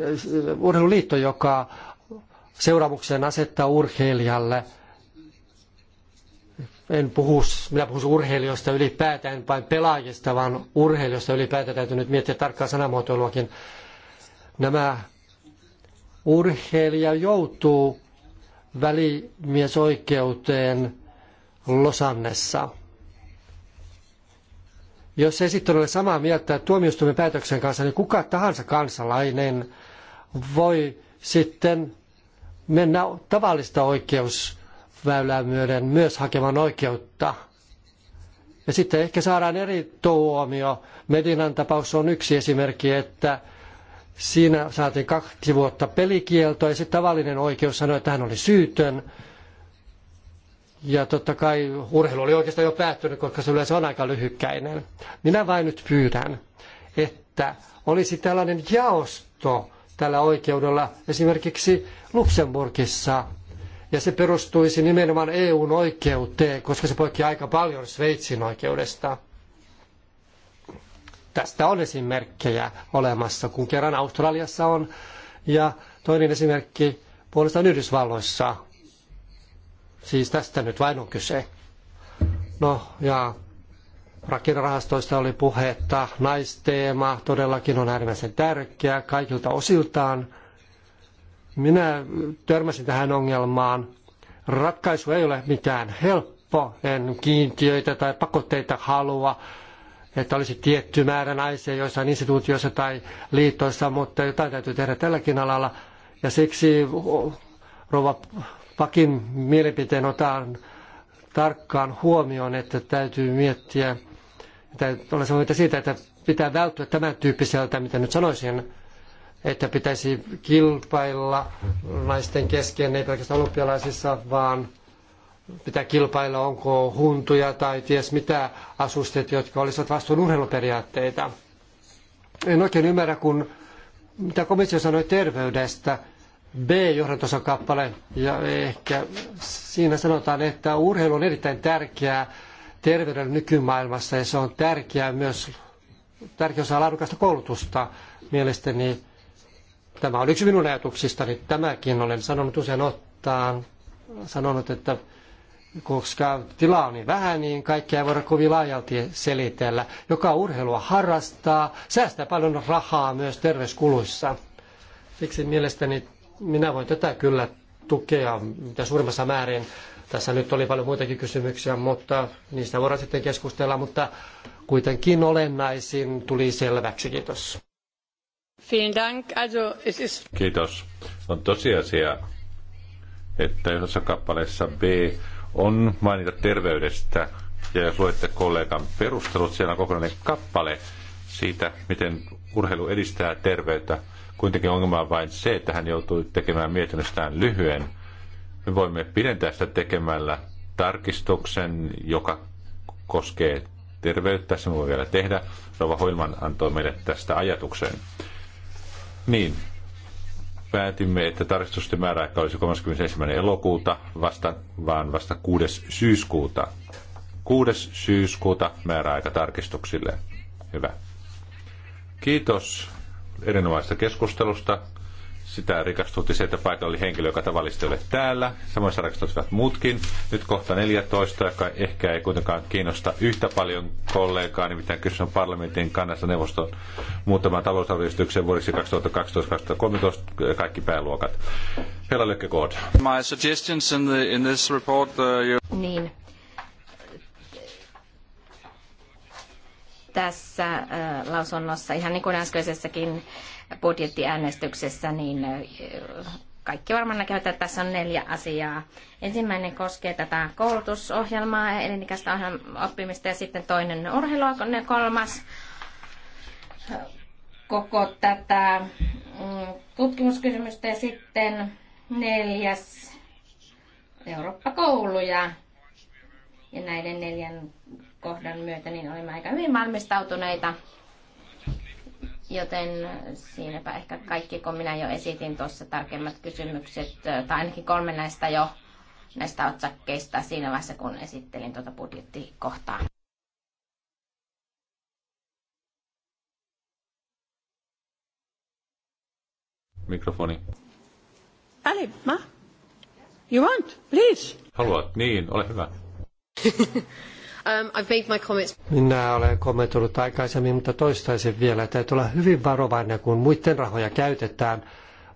urheiluliitto, joka seuraamuksen asettaa urheilijalle. En puhu, minä puhun urheilijoista ylipäätään, vain pelaajista, vaan urheilijoista ylipäätään täytyy nyt miettiä tarkkaa sanamuotoiluakin. Nämä urheilija joutuu välimiesoikeuteen Losannessa. Jos ei sitten ole samaa mieltä tuomioistuimen päätöksen kanssa, niin kuka tahansa kansalainen voi sitten mennä tavallista oikeusväylää myöden myös hakemaan oikeutta. Ja sitten ehkä saadaan eri tuomio. Medinan tapaus on yksi esimerkki, että siinä saatiin kaksi vuotta pelikieltoa ja sitten tavallinen oikeus sanoi, että hän oli syytön. Ja totta kai urheilu oli oikeastaan jo päättynyt, koska se yleensä on aika lyhykäinen. Minä vain nyt pyydän, että olisi tällainen jaosto tällä oikeudella esimerkiksi Luxemburgissa. Ja se perustuisi nimenomaan EUn oikeuteen, koska se poikkeaa aika paljon Sveitsin oikeudesta. Tästä on esimerkkejä olemassa, kun kerran Australiassa on. Ja toinen esimerkki puolestaan Yhdysvalloissa Siis tästä nyt vain on kyse. No ja rakennerahastoista oli puhetta, naisteema todellakin on äärimmäisen tärkeä kaikilta osiltaan. Minä törmäsin tähän ongelmaan. Ratkaisu ei ole mikään helppo, en kiintiöitä tai pakotteita halua, että olisi tietty määrä naisia joissain instituutioissa tai liitoissa, mutta jotain täytyy tehdä tälläkin alalla. Ja siksi rouva Pakin mielipiteen otan tarkkaan huomioon, että täytyy miettiä, että olen samaa mieltä siitä, että pitää välttyä tämän tyyppiseltä, mitä nyt sanoisin, että pitäisi kilpailla naisten kesken, ei pelkästään olympialaisissa, vaan pitää kilpailla, onko huntuja tai ties mitä asusteet, jotka olisivat vastuun urheiluperiaatteita. En oikein ymmärrä, kun mitä komissio sanoi terveydestä, B-johdantosan kappale, ja ehkä siinä sanotaan, että urheilu on erittäin tärkeää terveyden nykymaailmassa, ja se on tärkeää myös tärkeä osa laadukasta koulutusta. Mielestäni tämä on yksi minun ajatuksistani, tämäkin olen sanonut usein ottaan, sanonut, että koska tilaa on niin vähän, niin kaikkea ei voida kovin laajalti selitellä. Joka urheilua harrastaa, säästää paljon rahaa myös terveyskuluissa. Siksi mielestäni minä voin tätä kyllä tukea mitä suurimmassa määrin. Tässä nyt oli paljon muitakin kysymyksiä, mutta niistä voidaan sitten keskustella, mutta kuitenkin olennaisin tuli selväksi. Kiitos. Kiitos. On tosiasia, että yhdessä kappaleessa B on mainita terveydestä, ja jos luette kollegan perustelut, siellä on kokonainen kappale siitä, miten urheilu edistää terveyttä. Kuitenkin ongelma on vain se, että hän joutui tekemään mietinnöstään lyhyen. Me voimme pidentää sitä tekemällä tarkistuksen, joka koskee terveyttä. Se voi vielä tehdä. Rova Hoilman antoi meille tästä ajatuksen. Niin, päätimme, että tarkistusten määräaika olisi 31. elokuuta, vasta, vaan vasta 6. syyskuuta. 6. syyskuuta määräaika tarkistuksille. Hyvä. Kiitos erinomaisesta keskustelusta. Sitä rikastutti se, että paikalla oli henkilö, joka tavallisesti ole täällä. Samoin rikastuivat muutkin. Nyt kohta 14, joka ehkä ei kuitenkaan kiinnosta yhtä paljon kollegaa, nimittäin kysymys on parlamentin kannassa neuvoston muuttamaan talousarvioistyksen vuodeksi 2012-2013 kaikki pääluokat. Hela lykke God. My suggestions in, the, in this report, uh, you... Niin, tässä äh, lausunnossa, ihan niin kuin äskeisessäkin budjettiäänestyksessä, niin äh, kaikki varmaan näkevät, että tässä on neljä asiaa. Ensimmäinen koskee tätä koulutusohjelmaa ja elinikäistä oppimista ja sitten toinen urheilua ja kolmas äh, koko tätä mm, tutkimuskysymystä ja sitten neljäs Eurooppa-kouluja. Ja näiden neljän kohdan myötä, niin olimme aika hyvin valmistautuneita. Joten siinäpä ehkä kaikki, kun minä jo esitin tuossa tarkemmat kysymykset, tai ainakin kolme näistä jo näistä otsakkeista siinä vaiheessa, kun esittelin tuota budjettikohtaa. Mikrofoni. Ali, ma? You want? Please. Haluat? Niin, ole hyvä. Um, I've my comments. Minä olen kommentoinut aikaisemmin, mutta toistaisin vielä. Täytyy olla hyvin varovainen, kun muiden rahoja käytetään.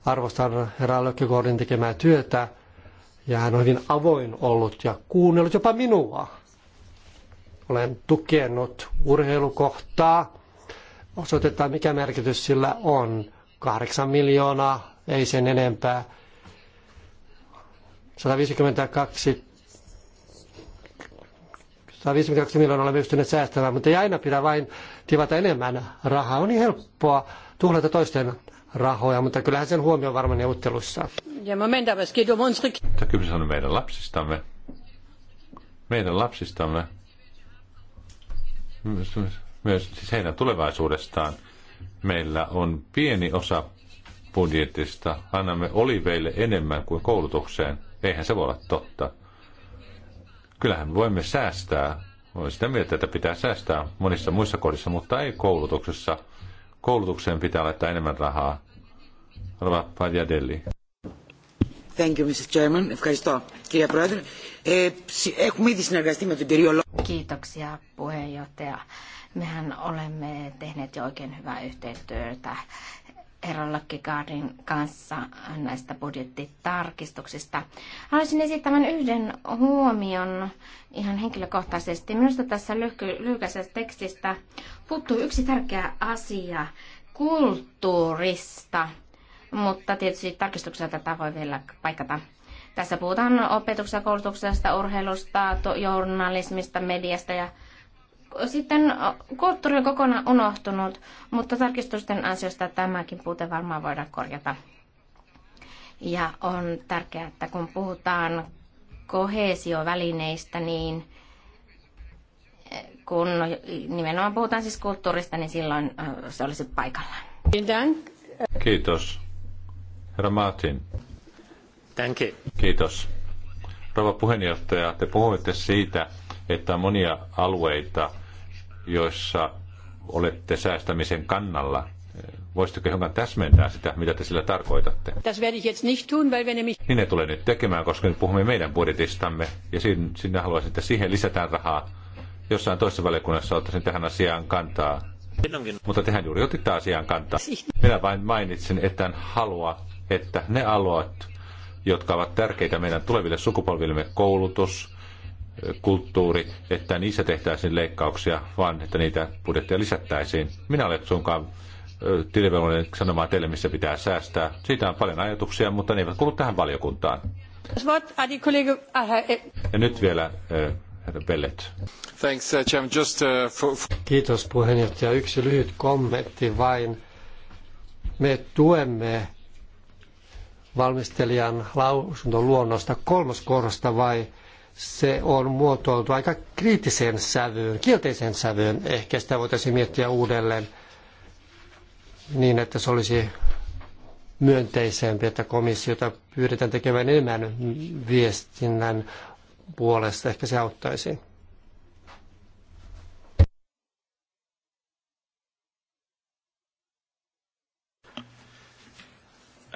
Arvostan herra Lökkikoodin tekemää työtä ja hän on hyvin avoin ollut ja kuunnellut jopa minua. Olen tukenut urheilukohtaa. Osoitetaan, mikä merkitys sillä on. Kahdeksan miljoonaa, ei sen enempää. 152 152 miljoonaa olemme pystyneet säästämään, mutta ei aina pidä vain tivata enemmän rahaa. On niin helppoa tuhlata toisten rahoja, mutta kyllähän sen huomio varmaan neuvottelussa. Ja moment, aber es geht um unsere... on meidän lapsistamme. Meidän lapsistamme. Myös, myös siis heidän tulevaisuudestaan. Meillä on pieni osa budjetista. Annamme oliveille enemmän kuin koulutukseen. Eihän se voi olla totta. Kyllähän voimme säästää. Olen sitä mieltä, että pitää säästää monissa muissa kohdissa, mutta ei koulutuksessa. Koulutukseen pitää laittaa enemmän rahaa. Arva Pagliadelli. Thank you, Mr. Chairman. Ευχαριστώ, κύριε Πρόεδρε. Ε, έχουμε ήδη συνεργαστεί με τον κύριο Kiitoksia, puheenjohtaja. Mehän olemme tehneet jo oikein hyvää yhteistyötä herra kanssa näistä budjettitarkistuksista. Haluaisin esittää yhden huomion ihan henkilökohtaisesti. Minusta tässä lyhykäisestä tekstistä puuttuu yksi tärkeä asia kulttuurista, mutta tietysti tarkistuksella tätä voi vielä paikata. Tässä puhutaan opetuksesta, koulutuksesta, urheilusta, journalismista, mediasta ja sitten kulttuuri on kokonaan unohtunut, mutta tarkistusten ansiosta tämäkin puute varmaan voidaan korjata. Ja on tärkeää, että kun puhutaan kohesiovälineistä, niin e, kun nimenomaan puhutaan siis kulttuurista, niin silloin se olisi paikallaan. Kiitos. Herra Martin. Thank you. Kiitos. Rouva puheenjohtaja, te puhuitte siitä, että monia alueita, joissa olette säästämisen kannalla. Voisitteko hiukan täsmentää sitä, mitä te sillä tarkoitatte? Das werde ich jetzt nicht tun, weil wir nämlich... Niin ne tulee nyt tekemään, koska nyt puhumme meidän budjetistamme, ja sinne, sinne haluaisin, että siihen lisätään rahaa. Jossain toisessa valiokunnassa ottaisin tähän asiaan kantaa. Mutta tehän juuri otitte asiaan kantaa. Minä vain mainitsin, että en halua, että ne alueet, jotka ovat tärkeitä meidän tuleville sukupolvillemme, koulutus, kulttuuri, että niissä tehtäisiin leikkauksia, vaan että niitä budjettia lisättäisiin. Minä olen sunkaan tilivelvollinen sanomaan teille, missä pitää säästää. Siitä on paljon ajatuksia, mutta ne eivät kuulu tähän valiokuntaan. Ja nyt vielä herra Bellet. Thanks, uh, Chairman. Just, uh, Kiitos puheenjohtaja. Yksi lyhyt kommentti vain. Me tuemme valmistelijan lausuntoluonnosta korosta vai se on muotoiltu aika kriittiseen sävyyn, kielteiseen sävyyn. Ehkä sitä voitaisiin miettiä uudelleen niin, että se olisi myönteisempi, että komissiota pyydetään tekemään enemmän viestinnän puolesta. Ehkä se auttaisi.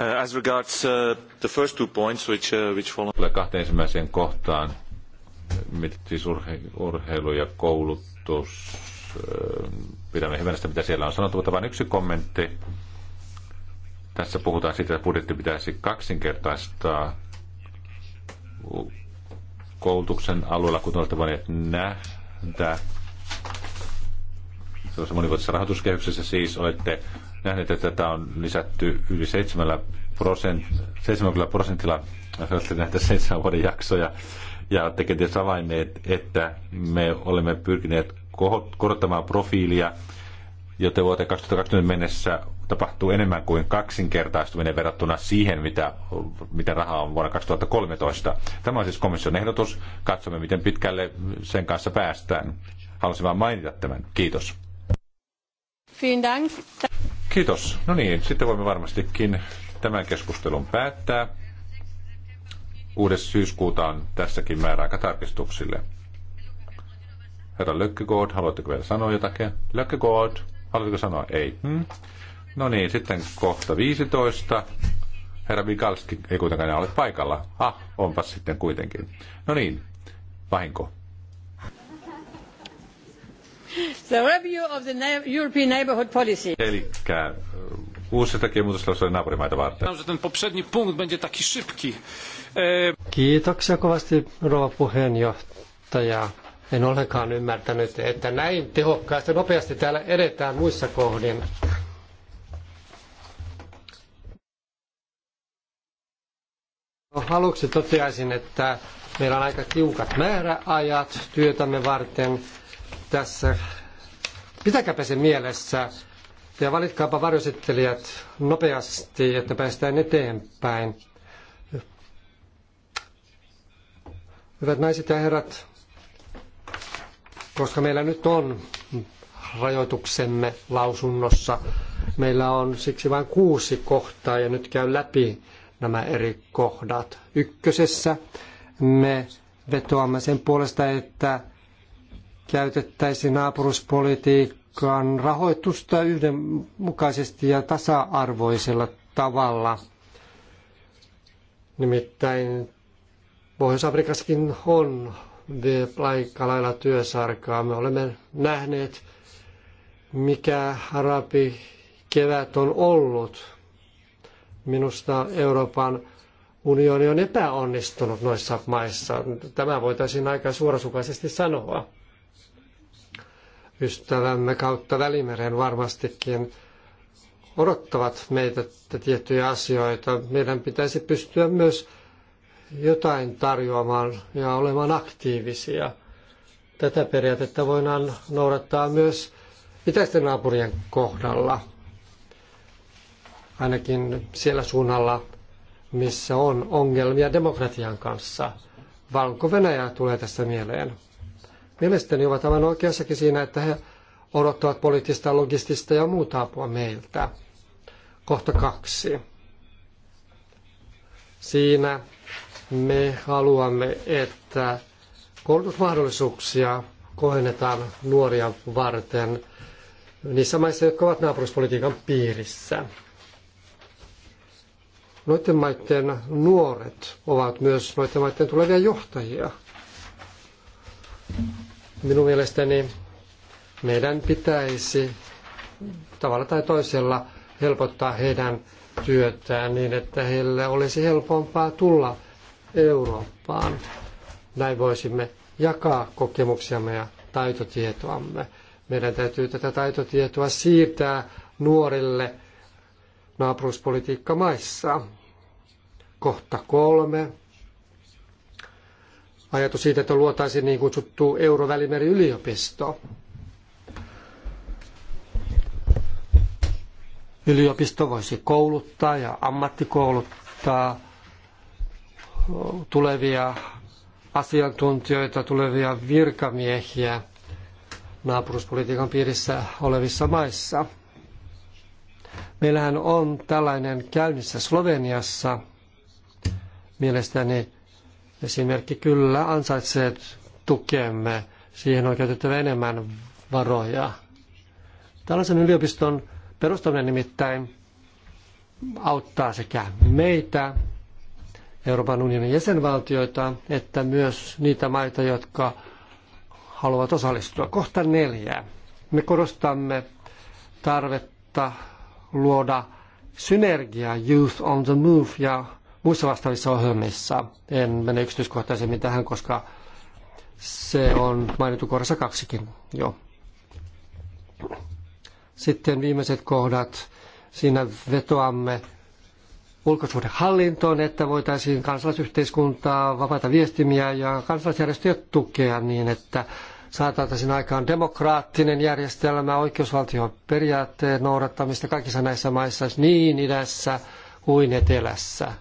Uh, as regards uh, the first two points, which, uh, which follow... Kahteen ensimmäiseen kohtaan siis urhe, urheilu ja koulutus. Ähm, pidämme hyvänä sitä, mitä siellä on sanottu, mutta vain yksi kommentti. Tässä puhutaan siitä, että budjetti pitäisi kaksinkertaistaa koulutuksen alueella, kuten olette voineet nähdä. Tuossa monivuotisessa rahoituskehyksessä siis olette nähneet, että tätä on lisätty yli 7 prosent, 70 prosentilla, olette nähneet seitsemän vuoden jaksoja ja olette kenties avainneet, että me olemme pyrkineet korottamaan profiilia, joten vuoteen 2020 mennessä tapahtuu enemmän kuin kaksinkertaistuminen verrattuna siihen, mitä, mitä rahaa on vuonna 2013. Tämä on siis komission ehdotus. Katsomme, miten pitkälle sen kanssa päästään. Haluaisin vain mainita tämän. Kiitos. Kiitos. No niin, sitten voimme varmastikin tämän keskustelun päättää. 6. syyskuuta on tässäkin määräaika tarkistuksille. Herra Lökkegård, haluatteko vielä sanoa jotakin? Lökkegård, haluatteko sanoa ei? Hmm? No niin, sitten kohta 15. Herra Vigalski ei kuitenkaan ole paikalla. Ah, onpas sitten kuitenkin. No niin, vahinko. The review of the European Neighborhood Policy. Eli äh, uusi takia muutoslaisuuden naapurimaita varten. Tämä on, että poprzedni punkt będzie taki szybki. Kiitoksia kovasti, rouva puheenjohtaja. En ollenkaan ymmärtänyt, että näin tehokkaasti nopeasti täällä edetään muissa kohdin. Aluksi toteaisin, että meillä on aika tiukat määräajat työtämme varten tässä. Pitäkääpä se mielessä ja valitkaapa varjosittelijat nopeasti, että päästään eteenpäin. Hyvät naiset ja herrat, koska meillä nyt on rajoituksemme lausunnossa, meillä on siksi vain kuusi kohtaa ja nyt käyn läpi nämä eri kohdat. Ykkösessä me vetoamme sen puolesta, että käytettäisiin naapuruspolitiikan rahoitusta yhdenmukaisesti ja tasa-arvoisella tavalla. Nimittäin Pohjois-Afrikassakin on aika lailla työsarkaa. Me olemme nähneet, mikä arabi kevät on ollut. Minusta Euroopan unioni on epäonnistunut noissa maissa. Tämä voitaisiin aika suorasukaisesti sanoa. Ystävämme kautta Välimeren varmastikin odottavat meitä tiettyjä asioita. Meidän pitäisi pystyä myös jotain tarjoamaan ja olemaan aktiivisia. Tätä periaatetta voidaan noudattaa myös itäisten naapurien kohdalla, ainakin siellä suunnalla, missä on ongelmia demokratian kanssa. valko venäjä tulee tässä mieleen. Mielestäni ovat aivan oikeassakin siinä, että he odottavat poliittista, logistista ja muuta apua meiltä. Kohta kaksi. Siinä me haluamme, että koulutusmahdollisuuksia kohennetaan nuoria varten niissä maissa, jotka ovat naapuruspolitiikan piirissä. Noiden maiden nuoret ovat myös noiden maiden tulevia johtajia. Minun mielestäni meidän pitäisi tavalla tai toisella helpottaa heidän työtään niin, että heille olisi helpompaa tulla Eurooppaan. Näin voisimme jakaa kokemuksiamme ja taitotietoamme. Meidän täytyy tätä taitotietoa siirtää nuorille maissa Kohta kolme. Ajatus siitä, että luotaisiin niin kutsuttu Eurovälimeri yliopisto. Yliopisto voisi kouluttaa ja ammattikouluttaa tulevia asiantuntijoita, tulevia virkamiehiä naapuruspolitiikan piirissä olevissa maissa. Meillähän on tällainen käynnissä Sloveniassa. Mielestäni esimerkki kyllä ansaitsee tukemme. Siihen on käytettävä enemmän varoja. Tällaisen yliopiston perustaminen nimittäin auttaa sekä meitä Euroopan unionin jäsenvaltioita, että myös niitä maita, jotka haluavat osallistua. Kohta neljä. Me korostamme tarvetta luoda synergiaa Youth on the Move ja muissa vastaavissa ohjelmissa. En mene yksityiskohtaisemmin tähän, koska se on mainittu kohdassa kaksikin jo. Sitten viimeiset kohdat. Siinä vetoamme ulkosuhdehallintoon, että voitaisiin kansalaisyhteiskuntaa, vapaita viestimiä ja kansalaisjärjestöjä tukea niin, että saataisiin aikaan demokraattinen järjestelmä, oikeusvaltion periaatteen noudattamista kaikissa näissä maissa niin idässä kuin etelässä.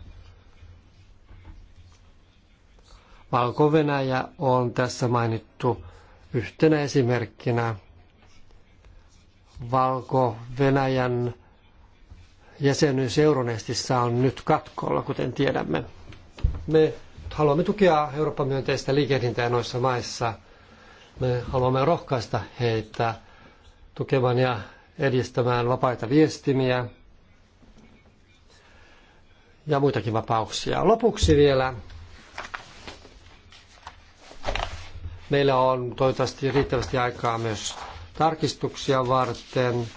valko on tässä mainittu yhtenä esimerkkinä. Valko-Venäjän jäsenyys Euronestissa on nyt katkolla, kuten tiedämme. Me haluamme tukea Euroopan myönteistä liikehdintää noissa maissa. Me haluamme rohkaista heitä tukemaan ja edistämään vapaita viestimiä ja muitakin vapauksia. Lopuksi vielä meillä on toivottavasti riittävästi aikaa myös tarkistuksia varten.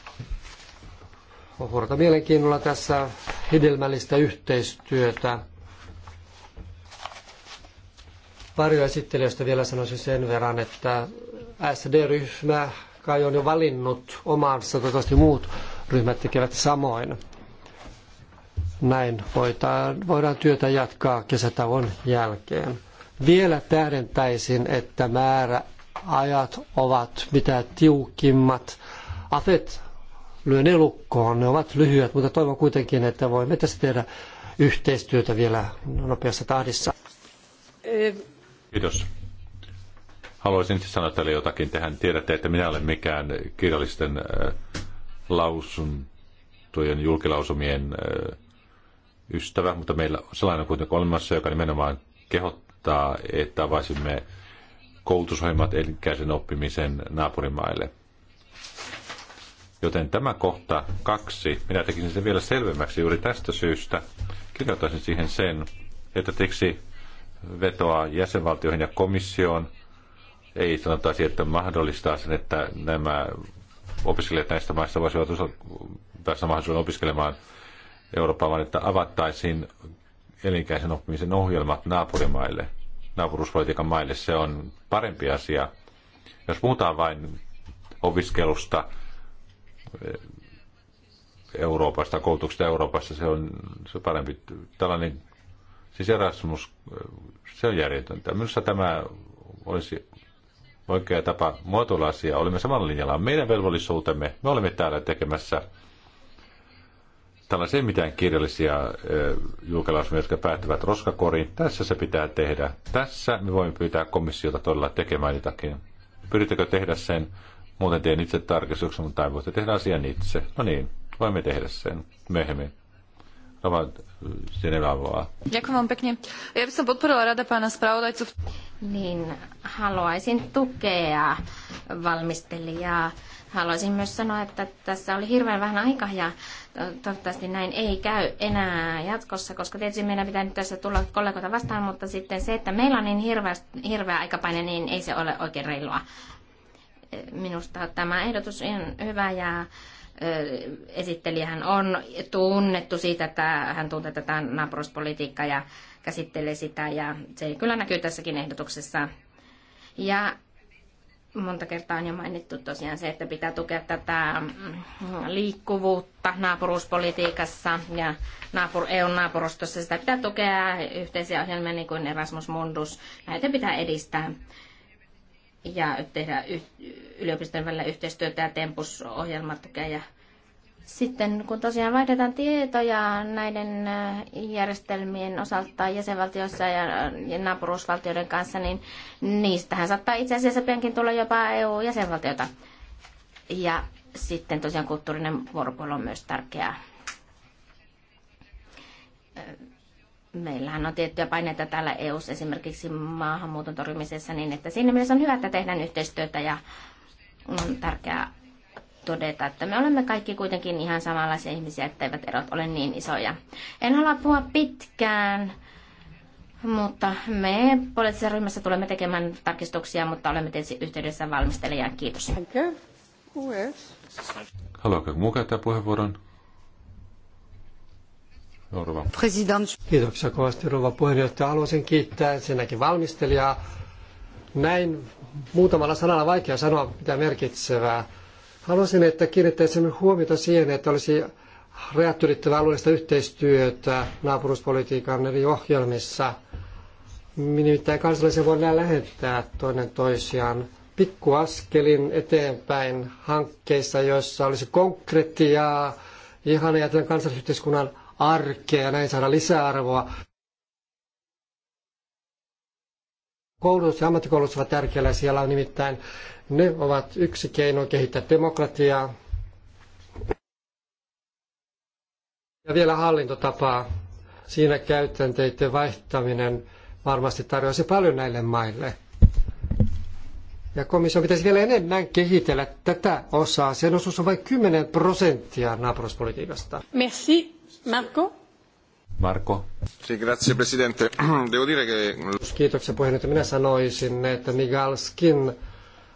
Odotan mielenkiinnolla tässä hedelmällistä yhteistyötä. Varjoesittelijöistä vielä sanoisin sen verran, että SD-ryhmä kai on jo valinnut omansa, toivottavasti muut ryhmät tekevät samoin. Näin voidaan, voidaan työtä jatkaa kesätauon jälkeen. Vielä tähdentäisin, että määrä ovat mitä tiukimmat. Afet ne lukkoon. Ne ovat lyhyet, mutta toivon kuitenkin, että voimme tässä tehdä yhteistyötä vielä nopeassa tahdissa. Kiitos. Haluaisin siis sanoa teille jotakin. Tehän tiedätte, että minä olen mikään kirjallisten äh, lausuntojen, julkilausumien äh, ystävä, mutta meillä on sellainen kuitenkin olemassa, joka nimenomaan kehottaa, että avaisimme koulutusohjelmat elinikäisen oppimisen naapurimaille – Joten tämä kohta kaksi, minä tekisin sen vielä selvemmäksi juuri tästä syystä. Kirjoittaisin siihen sen, että teksti vetoaa jäsenvaltioihin ja komissioon. Ei sanotaisi, että mahdollistaa sen, että nämä opiskelijat näistä maista voisivat päästä mahdollisuuden opiskelemaan Eurooppaan, vaan että avattaisiin elinkäisen oppimisen ohjelmat naapurimaille, naapuruspolitiikan maille. Se on parempi asia. Jos puhutaan vain opiskelusta, Euroopasta, koulutuksesta Euroopassa, se on se parempi. Tällainen, siis Erasmus, se on järjetöntä. Minusta tämä olisi oikea tapa muotoilla asiaa. Olemme samalla linjalla. Meidän velvollisuutemme, me olemme täällä tekemässä tällaisia mitään kirjallisia julkilausumia, jotka päättävät roskakoriin. Tässä se pitää tehdä. Tässä me voimme pyytää komissiota todella tekemään jotakin. pyritkö tehdä sen Muuten teen itse tarkistuksen, mutta voitte tehdä asian itse. No niin, voimme tehdä sen myöhemmin. Ďakujem vám pekne. Niin, haluaisin tukea valmistelijaa. Haluaisin myös sanoa, että tässä oli hirveän vähän aikaa ja toivottavasti näin ei käy enää jatkossa, koska tietysti meidän pitää nyt tässä tulla kollegoita vastaan, mutta sitten se, että meillä on niin hirveä, hirveä aikapaine, niin ei se ole oikein reilua. Minusta tämä ehdotus on hyvä ja esittelijähän on tunnettu siitä, että hän tuntee tätä naapuruspolitiikkaa ja käsittelee sitä ja se kyllä näkyy tässäkin ehdotuksessa. Ja monta kertaa on jo mainittu tosiaan se, että pitää tukea tätä mm, liikkuvuutta naapuruuspolitiikassa ja naapur, EUn naapurustossa sitä pitää tukea yhteisiä ohjelmia niin kuin Erasmus Mundus. Näitä pitää edistää ja tehdä yliopistojen välillä yhteistyötä ja tempusohjelmat ja sitten kun tosiaan vaihdetaan tietoja näiden äh, järjestelmien osalta jäsenvaltioissa ja naapuruusvaltioiden kanssa, niin niistähän saattaa itse asiassa piankin tulla jopa EU-jäsenvaltiota. Ja sitten tosiaan kulttuurinen vuoropuhelu on myös tärkeää. Äh, meillähän on tiettyjä paineita täällä eu esimerkiksi maahanmuuton torjumisessa, niin että siinä mielessä on hyvä, että tehdään yhteistyötä ja on tärkeää todeta, että me olemme kaikki kuitenkin ihan samanlaisia ihmisiä, etteivät erot ole niin isoja. En halua puhua pitkään, mutta me poliittisessa ryhmässä tulemme tekemään tarkistuksia, mutta olemme tietysti yhteydessä valmistelijaan. Kiitos. Haluatko muu käyttää puheenvuoron? Jourova. No, President. Kiitoksia kovasti rouva puheenjohtaja. Haluaisin kiittää ensinnäkin valmistelijaa. Näin muutamalla sanalla vaikea sanoa mitä merkitsevää. Haluaisin, että kiinnittäisimme huomiota siihen, että olisi rajat ylittävää alueellista yhteistyötä naapuruuspolitiikan eri ohjelmissa. Nimittäin kansalaisia voidaan lähettää toinen toisiaan pikkuaskelin eteenpäin hankkeissa, joissa olisi konkretiaa ihan ajatellen kansallisyhteiskunnan arkea ja näin saada lisäarvoa. Koulutus ja ammattikoulutus ovat tärkeällä siellä on nimittäin ne ovat yksi keino kehittää demokratiaa ja vielä hallintotapaa. Siinä käytänteiden vaihtaminen varmasti tarjoaisi paljon näille maille. Ja komissio pitäisi vielä enemmän kehitellä tätä osaa. Sen osuus on vain 10 prosenttia naapuruspolitiikasta. Merci. Marco? Marko. Grazie, presidente. Devo dire che... Kiitoksia puheenjohtaja. Minä sanoisin, että Migalskin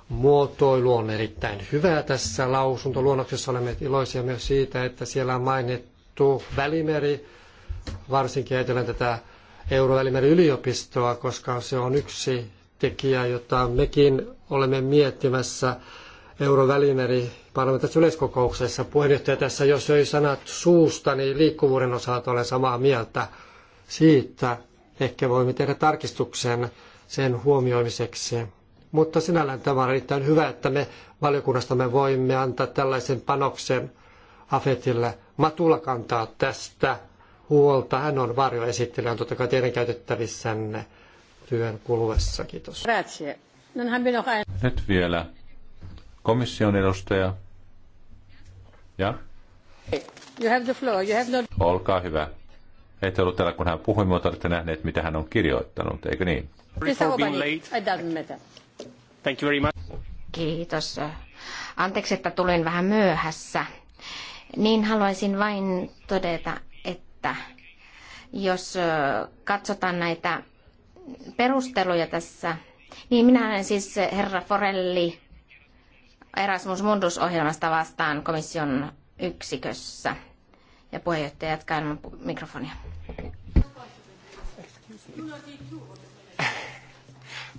muotoilu on erittäin hyvä tässä lausuntoluonnoksessa. Olemme iloisia myös siitä, että siellä on mainittu välimeri, varsinkin ajatellen tätä Eurovälimeri yliopistoa, koska se on yksi tekijä, jota mekin olemme miettimässä Eurovälimeri parlamentaarisessa yleiskokouksessa. Puheenjohtaja tässä, jos söi sanat suusta, niin liikkuvuuden osalta olen samaa mieltä siitä. Ehkä voimme tehdä tarkistuksen sen huomioimiseksi. Mutta sinällään tämä on erittäin hyvä, että me valiokunnasta me voimme antaa tällaisen panoksen Afetille. Matula kantaa tästä huolta. Hän on varjoesittelijä, on totta kai teidän käytettävissänne työn kuluessa. Kiitos. Nyt vielä komission edustaja. Ja? You have the floor. You have Olkaa hyvä. Ette ollut täällä, kun hän puhui, mutta olette nähneet, mitä hän on kirjoittanut, eikö niin? Thank you very much. Kiitos. Anteeksi, että tulin vähän myöhässä. Niin haluaisin vain todeta, että jos katsotaan näitä perusteluja tässä, niin minä olen siis herra Forelli Erasmus Mundus-ohjelmasta vastaan komission yksikössä. Ja puheenjohtaja jatkaa ilman mikrofonia.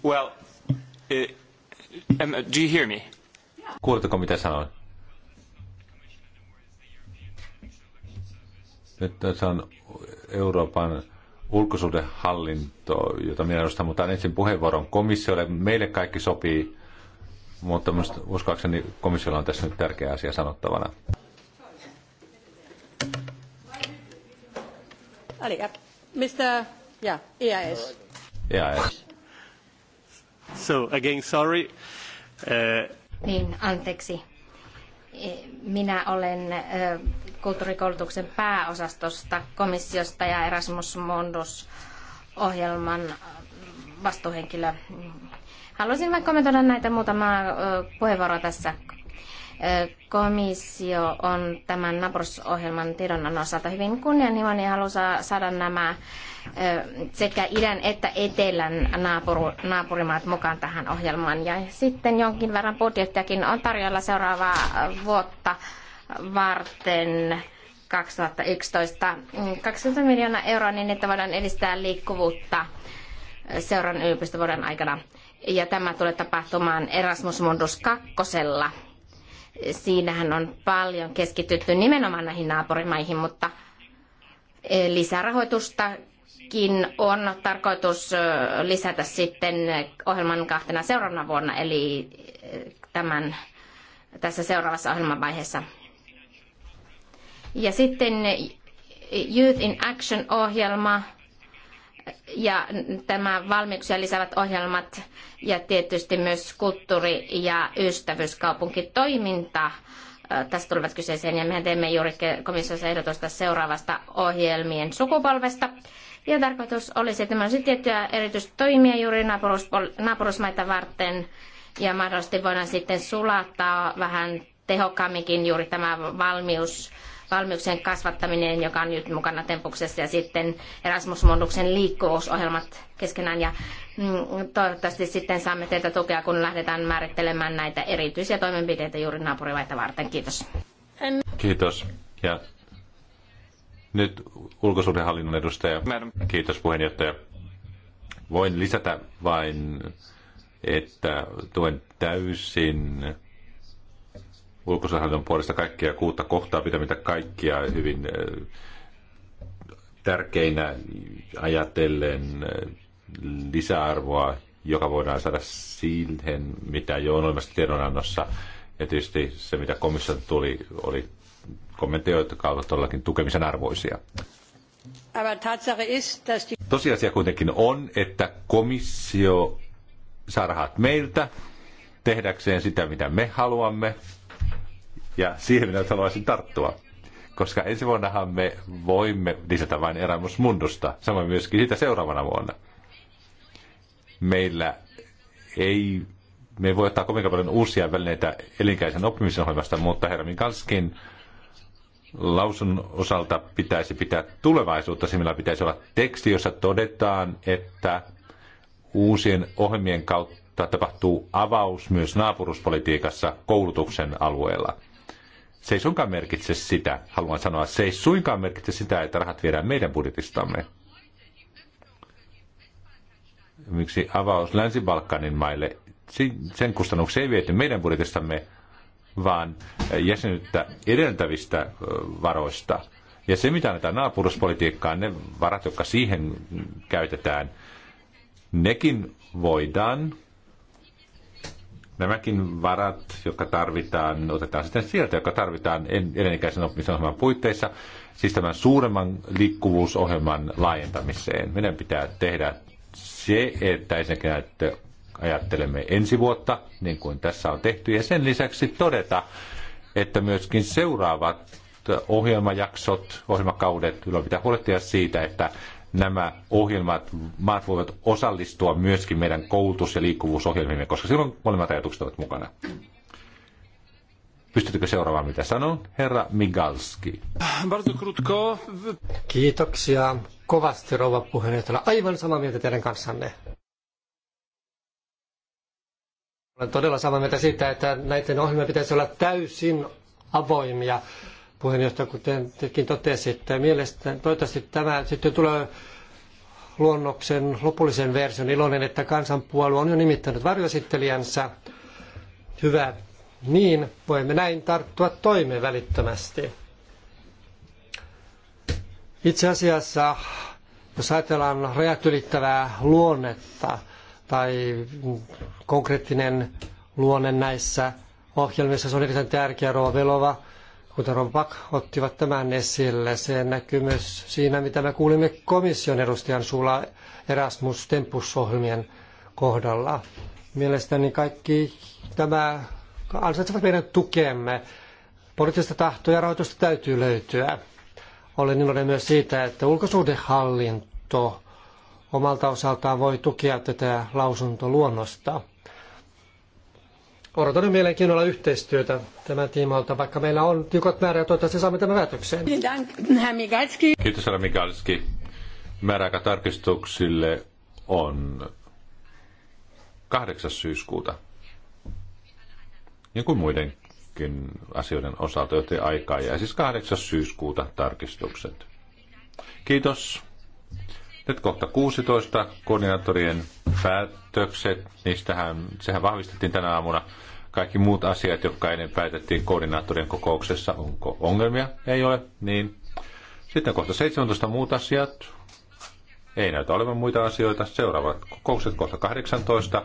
Well, uh, um, do you hear me? Kuuletko mitä sanoin? Nyt tässä on Euroopan ulkosuhdehallinto, jota minä edustan, mutta ensin puheenvuoron komissiolle. Meille kaikki sopii mutta uskoakseni komissiolla on tässä nyt tärkeä asia sanottavana. Mr. Yeah, EIS. EIS. So, again, sorry. Uh... Niin, anteeksi. E, minä olen kulttuurikoulutuksen pääosastosta komissiosta ja Erasmus Mundus ohjelman vastuuhenkilö Haluaisin vain kommentoida näitä muutamaa puheenvuoroa tässä. Komissio on tämän NAPRUS-ohjelman tiedonannon osalta hyvin kunnianhimoinen ja haluaa saada nämä sekä idän että etelän naapuru, naapurimaat mukaan tähän ohjelmaan. Ja sitten jonkin verran budjettiakin on tarjolla seuraavaa vuotta varten 2011 20 miljoonaa euroa niin, että voidaan edistää liikkuvuutta seuran yliopistovuoden aikana ja tämä tulee tapahtumaan Erasmus Mundus kakkosella. Siinähän on paljon keskitytty nimenomaan näihin naapurimaihin, mutta e, lisärahoitustakin on tarkoitus e, lisätä sitten ohjelman kahtena seuraavana vuonna, eli e, tämän, tässä seuraavassa ohjelmanvaiheessa. Ja sitten Youth in Action-ohjelma ja tämä valmiuksia lisäävät ohjelmat ja tietysti myös kulttuuri- ja ystävyyskaupunkitoiminta tässä tulevat kyseeseen ja mehän teemme juuri komissiossa ehdotusta seuraavasta ohjelmien sukupolvesta. Ja tarkoitus olisi, että meillä olisi tiettyjä erityistoimia juuri naapurusmaita varten ja mahdollisesti voidaan sitten sulattaa vähän tehokkaamminkin juuri tämä valmius valmiuksien kasvattaminen, joka on nyt mukana Tempuksessa, ja sitten Erasmus Munduksen liikkuvuusohjelmat keskenään. Ja mm, toivottavasti sitten saamme teiltä tukea, kun lähdetään määrittelemään näitä erityisiä toimenpiteitä juuri naapurivaita varten. Kiitos. Kiitos. Ja nyt ulkosuhdehallinnon edustaja. Kiitos puheenjohtaja. Voin lisätä vain, että tuen täysin ulkosahdon puolesta kaikkia kuutta kohtaa pitämättä kaikkia hyvin tärkeinä ajatellen lisäarvoa, joka voidaan saada siihen, mitä jo on olemassa tiedonannossa. Ja tietysti se, mitä komissiolta tuli, oli kommentteja, jotka todellakin tukemisen arvoisia. Tosiasia kuitenkin on, että komissio saa rahat meiltä tehdäkseen sitä, mitä me haluamme, ja siihen minä haluaisin tarttua. Koska ensi vuonnahan me voimme lisätä vain Erasmus Mundusta, samoin myöskin sitä seuraavana vuonna. Meillä ei, me ei voi ottaa kovinkaan paljon uusia välineitä elinkäisen oppimisen ohjelmasta, mutta Hermin Kalskin lausun osalta pitäisi pitää tulevaisuutta, sillä pitäisi olla teksti, jossa todetaan, että uusien ohjelmien kautta tapahtuu avaus myös naapuruspolitiikassa koulutuksen alueella. Se ei suinkaan merkitse sitä, haluan sanoa, se ei suinkaan merkitse sitä, että rahat viedään meidän budjetistamme. Miksi avaus Länsi-Balkanin maille, sen kustannuksia ei viety meidän budjetistamme, vaan jäsenyyttä edeltävistä varoista. Ja se, mitä annetaan naapuruspolitiikkaan, ne varat, jotka siihen käytetään, nekin voidaan Nämäkin varat, jotka tarvitaan, otetaan sitten sieltä, joka tarvitaan edenikäisen oppimisohjelman puitteissa, siis tämän suuremman liikkuvuusohjelman laajentamiseen. Meidän pitää tehdä se, että ensinnäkin että ajattelemme ensi vuotta, niin kuin tässä on tehty, ja sen lisäksi todeta, että myöskin seuraavat ohjelmajaksot, ohjelmakaudet, kyllä pitää huolehtia siitä, että nämä ohjelmat, maat voivat osallistua myöskin meidän koulutus- ja liikkuvuusohjelmiimme, koska silloin molemmat ajatukset ovat mukana. Pystyttekö seuraamaan, mitä sanon? Herra Migalski. Kiitoksia kovasti, rouva puheenjohtaja. Aivan samaa mieltä teidän kanssanne. Olen todella samaa mieltä siitä, että näiden ohjelmien pitäisi olla täysin avoimia puheenjohtaja, kuten tekin totesitte. Mielestäni toivottavasti tämä sitten tulee luonnoksen lopullisen version. Iloinen, että kansanpuolue on jo nimittänyt varjoesittelijänsä. Hyvä. Niin, voimme näin tarttua toimeen välittömästi. Itse asiassa, jos ajatellaan rajat ylittävää luonnetta tai konkreettinen luonne näissä ohjelmissa, se on erittäin tärkeä Roovelova kuten Rompak ottivat tämän esille. Se näkyy myös siinä, mitä me kuulimme komission edustajan suulla Erasmus Tempus-ohjelmien kohdalla. Mielestäni kaikki tämä ansaitsevat meidän tukemme. Poliittista tahtoa ja rahoitusta täytyy löytyä. Olen iloinen myös siitä, että ulkosuhdehallinto omalta osaltaan voi tukea tätä lausuntoluonnosta. Odotan mielenkiinnolla yhteistyötä tämän tiimalta, vaikka meillä on tiukat määrä ja toivottavasti saamme tämän päätökseen. Kiitos, herra Migalski. Määräaika tarkistuksille on 8. syyskuuta. Niin kuin muidenkin asioiden osalta, joten aikaa jää siis 8. syyskuuta tarkistukset. Kiitos. Nyt kohta 16 koordinaattorien päätökset. Niistähän, sehän vahvistettiin tänä aamuna. Kaikki muut asiat, jotka ennen päätettiin koordinaattorien kokouksessa, onko ongelmia? Ei ole, niin. Sitten kohta 17 muut asiat. Ei näytä olevan muita asioita. Seuraavat kokoukset kohta 18.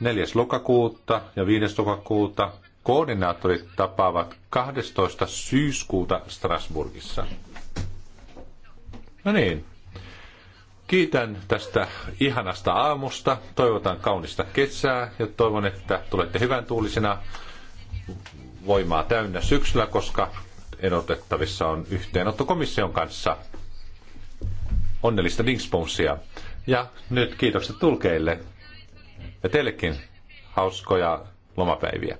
4. lokakuuta ja 5. lokakuuta koordinaattorit tapaavat 12. syyskuuta Strasburgissa. No niin, Kiitän tästä ihanasta aamusta, toivotan kaunista kesää ja toivon, että tulette hyvän tuulisena voimaa täynnä syksyllä, koska edotettavissa on yhteenotto komission kanssa. Onnellista Dingsponsia. Ja nyt kiitokset tulkeille ja teillekin hauskoja lomapäiviä.